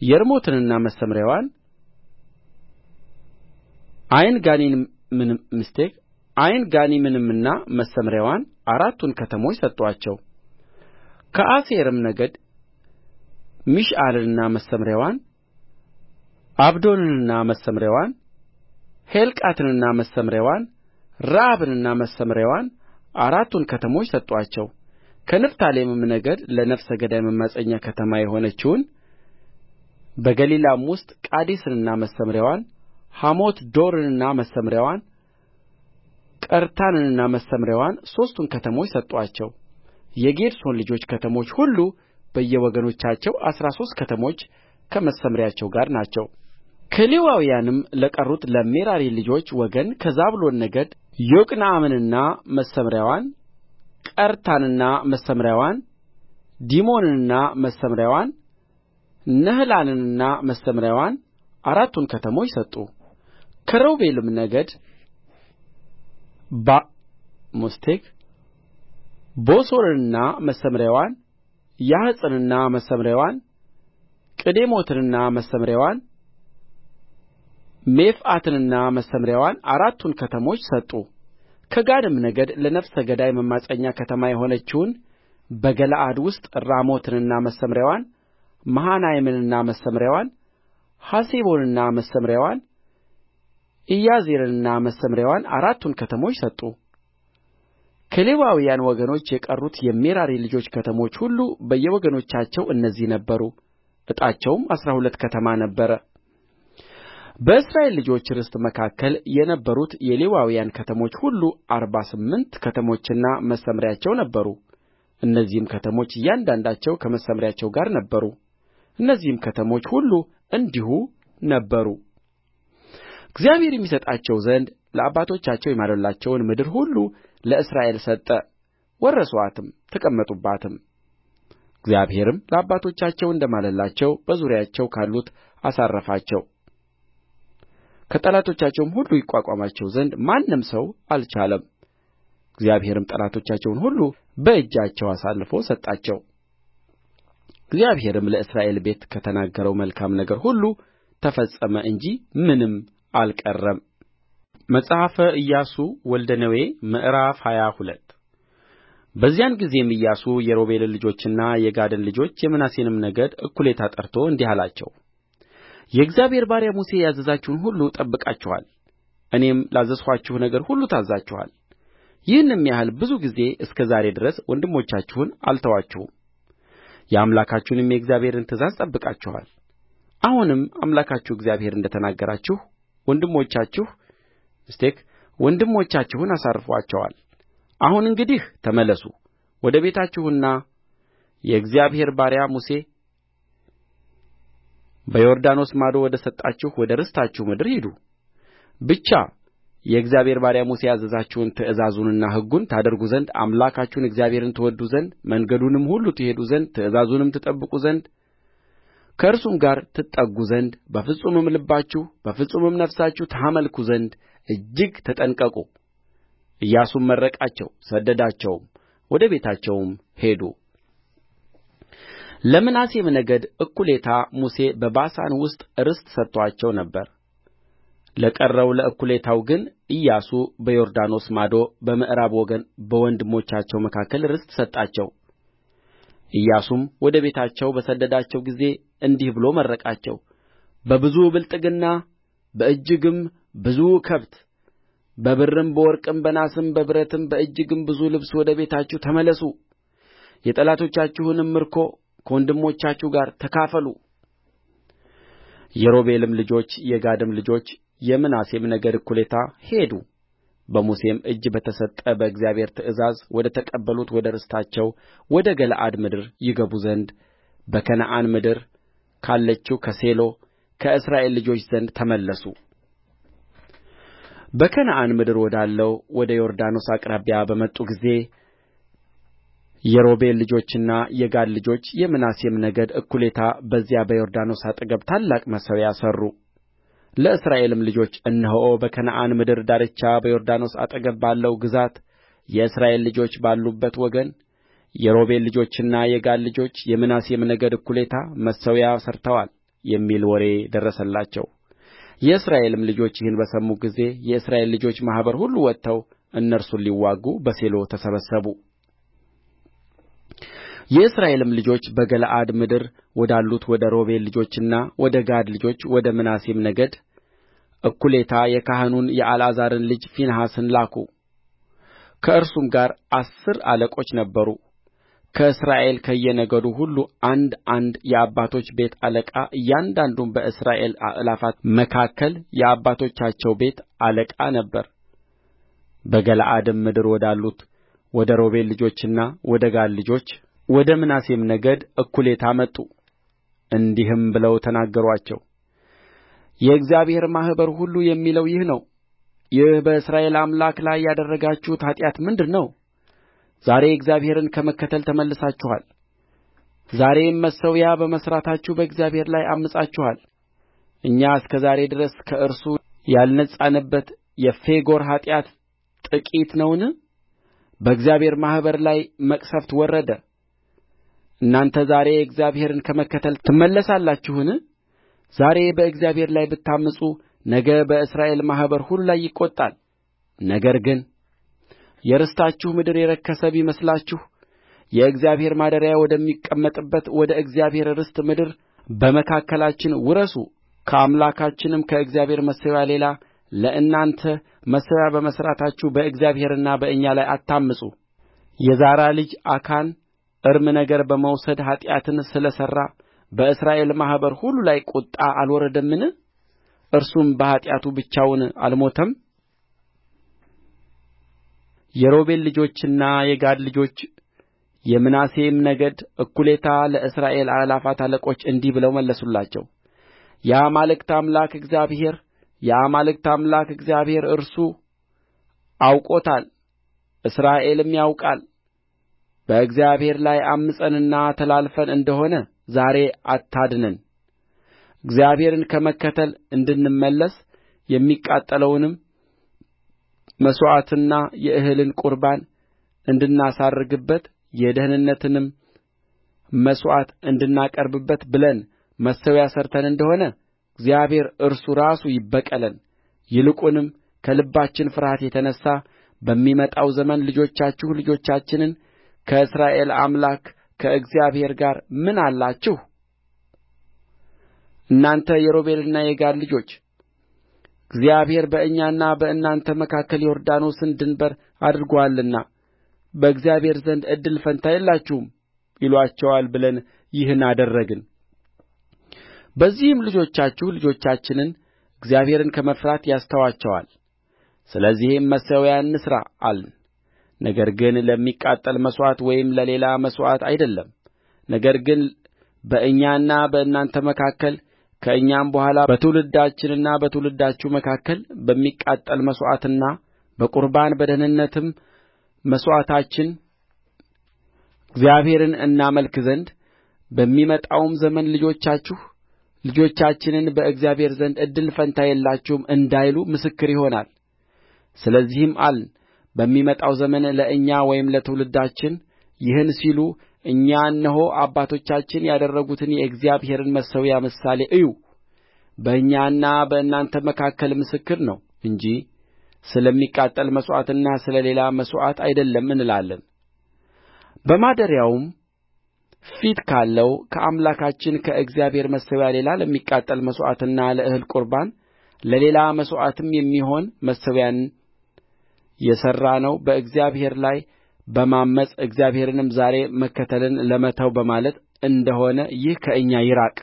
የርሙትንና መሰምርያዋን ዓይንጋኒምንና መሰምርያዋን አራቱን ከተሞች ሰጡአቸው ከአሴርም ነገድ ሚሽአልንና መሰምርያዋን ዓብዶንንና መሰምርያዋን ሔልቃትንና መሰምርያዋን ረአብንና መሰምርያዋን አራቱን ከተሞች ሰጡአቸው ከንፍታሌምም ነገድ ለነፍሰ ገዳይ መማፀኛ ከተማ የሆነችውን በገሊላም ውስጥ ቃዴስንና መሰምርያዋን ሐሞትዶርንና መሰምርያዋን ቀርታንንና መሰምርያዋን ሦስቱን ከተሞች ሰጡአቸው የጌድሶን ልጆች ከተሞች ሁሉ በየወገኖቻቸው አሥራ ሦስት ከተሞች ከመሰምርያቸው ጋር ናቸው ከሌዋውያንም ለቀሩት ለሜራሪ ልጆች ወገን ከዛብሎን ነገድ ዮቅንዓምንና መሰምርያዋን ቀርታንና መሰምርያዋን ዲሞናንና መሰምርያዋን ነህላልንና መሰምርያዋን አራቱን ከተሞች ሰጡ ከሮቤልም ነገድ ባሞስቴክ ቦሶርንና መሰምርያዋን ያሀጽንና መሰምርያዋን ቅዴሞትንና መሰምርያዋን ሜፍዓትንና መሰምርያዋን አራቱን ከተሞች ሰጡ ከጋድም ነገድ ለነፍሰ ገዳይ መማፀኛ ከተማ የሆነችውን በገለዓድ ውስጥ ራሞትንና መሰምርያዋን መሃናይምንና መሰምርያዋን ሐሴቦንንና መሰምርያዋን ኢያዜርንና መሰምርያዋን አራቱን ከተሞች ሰጡ ከሌዋውያን ወገኖች የቀሩት የሜራሪ ልጆች ከተሞች ሁሉ በየወገኖቻቸው እነዚህ ነበሩ ዕጣቸውም አሥራ ሁለት ከተማ ነበረ በእስራኤል ልጆች ርስት መካከል የነበሩት የሌዋውያን ከተሞች ሁሉ አርባ ስምንት ከተሞችና መሰምርያቸው ነበሩ እነዚህም ከተሞች እያንዳንዳቸው ከመሰምርያቸው ጋር ነበሩ እነዚህም ከተሞች ሁሉ እንዲሁ ነበሩ እግዚአብሔርም ይሰጣቸው ዘንድ ለአባቶቻቸው የማለላቸውን ምድር ሁሉ ለእስራኤል ሰጠ ወረሱአትም ተቀመጡባትም እግዚአብሔርም ለአባቶቻቸው እንደ ማለላቸው በዙሪያቸው ካሉት አሳረፋቸው ከጠላቶቻቸውም ሁሉ ይቋቋማቸው ዘንድ ማንም ሰው አልቻለም እግዚአብሔርም ጠላቶቻቸውን ሁሉ በእጃቸው አሳልፎ ሰጣቸው እግዚአብሔርም ለእስራኤል ቤት ከተናገረው መልካም ነገር ሁሉ ተፈጸመ እንጂ ምንም አልቀረም መጽሐፈ ኢያሱ ወልደ ነዌ ምዕራፍ ሃያ ሁለት በዚያን ጊዜም ኢያሱ የሮቤልን ልጆችና የጋድን ልጆች የምናሴንም ነገድ እኩሌታ ጠርቶ እንዲህ አላቸው የእግዚአብሔር ባሪያ ሙሴ ያዘዛችሁን ሁሉ ጠብቃችኋል እኔም ላዘዝኋችሁ ነገር ሁሉ ታዝዛችኋል ይህንም ያህል ብዙ ጊዜ እስከ ዛሬ ድረስ ወንድሞቻችሁን አልተዋችሁም የአምላካችሁንም የእግዚአብሔርን ትእዛዝ ጠብቃችኋል አሁንም አምላካችሁ እግዚአብሔር እንደ ተናገራችሁ ወንድሞቻችሁ ምስቴክ ወንድሞቻችሁን አሳርፎአቸዋል አሁን እንግዲህ ተመለሱ ወደ ቤታችሁና የእግዚአብሔር ባሪያ ሙሴ በዮርዳኖስ ማዶ ወደ ሰጣችሁ ወደ ርስታችሁ ምድር ሂዱ ብቻ የእግዚአብሔር ባሪያ ሙሴ ያዘዛችሁን ትእዛዙንና ሕጉን ታደርጉ ዘንድ አምላካችሁን እግዚአብሔርን ትወድዱ ዘንድ መንገዱንም ሁሉ ትሄዱ ዘንድ ትእዛዙንም ትጠብቁ ዘንድ ከእርሱም ጋር ትጠጉ ዘንድ በፍጹምም ልባችሁ በፍጹምም ነፍሳችሁ ታመልኩ ዘንድ እጅግ ተጠንቀቁ ኢያሱም መረቃቸው ሰደዳቸውም ወደ ቤታቸውም ሄዱ ለምናሴም ነገድ እኩሌታ ሙሴ በባሳን ውስጥ ርስት ሰጥቶአቸው ነበር ለቀረው ለእኩሌታው ግን ኢያሱ በዮርዳኖስ ማዶ በምዕራብ ወገን በወንድሞቻቸው መካከል ርስት ሰጣቸው ኢያሱም ወደ ቤታቸው በሰደዳቸው ጊዜ እንዲህ ብሎ መረቃቸው በብዙ ብልጥግና በእጅግም ብዙ ከብት በብርም በወርቅም በናስም በብረትም በእጅግም ብዙ ልብስ ወደ ቤታችሁ ተመለሱ የጠላቶቻችሁንም ምርኮ ከወንድሞቻችሁ ጋር ተካፈሉ የሮቤልም ልጆች የጋድም ልጆች የምናሴም ነገድ እኩሌታ ሄዱ በሙሴም እጅ በተሰጠ በእግዚአብሔር ትእዛዝ ወደ ተቀበሉት ወደ ርስታቸው ወደ ገለዓድ ምድር ይገቡ ዘንድ በከነዓን ምድር ካለችው ከሴሎ ከእስራኤል ልጆች ዘንድ ተመለሱ በከነዓን ምድር ወዳለው ወደ ዮርዳኖስ አቅራቢያ በመጡ ጊዜ የሮቤል ልጆችና የጋድ ልጆች የምናሴም ነገድ እኩሌታ በዚያ በዮርዳኖስ አጠገብ ታላቅ መሠዊያ ሠሩ ለእስራኤልም ልጆች እነሆ በከነዓን ምድር ዳርቻ በዮርዳኖስ አጠገብ ባለው ግዛት የእስራኤል ልጆች ባሉበት ወገን የሮቤል ልጆችና የጋድ ልጆች የምናሴም ነገድ እኩሌታ መሠዊያ ሠርተዋል የሚል ወሬ ደረሰላቸው። የእስራኤልም ልጆች ይህን በሰሙ ጊዜ የእስራኤል ልጆች ማኅበር ሁሉ ወጥተው እነርሱን ሊዋጉ በሴሎ ተሰበሰቡ። የእስራኤልም ልጆች በገለዓድ ምድር ወዳሉት ወደ ሮቤል ልጆችና ወደ ጋድ ልጆች ወደ ምናሴም ነገድ እኩሌታ የካህኑን የአልዓዛርን ልጅ ፊንሐስን ላኩ ከእርሱም ጋር አሥር አለቆች ነበሩ ከእስራኤል ከየነገዱ ሁሉ አንድ አንድ የአባቶች ቤት አለቃ እያንዳንዱም በእስራኤል አእላፋት መካከል የአባቶቻቸው ቤት አለቃ ነበረ በገለዓድም ምድር ወዳሉት ወደ ሮቤል ልጆችና ወደ ጋድ ልጆች ወደ ምናሴም ነገድ እኩሌታ መጡ እንዲህም ብለው ተናገሩአቸው የእግዚአብሔር ማኅበር ሁሉ የሚለው ይህ ነው ይህ በእስራኤል አምላክ ላይ ያደረጋችሁት ኃጢአት ምንድር ነው ዛሬ እግዚአብሔርን ከመከተል ተመልሳችኋል ዛሬም መሠዊያ በመሥራታችሁ በእግዚአብሔር ላይ ዐምፃችኋል እኛ እስከ ዛሬ ድረስ ከእርሱ ያልነጻንበት የፌጎር ኃጢአት ጥቂት ነውን በእግዚአብሔር ማኅበር ላይ መቅሠፍት ወረደ እናንተ ዛሬ እግዚአብሔርን ከመከተል ትመለሳላችሁን ዛሬ በእግዚአብሔር ላይ ብታምፁ ነገ በእስራኤል ማኅበር ሁሉ ላይ ይቈጣል ነገር ግን የርስታችሁ ምድር የረከሰ ቢመስላችሁ የእግዚአብሔር ማደሪያ ወደሚቀመጥበት ወደ እግዚአብሔር ርስት ምድር በመካከላችን ውረሱ ከአምላካችንም ከእግዚአብሔር መሠዊያ ሌላ ለእናንተ መሠዊያ በመሥራታችሁ በእግዚአብሔርና በእኛ ላይ አታምፁ የዛራ ልጅ አካን እርም ነገር በመውሰድ ኃጢአትን ስለ ሠራ በእስራኤል ማኅበር ሁሉ ላይ ቍጣ አልወረደምን እርሱም በኃጢአቱ ብቻውን አልሞተም የሮቤል ልጆችና የጋድ ልጆች የምናሴም ነገድ እኩሌታ ለእስራኤል አእላፋት አለቆች እንዲህ ብለው መለሱላቸው የአማልክት አምላክ እግዚአብሔር የአማልክት አምላክ እግዚአብሔር እርሱ አውቆታል እስራኤልም ያውቃል በእግዚአብሔር ላይ ዐምፀንና ተላልፈን እንደሆነ ዛሬ አታድነን እግዚአብሔርን ከመከተል እንድንመለስ የሚቃጠለውንም መሥዋዕትና የእህልን ቍርባን እንድናሳርግበት የደኅንነትንም መሥዋዕት እንድናቀርብበት ብለን መሠዊያ ሠርተን እንደሆነ እግዚአብሔር እርሱ ራሱ ይበቀለን ይልቁንም ከልባችን ፍርሃት የተነሣ በሚመጣው ዘመን ልጆቻችሁ ልጆቻችንን ከእስራኤል አምላክ ከእግዚአብሔር ጋር ምን አላችሁ እናንተ የሮቤልና የጋድ ልጆች እግዚአብሔር በእኛና በእናንተ መካከል ዮርዳኖስን ድንበር አድርጎአልና በእግዚአብሔር ዘንድ እድል ፈንታ የላችሁም ይሉአቸዋል ብለን ይህን አደረግን በዚህም ልጆቻችሁ ልጆቻችንን እግዚአብሔርን ከመፍራት ያስተዋቸዋል ስለዚህም መሠዊያ እንሥራ አልን ነገር ግን ለሚቃጠል መሥዋዕት ወይም ለሌላ መሥዋዕት አይደለም ነገር ግን በእኛና በእናንተ መካከል ከእኛም በኋላ በትውልዳችንና በትውልዳችሁ መካከል በሚቃጠል መሥዋዕትና በቍርባን በደኅንነትም መሥዋዕታችን እግዚአብሔርን እናመልክ ዘንድ በሚመጣውም ዘመን ልጆቻችሁ ልጆቻችንን በእግዚአብሔር ዘንድ እድል ፈንታ የላችሁም እንዳይሉ ምስክር ይሆናል ስለዚህም አልን በሚመጣው ዘመን ለእኛ ወይም ለትውልዳችን ይህን ሲሉ እኛ እነሆ አባቶቻችን ያደረጉትን የእግዚአብሔርን መሠዊያ ምሳሌ እዩ በእኛና በእናንተ መካከል ምስክር ነው እንጂ ስለሚቃጠል መሥዋዕትና ስለ ሌላ መሥዋዕት አይደለም እንላለን። በማደሪያውም ፊት ካለው ከአምላካችን ከእግዚአብሔር መሠዊያ ሌላ ለሚቃጠል መሥዋዕትና ለእህል ቁርባን ለሌላ መሥዋዕትም የሚሆን መሠዊያን የሠራነው በእግዚአብሔር ላይ በማመፅ እግዚአብሔርንም ዛሬ መከተልን ለመተው በማለት እንደሆነ ይህ ከእኛ ይራቅ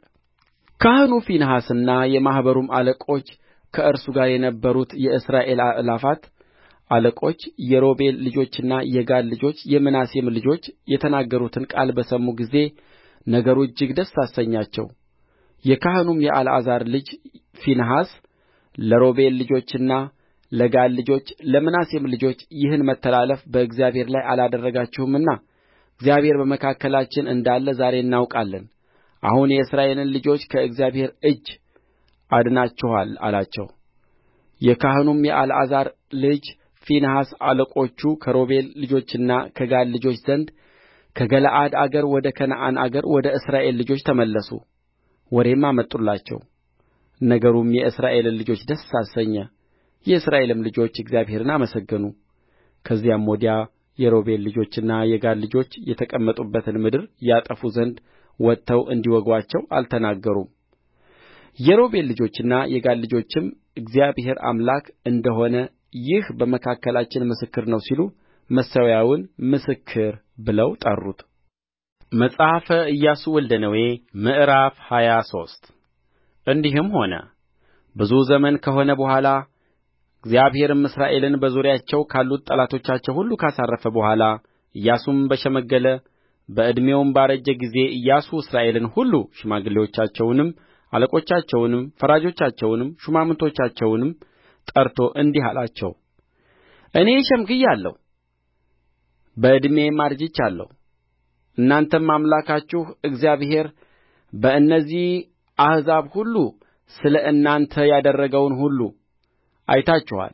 ካህኑ ፊንሐስና የማኅበሩም አለቆች ከእርሱ ጋር የነበሩት የእስራኤል አእላፋት አለቆች የሮቤል ልጆችና የጋድ ልጆች የምናሴም ልጆች የተናገሩትን ቃል በሰሙ ጊዜ ነገሩ እጅግ ደስ አሰኛቸው። የካህኑም የአልዓዛር ልጅ ፊንሐስ ለሮቤል ልጆችና ለጋድ ልጆች ለምናሴም ልጆች ይህን መተላለፍ በእግዚአብሔር ላይ አላደረጋችሁምና እግዚአብሔር በመካከላችን እንዳለ ዛሬ እናውቃለን አሁን የእስራኤልን ልጆች ከእግዚአብሔር እጅ አድናችኋል አላቸው የካህኑም የአልዓዛር ልጅ ፊንሐስ አለቆቹ ከሮቤል ልጆችና ከጋድ ልጆች ዘንድ ከገለዓድ አገር ወደ ከነዓን አገር ወደ እስራኤል ልጆች ተመለሱ ወሬም አመጡላቸው ነገሩም የእስራኤልን ልጆች ደስ አሰኘ የእስራኤልም ልጆች እግዚአብሔርን አመሰገኑ ከዚያም ወዲያ የሮቤል ልጆችና የጋድ ልጆች የተቀመጡባትን ምድር ያጠፉ ዘንድ ወጥተው እንዲወጉአቸው አልተናገሩም የሮቤል ልጆችና የጋድ ልጆችም እግዚአብሔር አምላክ እንደ ሆነ ይህ በመካከላችን ምስክር ነው ሲሉ መሠዊያውን ምስክር ብለው ጠሩት መጽሐፈ ኢያሱ ወልደ ነዌ ምዕራፍ ሃያ ሶስት እንዲህም ሆነ ብዙ ዘመን ከሆነ በኋላ እግዚአብሔርም እስራኤልን በዙሪያቸው ካሉት ጠላቶቻቸው ሁሉ ካሳረፈ በኋላ ኢያሱም በሸመገለ በዕድሜውም ባረጀ ጊዜ ኢያሱ እስራኤልን ሁሉ ሽማግሌዎቻቸውንም አለቆቻቸውንም ፈራጆቻቸውንም ሹማምቶቻቸውንም ጠርቶ እንዲህ አላቸው እኔ ሸምግያለሁ በዕድሜም አርጅቻለሁ እናንተም አምላካችሁ እግዚአብሔር በእነዚህ አሕዛብ ሁሉ ስለ እናንተ ያደረገውን ሁሉ አይታችኋል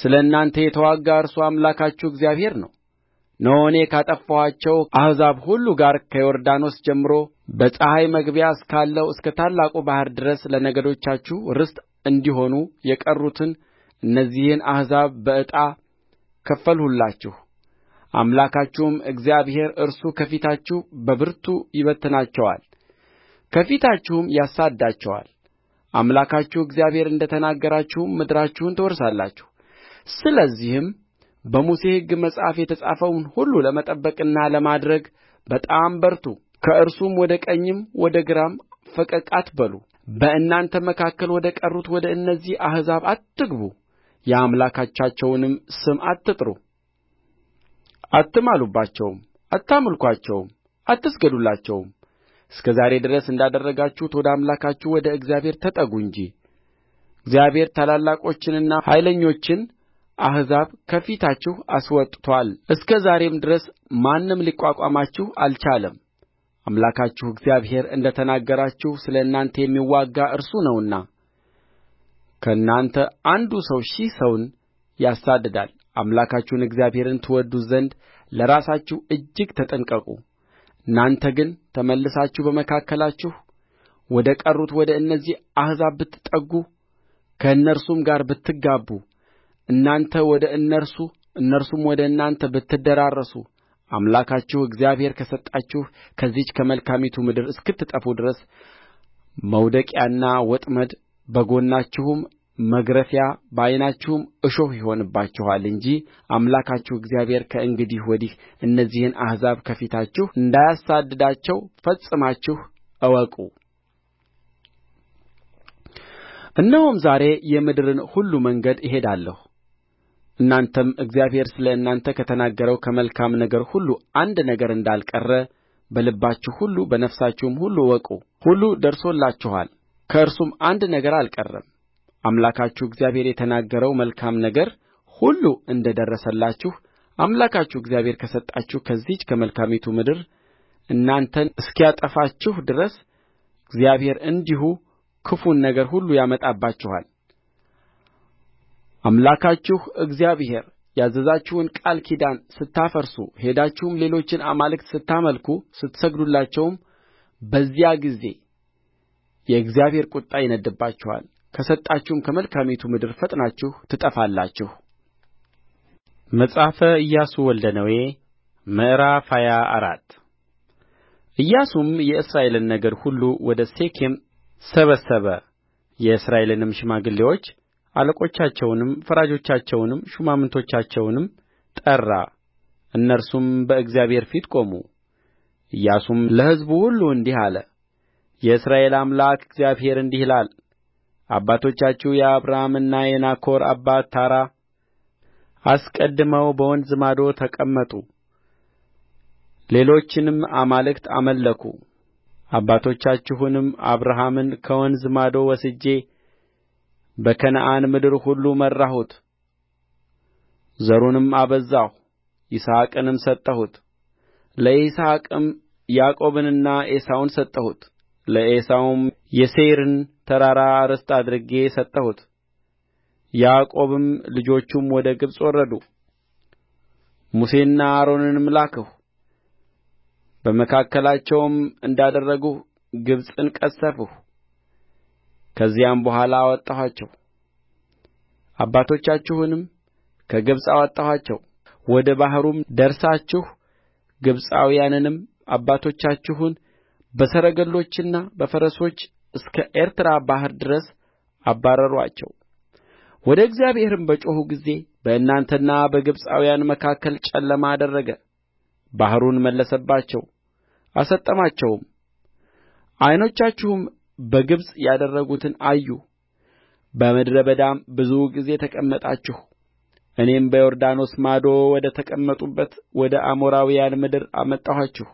ስለ እናንተ የተዋጋ እርሱ አምላካችሁ እግዚአብሔር ነው እነሆ እኔ ካጠፋኋቸው አሕዛብ ሁሉ ጋር ከዮርዳኖስ ጀምሮ በፀሐይ መግቢያ እስካለው እስከ ታላቁ ባሕር ድረስ ለነገዶቻችሁ ርስት እንዲሆኑ የቀሩትን እነዚህን አሕዛብ በዕጣ ከፈልሁላችሁ አምላካችሁም እግዚአብሔር እርሱ ከፊታችሁ በብርቱ ይበትናቸዋል ከፊታችሁም ያሳድዳቸዋል አምላካችሁ እግዚአብሔር እንደ ተናገራችሁም ምድራችሁን ትወርሳላችሁ ስለዚህም በሙሴ ሕግ መጽሐፍ የተጻፈውን ሁሉ ለመጠበቅና ለማድረግ በጣም በርቱ ከእርሱም ወደ ቀኝም ወደ ግራም ፈቀቅ አትበሉ በእናንተ መካከል ወደ ቀሩት ወደ እነዚህ አሕዛብ አትግቡ የአምላካቻቸውንም ስም አትጥሩ አትማሉባቸውም አታምልኩአቸውም አትስገዱላቸውም እስከ ዛሬ ድረስ እንዳደረጋችሁት ወደ አምላካችሁ ወደ እግዚአብሔር ተጠጉ እንጂ እግዚአብሔር ታላላቆችንና ኃይለኞችን አሕዛብ ከፊታችሁ አስወጥቶአል እስከ ዛሬም ድረስ ማንም ሊቋቋማችሁ አልቻለም አምላካችሁ እግዚአብሔር እንደ ተናገራችሁ ስለ እናንተ የሚዋጋ እርሱ ነውና ከእናንተ አንዱ ሰው ሺህ ሰውን ያሳድዳል አምላካችሁን እግዚአብሔርን ትወድዱት ዘንድ ለራሳችሁ እጅግ ተጠንቀቁ እናንተ ግን ተመልሳችሁ በመካከላችሁ ወደ ቀሩት ወደ እነዚህ አሕዛብ ብትጠጉ ከእነርሱም ጋር ብትጋቡ እናንተ ወደ እነርሱ እነርሱም ወደ እናንተ ብትደራረሱ አምላካችሁ እግዚአብሔር ከሰጣችሁ ከዚህች ከመልካሚቱ ምድር እስክትጠፉ ድረስ መውደቂያና ወጥመድ በጎናችሁም መግረፊያ በዓይናችሁም እሾህ ይሆንባችኋል እንጂ አምላካችሁ እግዚአብሔር ከእንግዲህ ወዲህ እነዚህን አሕዛብ ከፊታችሁ እንዳያሳድዳቸው ፈጽማችሁ እወቁ እነሆም ዛሬ የምድርን ሁሉ መንገድ እሄዳለሁ እናንተም እግዚአብሔር ስለ እናንተ ከተናገረው ከመልካም ነገር ሁሉ አንድ ነገር እንዳልቀረ በልባችሁ ሁሉ በነፍሳችሁም ሁሉ እወቁ ሁሉ ደርሶላችኋል ከእርሱም አንድ ነገር አልቀረም አምላካችሁ እግዚአብሔር የተናገረው መልካም ነገር ሁሉ እንደ ደረሰላችሁ አምላካችሁ እግዚአብሔር ከሰጣችሁ ከዚህች ከመልካሚቱ ምድር እናንተን እስኪያጠፋችሁ ድረስ እግዚአብሔር እንዲሁ ክፉን ነገር ሁሉ ያመጣባችኋል። አምላካችሁ እግዚአብሔር ያዘዛችሁን ቃል ኪዳን ስታፈርሱ ሄዳችሁም ሌሎችን አማልክት ስታመልኩ ስትሰግዱላቸውም በዚያ ጊዜ የእግዚአብሔር ቍጣ ይነድድባችኋል ከሰጣችሁም ከመልካሚቱ ምድር ፈጥናችሁ ትጠፋላችሁ። መጽሐፈ ኢያሱ ወልደ ነዌ ምዕራፍ ሃያ አራት ኢያሱም የእስራኤልን ነገድ ሁሉ ወደ ሴኬም ሰበሰበ። የእስራኤልንም ሽማግሌዎች አለቆቻቸውንም፣ ፈራጆቻቸውንም፣ ሹማምንቶቻቸውንም ጠራ። እነርሱም በእግዚአብሔር ፊት ቆሙ። ኢያሱም ለሕዝቡ ሁሉ እንዲህ አለ። የእስራኤል አምላክ እግዚአብሔር እንዲህ ይላል አባቶቻችሁ የአብርሃምና የናኮር አባት ታራ አስቀድመው በወንዝ ማዶ ተቀመጡ ሌሎችንም አማልክት አመለኩ አባቶቻችሁንም አብርሃምን ከወንዝ ማዶ ወስጄ በከነዓን ምድር ሁሉ መራሁት፣ ዘሩንም አበዛሁ፣ ይስሐቅንም ሰጠሁት። ለይስሐቅም ያዕቆብንና ኤሳውን ሰጠሁት። ለዔሳውም የሴይርን ተራራ ርስት አድርጌ ሰጠሁት ያዕቆብም ልጆቹም ወደ ግብፅ ወረዱ ሙሴንና አሮንንም ላክሁ በመካከላቸውም እንዳደረግሁ ግብፅን ቀሠፍሁ ከዚያም በኋላ አወጣኋቸው አባቶቻችሁንም ከግብፅ አወጣኋቸው ወደ ባሕሩም ደርሳችሁ ግብፃውያንንም አባቶቻችሁን በሰረገሎችና በፈረሶች እስከ ኤርትራ ባሕር ድረስ አባረሩአቸው ወደ እግዚአብሔርም በጮኹ ጊዜ በእናንተና በግብፃውያን መካከል ጨለማ አደረገ ባሕሩን መለሰባቸው አሰጠማቸውም ዓይኖቻችሁም በግብፅ ያደረጉትን አዩ በምድረ በዳም ብዙ ጊዜ ተቀመጣችሁ እኔም በዮርዳኖስ ማዶ ወደ ተቀመጡባት ወደ አሞራውያን ምድር አመጣኋችሁ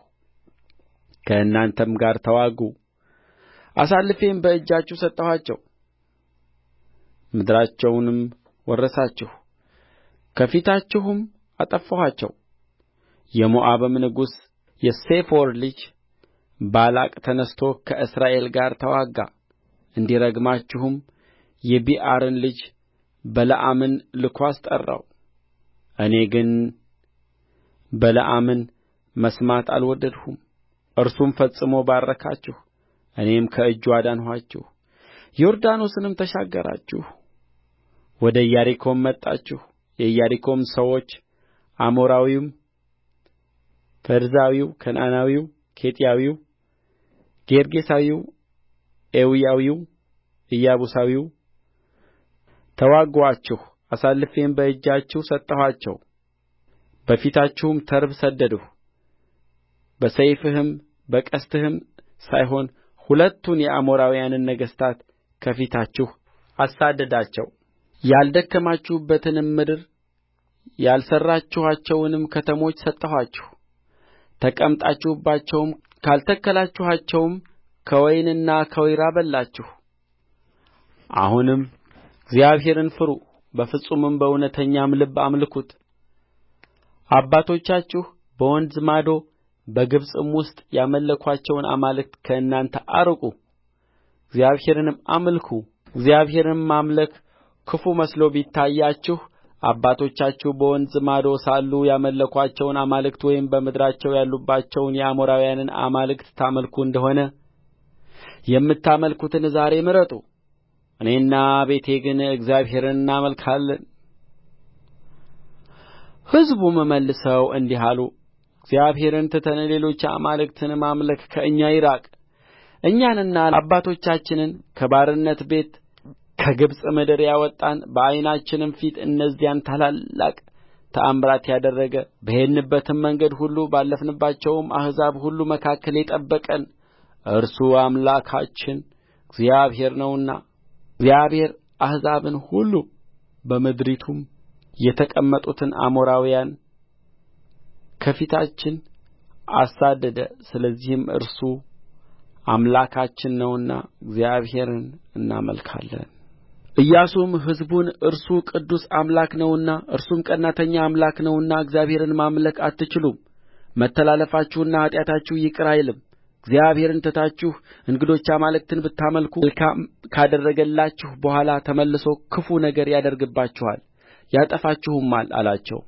ከእናንተም ጋር ተዋጉ አሳልፌም በእጃችሁ ሰጠኋቸው ምድራቸውንም ወረሳችሁ ከፊታችሁም አጠፋኋቸው የሞዓብም ንጉሥ የሴፎር ልጅ ባላቅ ተነሥቶ ከእስራኤል ጋር ተዋጋ እንዲረግማችሁም የቢዖርን ልጅ በለዓምን ልኮ አስጠራው እኔ ግን በለዓምን መስማት አልወደድሁም እርሱም ፈጽሞ ባረካችሁ እኔም ከእጁ አዳንኋችሁ ዮርዳኖስንም ተሻገራችሁ ወደ ኢያሪኮም መጣችሁ የኢያሪኮም ሰዎች አሞራዊው ፌርዛዊው ከነዓናዊው ኬጢያዊው ጌርጌሳዊው ኤዊያዊው ኢያቡሳዊው ተዋጉአችሁ አሳልፌም በእጃችሁ ሰጠኋቸው በፊታችሁም ተርብ ሰደድሁ በሰይፍህም በቀስትህም ሳይሆን ሁለቱን የአሞራውያንን ነገሥታት ከፊታችሁ አሳደዳቸው ያልደከማችሁባትንም ምድር ያልሠራችኋቸውንም ከተሞች ሰጠኋችሁ ተቀምጣችሁባቸውም ካልተከላችኋቸውም ከወይንና ከወይራ በላችሁ አሁንም እግዚአብሔርን ፍሩ በፍጹምም በእውነተኛም ልብ አምልኩት አባቶቻችሁ በወንዝ ማዶ በግብፅም ውስጥ ያመለኩአቸውን አማልክት ከእናንተ አርቁ እግዚአብሔርንም አምልኩ እግዚአብሔርንም ማምለክ ክፉ መስሎ ቢታያችሁ አባቶቻችሁ በወንዝ ማዶ ሳሉ ያመለኩአቸውን አማልክት ወይም በምድራቸው ያሉባቸውን የአሞራውያንን አማልክት ታመልኩ እንደ ሆነ የምታመልኩትን ዛሬ ምረጡ እኔና ቤቴ ግን እግዚአብሔርን እናመልካለን ሕዝቡም መልሰው እንዲህ አሉ እግዚአብሔርን ትተን ሌሎች አማልክትን ማምለክ ከእኛ ይራቅ እኛንና አባቶቻችንን ከባርነት ቤት ከግብፅ ምድር ያወጣን በዓይናችንም ፊት እነዚያን ታላላቅ ተአምራት ያደረገ በሄድንበትም መንገድ ሁሉ ባለፍንባቸውም አሕዛብ ሁሉ መካከል የጠበቀን እርሱ አምላካችን እግዚአብሔር ነውና እግዚአብሔር አሕዛብን ሁሉ በምድሪቱም የተቀመጡትን አሞራውያን ከፊታችን አሳደደ ስለዚህም እርሱ አምላካችን ነውና እግዚአብሔርን እናመልካለን ኢያሱም ሕዝቡን እርሱ ቅዱስ አምላክ ነውና እርሱም ቀናተኛ አምላክ ነውና እግዚአብሔርን ማምለክ አትችሉም መተላለፋችሁና ኃጢአታችሁ ይቅር አይልም እግዚአብሔርን ትታችሁ እንግዶች አማልክትን ብታመልኩ መልካም ካደረገላችሁ በኋላ ተመልሶ ክፉ ነገር ያደርግባችኋል ያጠፋችሁማል አላቸው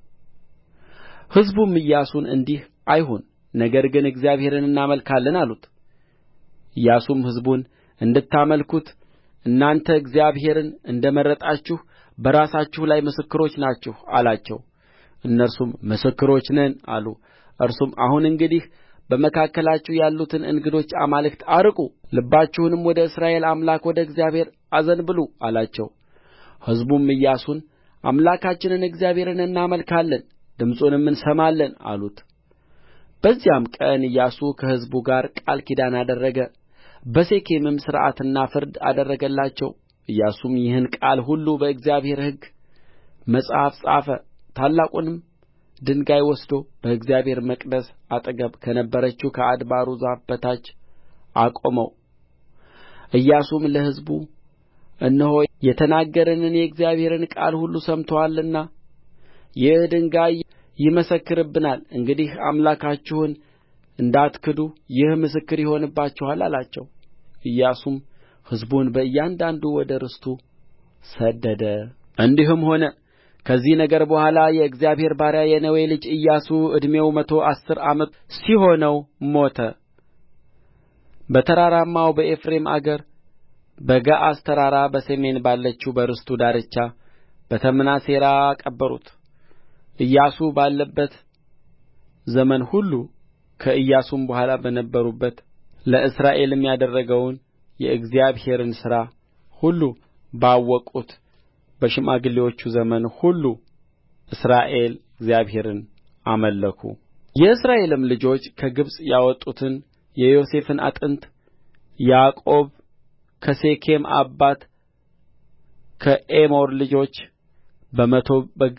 ሕዝቡም ኢያሱን እንዲህ አይሁን ነገር ግን እግዚአብሔርን እናመልካለን አሉት ኢያሱም ሕዝቡን እንድታመልኩት እናንተ እግዚአብሔርን እንደ መረጣችሁ በራሳችሁ ላይ ምስክሮች ናችሁ አላቸው እነርሱም ምስክሮች ነን አሉ እርሱም አሁን እንግዲህ በመካከላችሁ ያሉትን እንግዶች አማልክት አርቁ ልባችሁንም ወደ እስራኤል አምላክ ወደ እግዚአብሔር አዘንብሉ አላቸው ሕዝቡም ኢያሱን አምላካችንን እግዚአብሔርን እናመልካለን ድምፁንም እንሰማለን አሉት በዚያም ቀን ኢያሱ ከሕዝቡ ጋር ቃል ኪዳን አደረገ በሴኬምም ሥርዓትና ፍርድ አደረገላቸው ኢያሱም ይህን ቃል ሁሉ በእግዚአብሔር ሕግ መጽሐፍ ጻፈ ታላቁንም ድንጋይ ወስዶ በእግዚአብሔር መቅደስ አጠገብ ከነበረችው ከአድባሩ ዛፍ በታች አቆመው ኢያሱም ለሕዝቡ እነሆ የተናገረንን የእግዚአብሔርን ቃል ሁሉ ሰምቶአልና ይህ ድንጋይ ይመሰክርብናል እንግዲህ አምላካችሁን እንዳትክዱ ይህ ምስክር ይሆንባችኋል አላቸው ኢያሱም ሕዝቡን በእያንዳንዱ ወደ ርስቱ ሰደደ እንዲህም ሆነ ከዚህ ነገር በኋላ የእግዚአብሔር ባሪያ የነዌ ልጅ ኢያሱ ዕድሜው መቶ አሥር ዓመት ሲሆነው ሞተ በተራራማው በኤፍሬም አገር በገዓስ ተራራ በሰሜን ባለችው በርስቱ ዳርቻ በተምናሴራ ቀበሩት ኢያሱ ባለበት ዘመን ሁሉ ከኢያሱም በኋላ በነበሩበት ለእስራኤልም ያደረገውን የእግዚአብሔርን ሥራ ሁሉ ባወቁት በሽማግሌዎቹ ዘመን ሁሉ እስራኤል እግዚአብሔርን አመለኩ። የእስራኤልም ልጆች ከግብፅ ያወጡትን የዮሴፍን አጥንት ያዕቆብ ከሴኬም አባት ከኤሞር ልጆች በመቶ በግ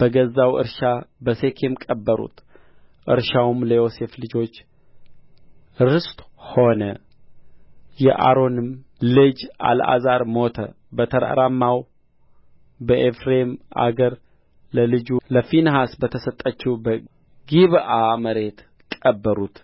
በገዛው እርሻ በሴኬም ቀበሩት እርሻውም ለዮሴፍ ልጆች ርስት ሆነ የአሮንም ልጅ አልዓዛር ሞተ በተራራማው በኤፍሬም አገር ለልጁ ለፊንሐስ በተሰጠችው በጊብዓ መሬት ቀበሩት